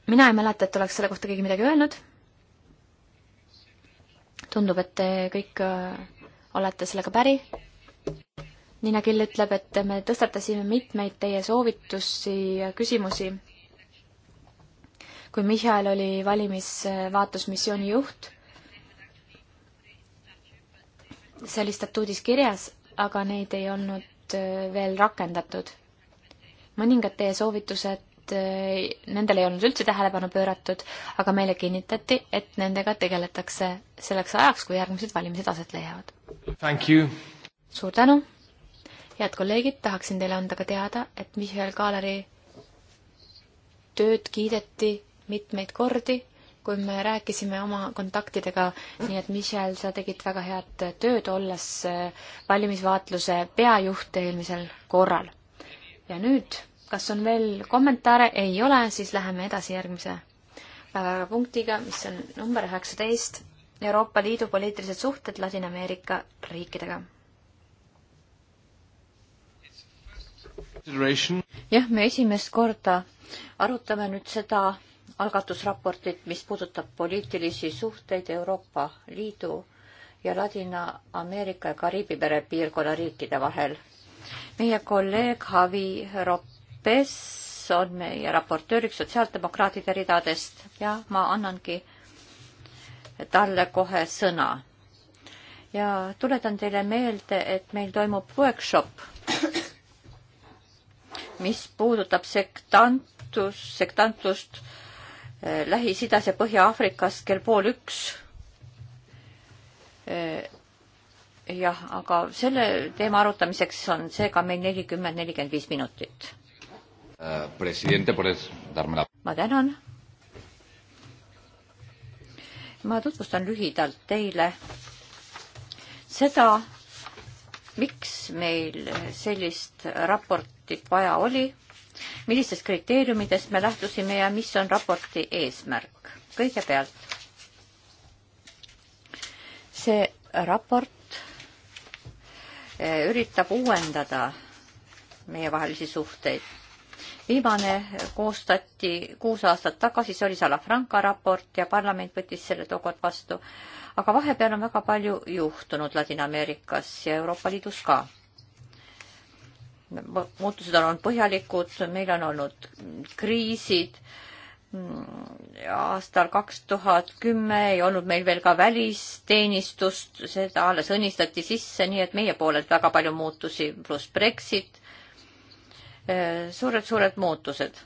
mina ei mäleta, et oleks selle kohta keegi midagi öelnud. tundub, et te kõik äh, olete sellega päri Niina Kill ütleb, et me tõstatasime mitmeid teie soovitusi ja küsimusi. kui Michal oli valimisvaatlusmissiooni juht, see oli statuudis kirjas, aga neid ei olnud äh, veel rakendatud. mõningad teie soovitused, äh, nendele ei olnud üldse tähelepanu pööratud, aga meile kinnitati, et nendega tegeletakse selleks ajaks, kui järgmised valimised aset leiavad. suur tänu! head kolleegid, tahaksin teile anda ka teada, et Michal Kaaleri tööd kiideti mitmeid kordi, kui me rääkisime oma kontaktidega, nii et Michal, sa tegid väga head tööd, olles äh, valimisvaatluse peajuht eelmisel korral. ja nüüd, kas on veel kommentaare? ei ole, siis läheme edasi järgmise päevakorrapunktiga, mis on number üheksateist, Euroopa Liidu poliitilised suhted Ladina-Ameerika riikidega jah, me esimest korda arutame nüüd seda algatusraportit, mis puudutab poliitilisi suhteid Euroopa Liidu ja Ladina-Ameerika ja Kariibi mere piirkonna riikide vahel. meie kolleeg Javi Ropes on meie raportööriks sotsiaaldemokraatide ridadest ja ma annangi talle kohe sõna. ja tuletan teile meelde, et meil toimub workshop mis puudutab sektantus, sektantust eh, Lähis-Idas ja Põhja-Aafrikas kell pool üks eh,. jah, aga selle teema arutamiseks on seega meil nelikümmend, nelikümmend viis minutit uh,. presidente, por es darme la. ma tänan. ma tutvustan lühidalt teile seda, miks meil sellist raport raportit vaja oli, millistest kriteeriumidest me lähtusime ja mis on raporti eesmärk. kõigepealt, see raport eh, üritab uuendada meievahelisi suhteid. viimane koostati kuus aastat tagasi, see oli Salafranca raport ja parlament võttis selle tookord vastu. aga vahepeal on väga palju juhtunud Ladina-Ameerikas ja Euroopa Liidus ka muutused on olnud põhjalikud, meil on olnud kriisid. Mm, aastal kaks tuhat kümme ei olnud meil veel ka välisteenistust, seda alles õnnistati sisse, nii et meie poolelt väga palju muutusi, pluss Brexit äh, suured,. suured-suured muutused.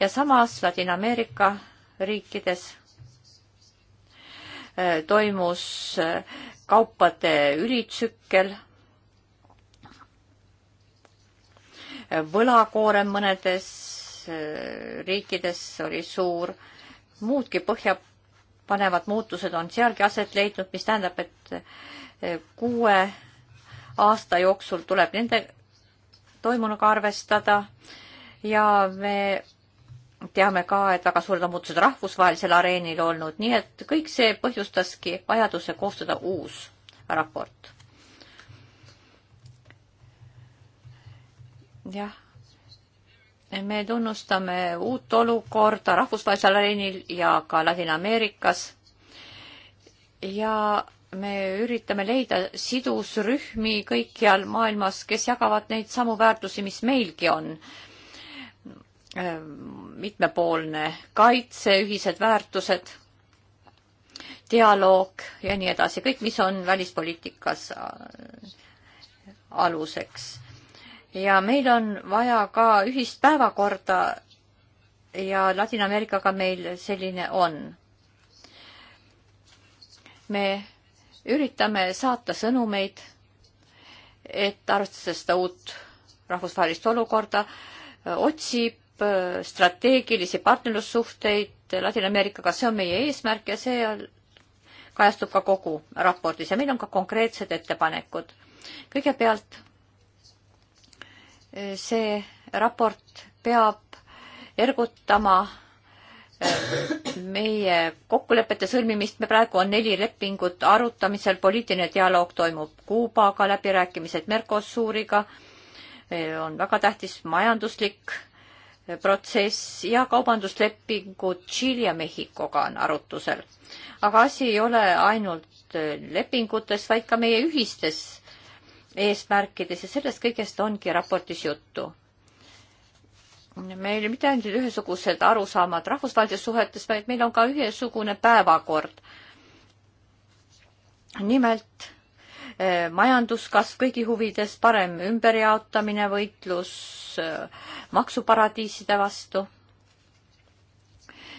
ja samas Ladina-Ameerika riikides äh, toimus äh, kaupade ülitsükkel võlakoorem mõnedes äh, riikides oli suur, muudki põhja panevad muutused on sealgi aset leidnud, mis tähendab, et äh, kuue aasta jooksul tuleb nende toimunuga arvestada ja me teame ka, et väga suured on muutused rahvusvahelisel areenil olnud, nii et kõik see põhjustaski vajaduse koostada uus raport jah, me tunnustame uut olukorda rahvusvahelisel areenil ja ka Ladina-Ameerikas. ja me üritame leida sidusrühmi kõikjal maailmas, kes jagavad neid samu väärtusi, mis meilgi on mitmepoolne kaitse, ühised väärtused, dialoog ja nii edasi, kõik, mis on välispoliitikas aluseks ja meil on vaja ka ühist päevakorda ja Ladina-Ameerikaga meil selline on. me üritame saata sõnumeid, et arvestades seda uut rahvusvahelist olukorda, otsib äh, strateegilisi partnerlussuhteid Ladina-Ameerikaga, see on meie eesmärk ja see kajastub ka kogu raportis ja meil on ka konkreetsed ettepanekud. kõigepealt see raport peab ergutama äh, meie kokkulepete sõlmimist, me praegu on neli lepingut arutamisel, poliitiline dialoog toimub Kuubaga, läbirääkimised Mercosuriga, äh, on väga tähtis majanduslik äh, protsess ja kaubanduslepingud Tšiili ja Mehhikoga on arutusel. aga asi ei ole ainult lepingutes, vaid ka meie ühistes eesmärkides ja sellest kõigest ongi raportis juttu. meil mitte ainult ühesugused arusaamad rahvusvahelistes suhetes, vaid meil on ka ühesugune päevakord. nimelt eh, majanduskasv kõigi huvides, parem ümberjaotamine, võitlus eh, maksuparadiiside vastu,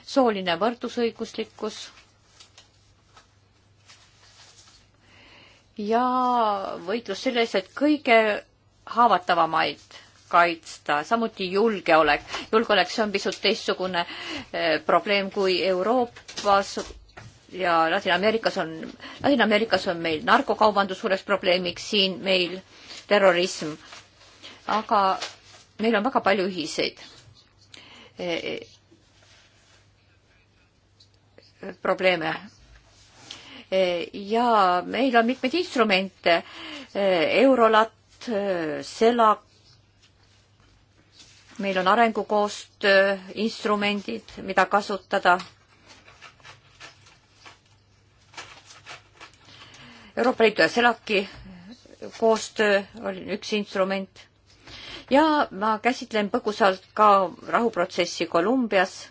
sooline võrdusõiguslikkus ja võitlus selle eest, et kõige haavatavamaid kaitsta, samuti julgeolek. julgeolek, see on pisut teistsugune eh, probleem kui Euroopas ja Ladina-Ameerikas on, Ladina-Ameerikas on meil narkokaubandus suureks probleemiks, siin meil terrorism. aga meil on väga palju ühiseid eh, eh, probleeme ja meil on mitmeid instrumente, Eurolat, SELAK, meil on arengukoostöö instrumendid, mida kasutada. Euroopa Liidu ja SELAK-i koostöö oli üks instrument ja ma käsitlen põgusalt ka rahuprotsessi Kolumbias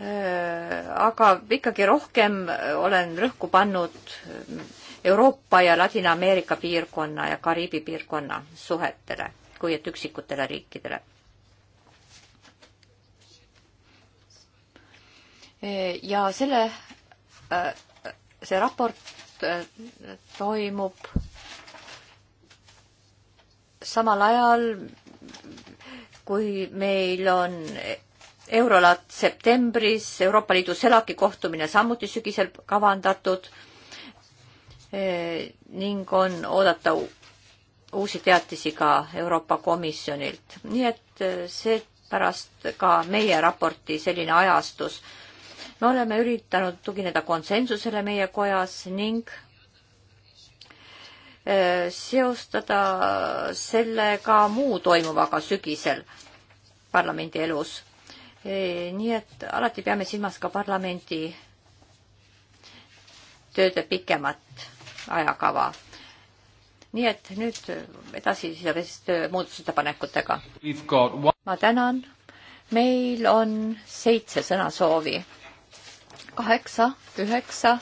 Äh, aga ikkagi rohkem äh, olen rõhku pannud äh, Euroopa ja Ladina-Ameerika piirkonna ja Kariibi piirkonna suhetele, kui et üksikutele riikidele. ja selle, see raport toimub samal ajal, kui meil on eurolat septembris, Euroopa Liidu SELAK-i kohtumine samuti sügisel kavandatud e, ning on oodata uusi teatisi ka Euroopa Komisjonilt. nii et e, seepärast ka meie raporti selline ajastus. me oleme üritanud tugineda konsensusele meie kojas ning e, seostada selle ka muu toimuvaga sügisel parlamendi elus nii et alati peame silmas ka parlamendi tööde pikemat ajakava. nii et nüüd edasi siis muudatusettepanekutega. ma tänan. meil on seitse sõnasoovi. kaheksa, üheksa,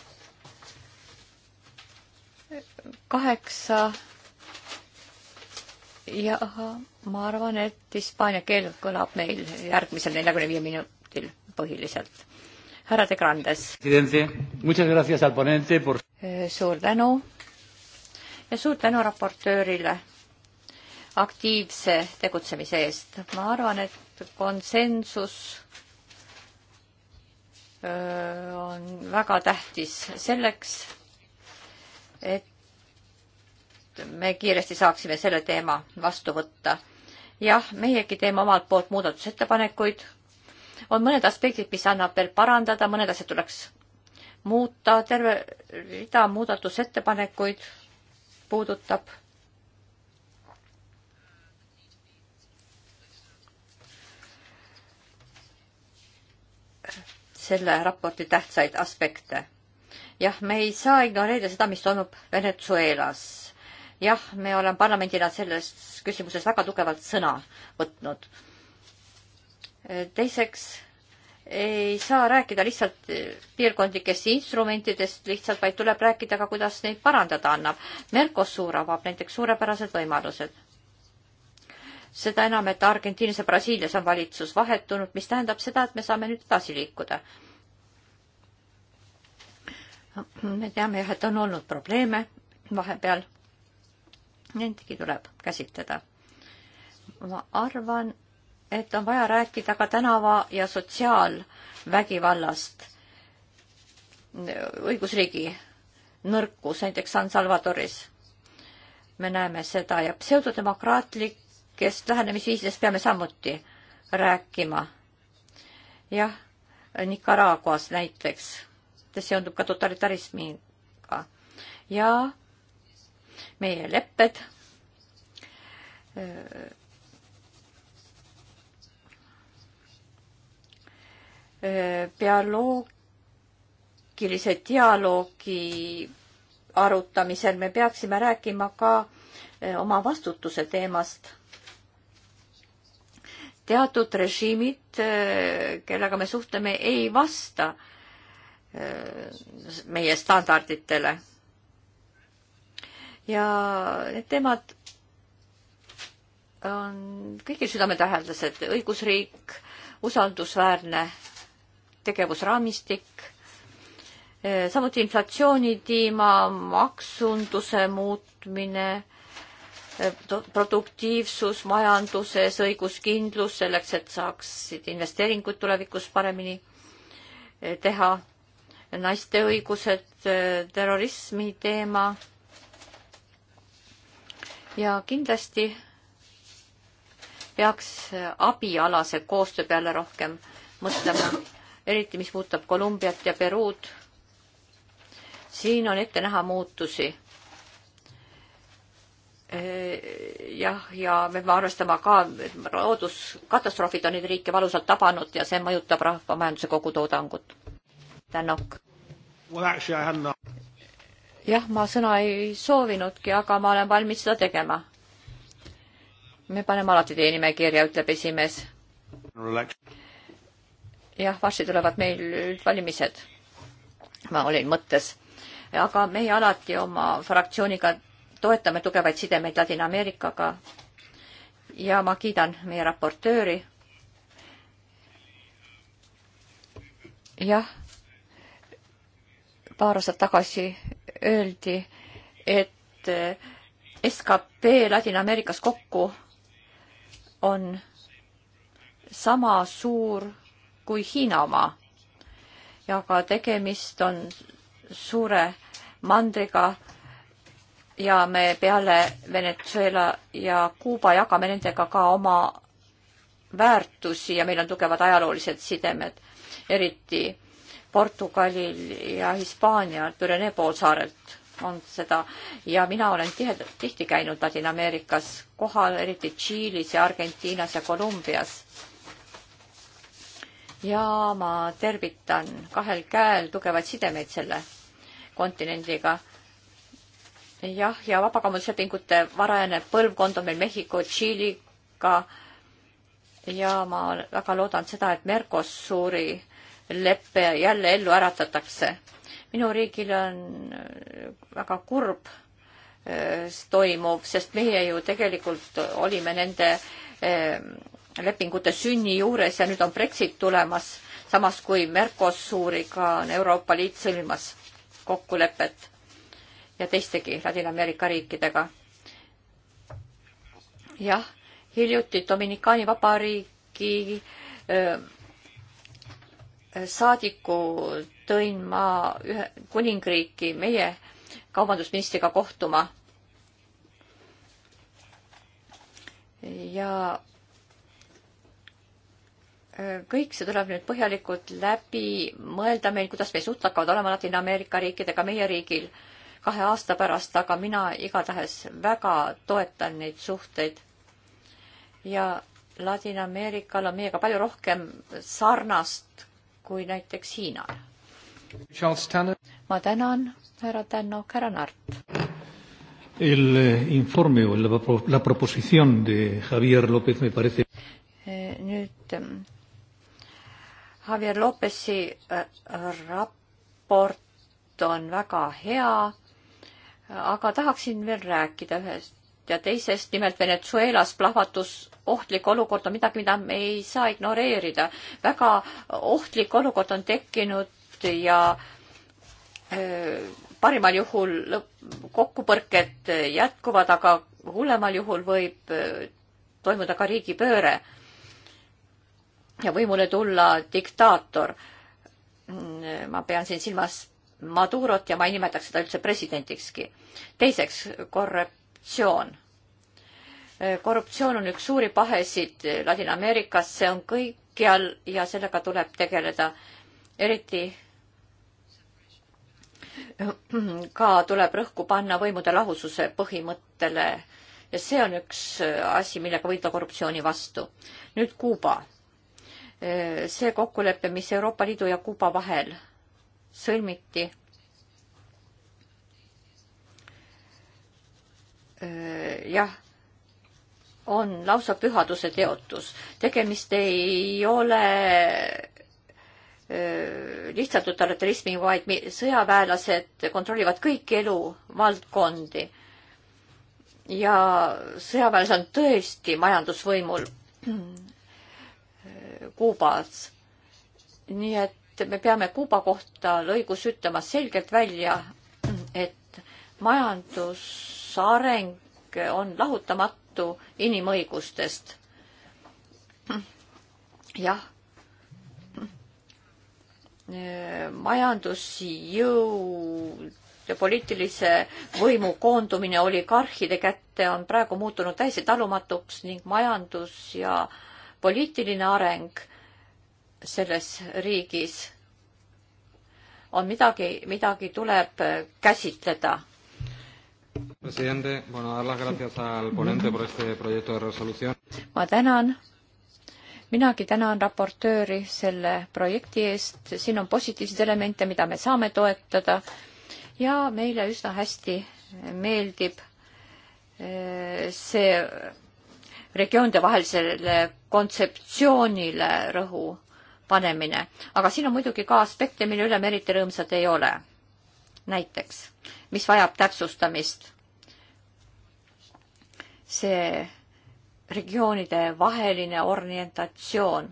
kaheksa ja ma arvan, et hispaania keel kõlab meil järgmisel neljakümne viie minutil põhiliselt. härra De Grandes. Por... Äh, suur tänu ja suur tänu raportöörile aktiivse tegutsemise eest. ma arvan, et konsensus äh, on väga tähtis selleks, et me kiiresti saaksime selle teema vastu võtta. jah, meiegi teeme omalt poolt muudatusettepanekuid. on mõned aspektid, mis annab veel parandada, mõned asjad tuleks muuta, terve rida muudatusettepanekuid puudutab selle raporti tähtsaid aspekte. jah, me ei saa ignoreerida seda, mis toimub Venezuelas jah, me oleme parlamendina selles küsimuses väga tugevalt sõna võtnud. teiseks, ei saa rääkida lihtsalt piirkondlikest instrumentidest lihtsalt, vaid tuleb rääkida ka, kuidas neid parandada annab. Mercosur avab näiteks suurepärased võimalused. seda enam, et Argentiinas ja Brasiilias on valitsus vahetunud, mis tähendab seda, et me saame nüüd edasi liikuda. me teame jah, et on olnud probleeme vahepeal nendegi tuleb käsitleda. ma arvan, et on vaja rääkida ka tänava- ja sotsiaalvägivallast, õigusriigi nõrkus näiteks San Salvadoris. me näeme seda ja pseudodemokraatlikest lähenemisviisidest peame samuti rääkima. jah, Nicaraguas näiteks, see seondub ka totalitarismiga ja meie lepped. bioloogilise dialoogi arutamisel me peaksime rääkima ka eh, oma vastutuse teemast. teatud režiimid, eh, kellega me suhtleme, ei vasta eh, meie standarditele ja need teemad on kõigil südametäheldased, õigusriik, usaldusväärne tegevusraamistik, samuti inflatsioonitiima, maksunduse muutmine, produktiivsus majanduses, õiguskindlus selleks, et saaksid investeeringuid tulevikus paremini teha, naiste õigused, terrorismi teema ja kindlasti peaks abialase koostöö peale rohkem mõtlema, eriti mis puudutab Kolumbiat ja Peruud. siin on ette näha muutusi. jah, ja me peame arvestama ka, et looduskatastroofid on neid riike valusalt tabanud ja see mõjutab rahvamajanduse kogutoodangut. Tänok jah, ma sõna ei soovinudki, aga ma olen valmis seda tegema. me paneme alati teie nimekirja, ütleb esimees. jah, varsti tulevad meil üldvalimised. ma olin mõttes, aga meie alati oma fraktsiooniga toetame tugevaid sidemeid Ladina-Ameerikaga. ja ma kiidan meie raportööri. jah paar aastat tagasi öeldi, et eh, skp Ladina-Ameerikas kokku on sama suur kui Hiina oma. ja ka tegemist on suure mandriga ja me peale Venezuela ja Kuuba jagame nendega ka oma väärtusi ja meil on tugevad ajaloolised sidemed, eriti Portugalil ja Hispaanial, Pürenee poolsaarelt on seda ja mina olen tihe, tihti käinud Ladina-Ameerikas kohal, eriti Tšiilis ja Argentiinas ja Kolumbias. ja ma tervitan kahel käel tugevaid sidemeid selle kontinendiga. jah, ja vabakaubanduslepingute varajane põlvkond on meil Mehhiko, Tšiiliga ja ma väga loodan seda, et Mercosuri leppe jälle ellu äratatakse. minu riigil on äh, väga kurb äh, toimuv, sest meie ju tegelikult olime nende äh, lepingute sünni juures ja nüüd on Brexit tulemas, samas kui Mercosuriga on Euroopa Liit sõlmas kokkulepet ja teistegi Ladina-Ameerika riikidega. jah, hiljuti Dominikaani Vabariigi öö, saadiku tõin ma ühe kuningriiki meie kaubandusministriga kohtuma. ja äh, kõik see tuleb nüüd põhjalikult läbi mõelda meil, kuidas meie suhted hakkavad olema Ladina-Ameerika riikidega meie riigil kahe aasta pärast, aga mina igatahes väga toetan neid suhteid. ja Ladina-Ameerikal on meiega palju rohkem sarnast kui näiteks Hiinal. ma tänan, härra Tännok, härra Nart. El eh, informe o la, la proposición de Javier López me parece. Eh, nüüd Javier Lópezi eh, raport on väga hea, aga tahaksin veel rääkida ühest ja teisest nimelt Venezuelas plahvatus ohtlik olukord on midagi, mida me ei saa ignoreerida. väga ohtlik olukord on tekkinud ja öö, parimal juhul kokkupõrked jätkuvad, aga hullemal juhul võib toimuda ka riigipööre ja võimule tulla diktaator. ma pean siin silmas Madurot ja ma ei nimetaks seda üldse presidendikski. teiseks, korre-, korruptsioon. Äh, korruptsioon on üks suuri pahesid äh, Ladina-Ameerikas, see on kõikjal ja sellega tuleb tegeleda. eriti ka tuleb rõhku panna võimude lahususe põhimõttele ja see on üks äh, asi, millega võidelda korruptsiooni vastu. nüüd Kuuba. see kokkulepe, mis Euroopa Liidu ja Kuuba vahel sõlmiti Äh, jah, on lausa pühaduse teotus. tegemist ei ole äh, lihtsalt totalitarismi, vaid sõjaväelased kontrollivad kõiki eluvaldkondi. ja sõjaväelased on tõesti majandusvõimul Kuubas. nii et me peame Kuuba kohta lõigus ütlema selgelt välja, et majandus majandusareng on lahutamatu inimõigustest. jah. majandusjõud ja poliitilise võimu koondumine oligarhide kätte on praegu muutunud täiesti talumatuks ning majandus ja poliitiline areng selles riigis on midagi, midagi tuleb käsitleda presidente, bueno, dar las gracias al ponente por este proyecto de resolución. ma tänan, minagi tänan raportööri selle projekti eest, siin on positiivseid elemente, mida me saame toetada ja meile üsna hästi meeldib eh, see regioonidevahelisele kontseptsioonile rõhu panemine, aga siin on muidugi ka aspekte, mille üle me eriti rõõmsad ei ole. näiteks, mis vajab täpsustamist see regioonide vaheline orientatsioon.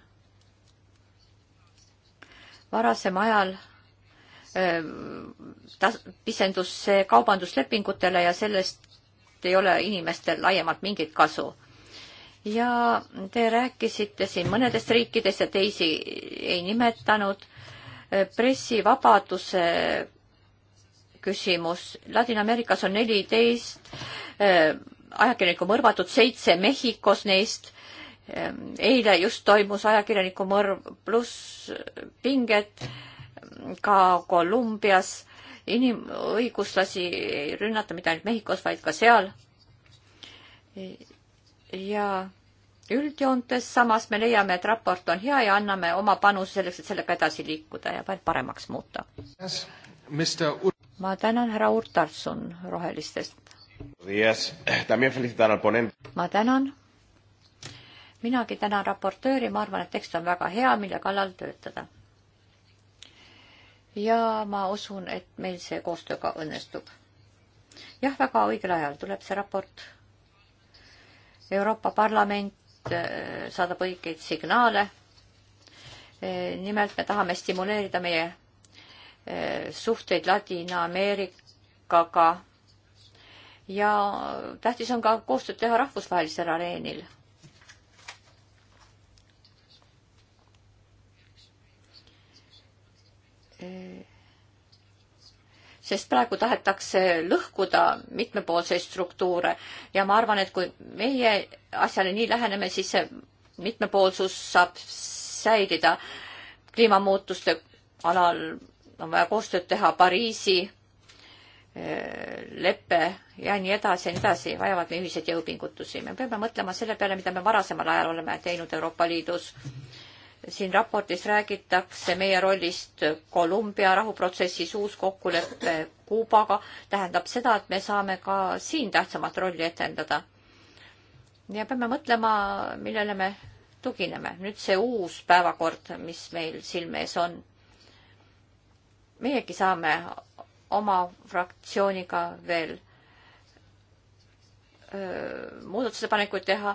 varasem ajal ta pisendus see kaubanduslepingutele ja sellest ei ole inimestel laiemalt mingit kasu. ja te rääkisite siin mõnedest riikidest ja teisi ei nimetanud. pressivabaduse küsimus. Ladina-Ameerikas on neliteist ajakirjaniku mõrvatud, seitse Mehhikos neist. Ehm, eile just toimus ajakirjaniku mõrv pluss pinged ehm, ka Kolumbias. inimõiguslasi ei rünnata mitte ainult Mehhikos, vaid ka seal. E, ja üldjoontes samas me leiame, et raport on hea ja anname oma panuse selleks, et sellega edasi liikuda ja veel paremaks muuta yes,. ma tänan härra Urtarson Rohelistest ma tänan. minagi tänan raportööri, ma arvan, et tekst on väga hea, mille kallal töötada. ja ma usun, et meil see koostöö ka õnnestub. jah, väga õigel ajal tuleb see raport. Euroopa Parlament äh, saadab õigeid signaale. Äh, nimelt me tahame stimuleerida meie äh, suhteid Ladina-Ameerikaga ja tähtis on ka koostööd teha rahvusvahelisel areenil. sest praegu tahetakse lõhkuda mitmepoolseid struktuure ja ma arvan, et kui meie asjale nii läheneme, siis see mitmepoolsus saab säilida. kliimamuutuste alal on vaja koostööd teha Pariisi lepe ja nii edasi ja nii edasi, vajavad me ühiseid jõupingutusi. me peame mõtlema selle peale, mida me varasemal ajal oleme teinud Euroopa Liidus. siin raportis räägitakse meie rollist Kolumbia rahuprotsessis, uus kokkulepe Kuubaga tähendab seda, et me saame ka siin tähtsamat rolli etendada. ja peame mõtlema, millele me tugineme. nüüd see uus päevakord, mis meil silme ees on. meiegi saame oma fraktsiooniga veel muudatusepanekuid teha,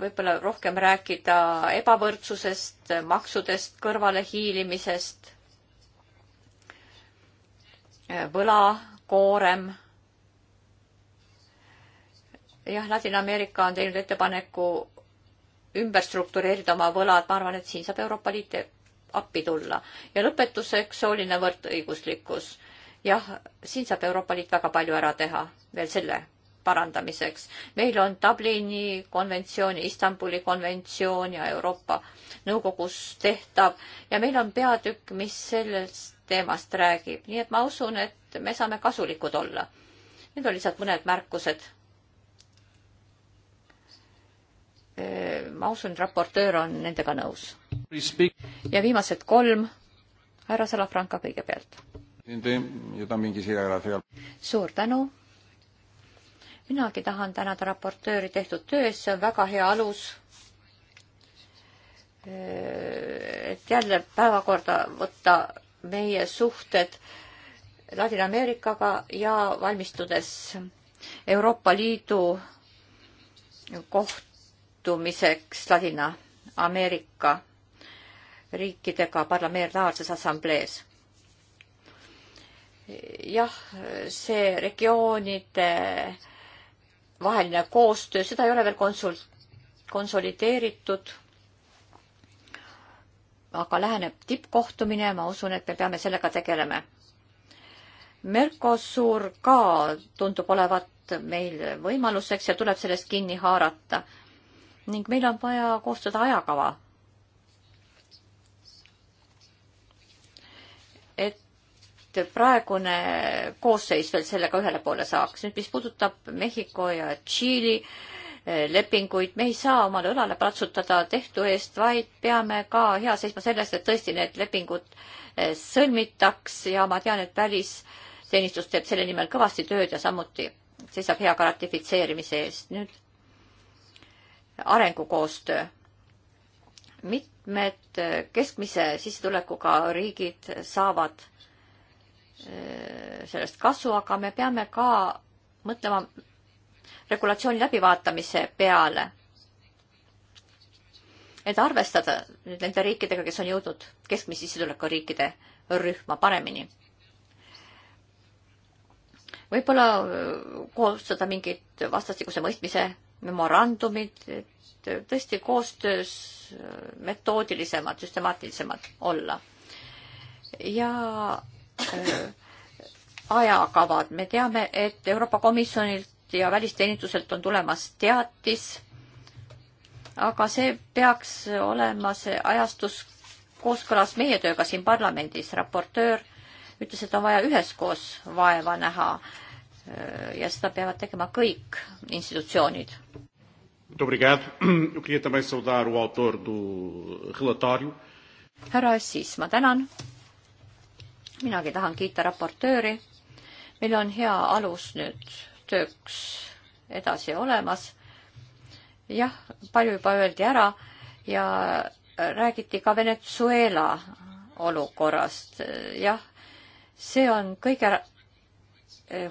võib-olla rohkem rääkida ebavõrdsusest, maksudest, kõrvalehiilimisest, võlakoorem. jah, Ladina-Ameerika on teinud ettepaneku ümber struktureerida oma võlad, ma arvan, et siin saab Euroopa Liit appi tulla. ja lõpetuseks sooline võrdõiguslikkus jah, siin saab Euroopa Liit väga palju ära teha veel selle parandamiseks. meil on Dublini konventsioon, Istanbuli konventsioon ja Euroopa Nõukogus tehtav ja meil on peatükk, mis sellest teemast räägib, nii et ma usun, et me saame kasulikud olla. Need on lihtsalt mõned märkused. ma usun, raportöör on nendega nõus. ja viimased kolm, härra Salafranca kõigepealt suur tänu. minagi tahan tänada raportööri tehtud töö eest, see on väga hea alus. Äh, et jälle päevakorda võtta meie suhted Ladina-Ameerikaga ja valmistudes Euroopa Liidu kohtumiseks Ladina-Ameerika riikidega parlamentaarses assamblees jah, see regioonide vaheline koostöö, seda ei ole veel konsult-, konsolideeritud. aga läheneb tippkohtumine, ma usun, et me peame sellega tegelema. Mercosur ka tundub olevat meil võimaluseks ja tuleb sellest kinni haarata. ning meil on vaja koostada ajakava. et et praegune koosseis veel sellega ühele poole saaks. nüüd, mis puudutab Mehhiko ja Tšiili eh, lepinguid, me ei saa omale õlale patsutada tehtu eest, vaid peame ka hea seisma sellest, et tõesti need lepingud eh, sõlmitaks ja ma tean, et välisteenistus teeb selle nimel kõvasti tööd ja samuti seisab hea ka ratifitseerimise eest. nüüd arengukoostöö. mitmed eh, keskmise sissetulekuga riigid saavad Äh, sellest kasu, aga me peame ka mõtlema regulatsiooni läbivaatamise peale. et arvestada nüüd nende riikidega, kes on jõudnud keskmise sissetuleku riikide rühma paremini. võib-olla äh, koostada mingid vastastikuse mõistmise memorandumid, et tõesti koostöös äh, metoodilisemad, süstemaatilisemad olla. ja Äh, ajakavad. me teame, et Euroopa Komisjonilt ja välisteenistuselt on tulemas teatis, aga see peaks olema see ajastus kooskõlas meie tööga siin parlamendis. raportöör ütles, et on vaja üheskoos vaeva näha äh, ja seda peavad tegema kõik institutsioonid. härra Assis, ma tänan minagi tahan kiita raportööri. meil on hea alus nüüd tööks edasi olemas. jah, palju juba öeldi ära ja räägiti ka Venezuela olukorrast. jah, see on kõige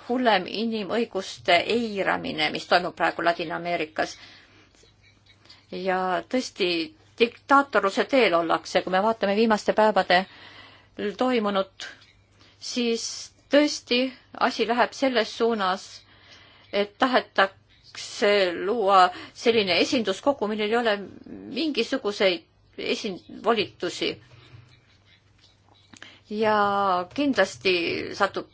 hullem inimõiguste eiramine, mis toimub praegu Ladina-Ameerikas. ja tõesti, diktaatorluse teel ollakse, kui me vaatame viimaste päevade toimunut siis tõesti asi läheb selles suunas, et tahetakse luua selline esinduskogu, millel ei ole mingisuguseid esin-, volitusi. ja kindlasti satub,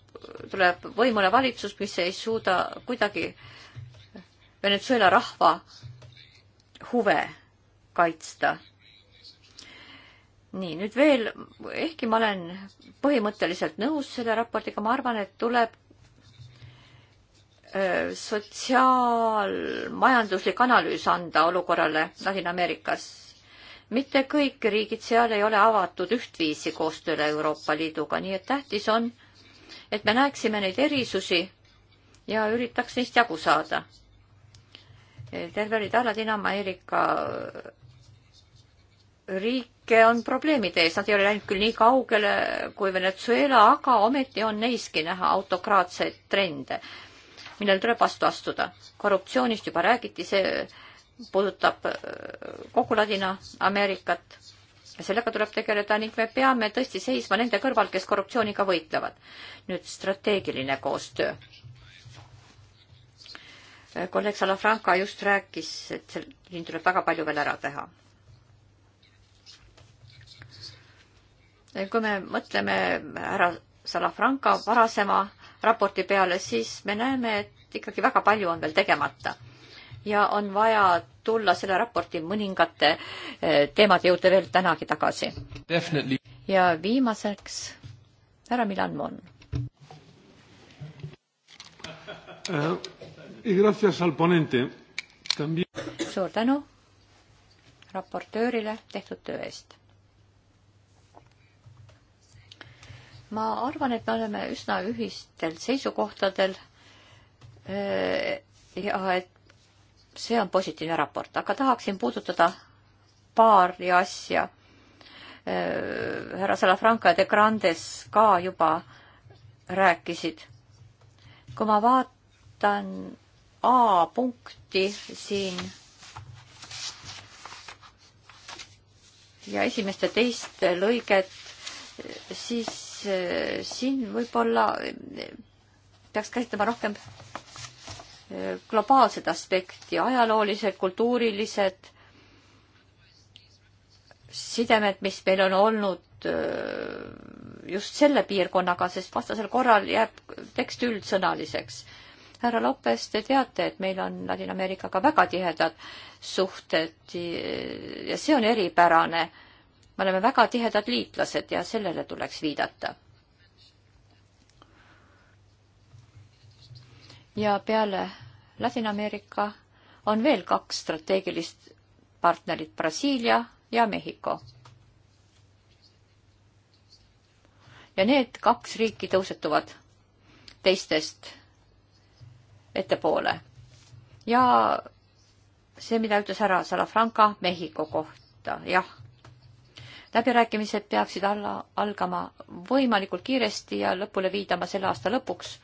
tuleb võimule valitsus, mis ei suuda kuidagi Venezuela rahva huve kaitsta nii, nüüd veel, ehkki ma olen põhimõtteliselt nõus selle raportiga, ma arvan, et tuleb sotsiaalmajanduslik analüüs anda olukorrale Ladina-Ameerikas. mitte kõik riigid seal ei ole avatud ühtviisi koostööle Euroopa Liiduga, nii et tähtis on, et me näeksime neid erisusi ja üritaks neist jagu saada. terve rida Ladina-Ameerika riike on probleemide ees, nad ei ole läinud küll nii kaugele kui Venezuela, aga ometi on neiski näha autokraatseid trende, millele tuleb vastu astuda. korruptsioonist juba räägiti, see puudutab äh, kogu Ladina-Ameerikat ja sellega tuleb tegeleda ning me peame tõesti seisma nende kõrval, kes korruptsiooniga võitlevad. nüüd strateegiline koostöö. Äh, kolleeg Salafranca just rääkis, et seal, siin tuleb väga palju veel ära teha kui me mõtleme härra Salafranca varasema raporti peale, siis me näeme, et ikkagi väga palju on veel tegemata ja on vaja tulla selle raporti mõningate eh, teemade juurde veel tänagi tagasi. ja viimaseks härra Milan Mon eh, suur tänu raportöörile tehtud töö eest ma arvan, et me oleme üsna ühistel seisukohtadel eh, ja et see on positiivne raport, aga tahaksin puudutada paari asja. Eh, härra Salafranca ja De Grandes ka juba rääkisid. kui ma vaatan A punkti siin ja esimest ja teist lõiget, eh, siis Äh, siin võib-olla äh, peaks käsitlema rohkem äh, globaalset aspekti, ajaloolised, kultuurilised sidemed, mis meil on olnud just selle piirkonnaga, sest vastasel korral jääb tekst üldsõnaliseks. härra Lopes, te teate, et meil on Ladina-Ameerikaga väga tihedad suhted ja see on eripärane me oleme väga tihedad liitlased ja sellele tuleks viidata. ja peale Ladina-Ameerika on veel kaks strateegilist partnerit, Brasiilia ja Mehhiko. ja need kaks riiki tõusetuvad teistest ettepoole. ja see, mida ütles härra Salafranca Mehhiko kohta, jah läbirääkimised peaksid alla, algama võimalikult kiiresti ja lõpule viidama selle aasta lõpuks.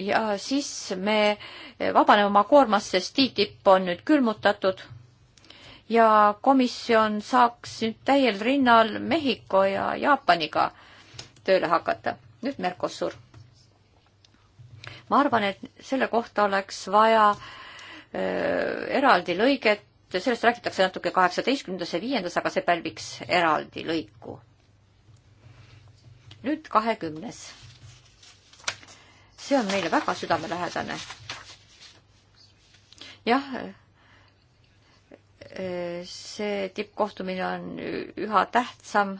ja siis me vabaneme oma koormast, sest TTIP on nüüd külmutatud ja komisjon saaks nüüd täiel rinnal Mehhiko ja Jaapaniga tööle hakata. nüüd Mercosur. ma arvan, et selle kohta oleks vaja öö, äh, eraldi lõiget sellest räägitakse natuke kaheksateistkümnendas ja viiendas, aga see pälviks eraldi lõiku. nüüd kahekümnes. see on meile väga südamelähedane. jah, eh, see tippkohtumine on üha tähtsam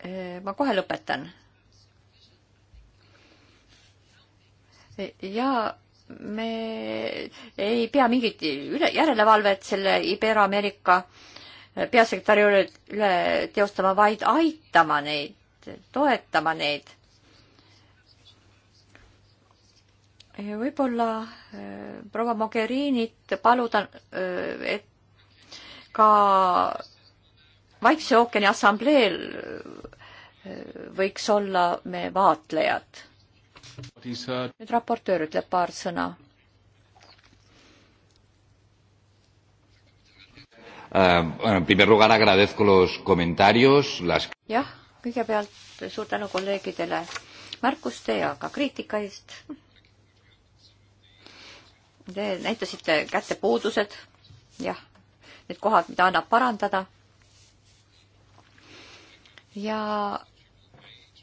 Eh, ma kohe lõpetan. ja me ei pea mingit üle, järelevalvet selle Ibero-Ameerika peasekretäri üle teostama, vaid aitama neid, toetama neid. Eh, võib-olla eh, proua Mogherinit paluda, et ka Vaikse ookeani assambleel võiks olla me vaatlejad. nüüd raportöör ütleb paar sõna. Ähm, jah, kõigepealt suur tänu kolleegidele märkuste ja ka kriitika eest. Te näitasite kätte puudused, jah, need kohad, mida annab parandada. ja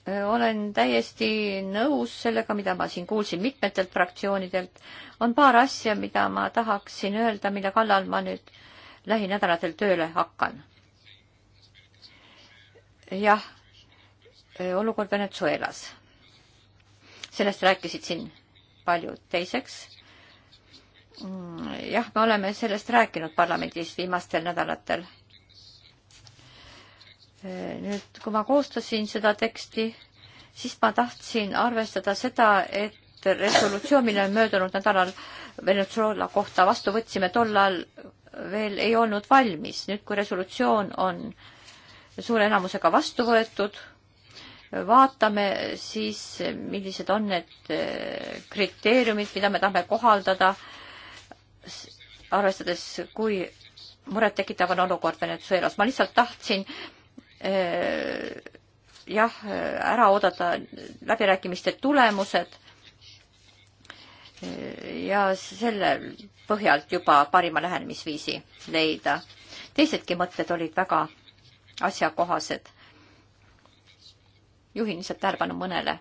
olen täiesti nõus sellega, mida ma siin kuulsin mitmetelt fraktsioonidelt. on paar asja, mida ma tahaksin öelda, mille kallal ma nüüd lähinädalatel tööle hakkan. jah, olukord Venezuelas. sellest rääkisid siin paljud. teiseks, mm, jah, me oleme sellest rääkinud parlamendis viimastel nädalatel nüüd, kui ma koostasin seda teksti, siis ma tahtsin arvestada seda, et resolutsioon, mille me möödunud nädalal Venezuela kohta vastu võtsime, tollal veel ei olnud valmis. nüüd, kui resolutsioon on suure enamusega vastu võetud, vaatame siis, millised on need eh, kriteeriumid, mida me tahame kohaldada, arvestades, kui murettekitav on olukord Venezuelas. ma lihtsalt tahtsin Äh, jah, ära oodata läbirääkimiste tulemused äh, ja selle põhjalt juba parima lähenemisviisi leida. teisedki mõtted olid väga asjakohased. juhin lihtsalt tähelepanu mõnele.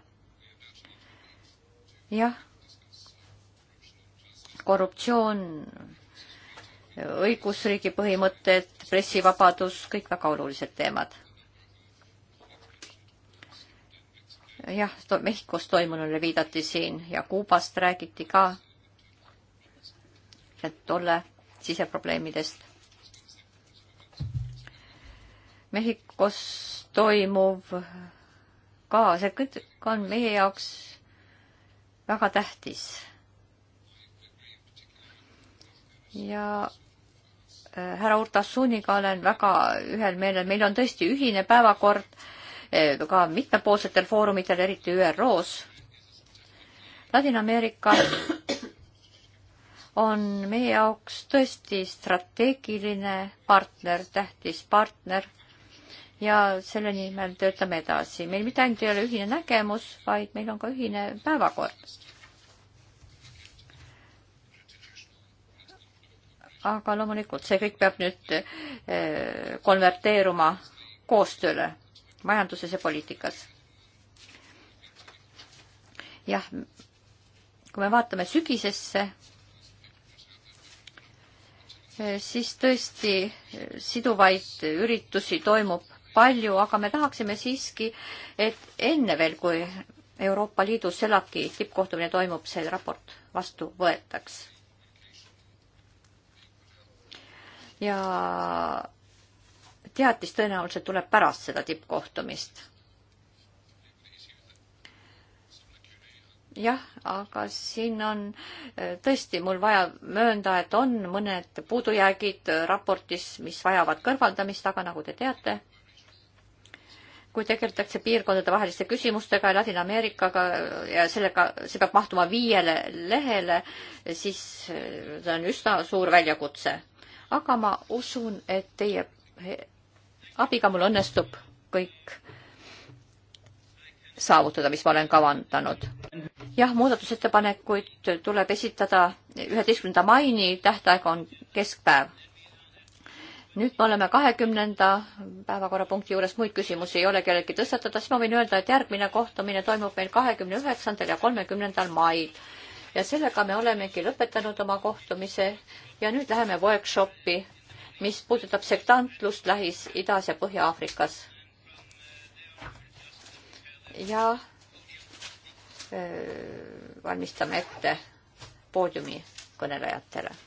jah, korruptsioon, õigusriigi põhimõtted, pressivabadus, kõik väga olulised teemad jah, Mehhikos toimunule viidati siin ja Kuubast räägiti ka tolle siseprobleemidest. Mehhikos toimuv ka, see kõik on meie jaoks väga tähtis. ja äh, härra Urtasuniga olen väga ühel meelel, meil on tõesti ühine päevakord Eh, ka mitmepoolsetel foorumitel, eriti ÜRO-s. Ladina-Ameerika on meie jaoks tõesti strateegiline partner, tähtis partner ja selle nimel töötame edasi. meil mitte ainult ei ole ühine nägemus, vaid meil on ka ühine päevakord. aga loomulikult see kõik peab nüüd eh, konverteeruma koostööle majanduses ja poliitikas. jah, kui me vaatame sügisesse, siis tõesti siduvaid üritusi toimub palju, aga me tahaksime siiski, et enne veel, kui Euroopa Liidu SELAK-i tippkohtumine toimub, see raport vastu võetaks. ja teatis tõenäoliselt tuleb pärast seda tippkohtumist. jah, aga siin on äh, tõesti mul vaja möönda, et on mõned puudujäägid äh, raportis, mis vajavad kõrvaldamist, aga nagu te teate, kui tegeletakse piirkondade vaheliste küsimustega ja Ladina-Ameerikaga äh, ja sellega, see peab mahtuma viiele lehele, siis see on üsna suur väljakutse. aga ma usun, et teie abiga mul õnnestub kõik saavutada, mis ma olen kavandanud. jah, muudatusettepanekuid tuleb esitada üheteistkümnenda maini, tähtaeg on keskpäev. nüüd me oleme kahekümnenda päevakorrapunkti juures, muid küsimusi ei ole kellelgi tõstatada, siis ma võin öelda, et järgmine kohtumine toimub meil kahekümne üheksandal ja kolmekümnendal mail. ja sellega me olemegi lõpetanud oma kohtumise ja nüüd läheme workshopi mis puudutab sektantlust Lähis-Idas ja Põhja-Aafrikas. ja öö, valmistame ette poodiumi kõnelejatele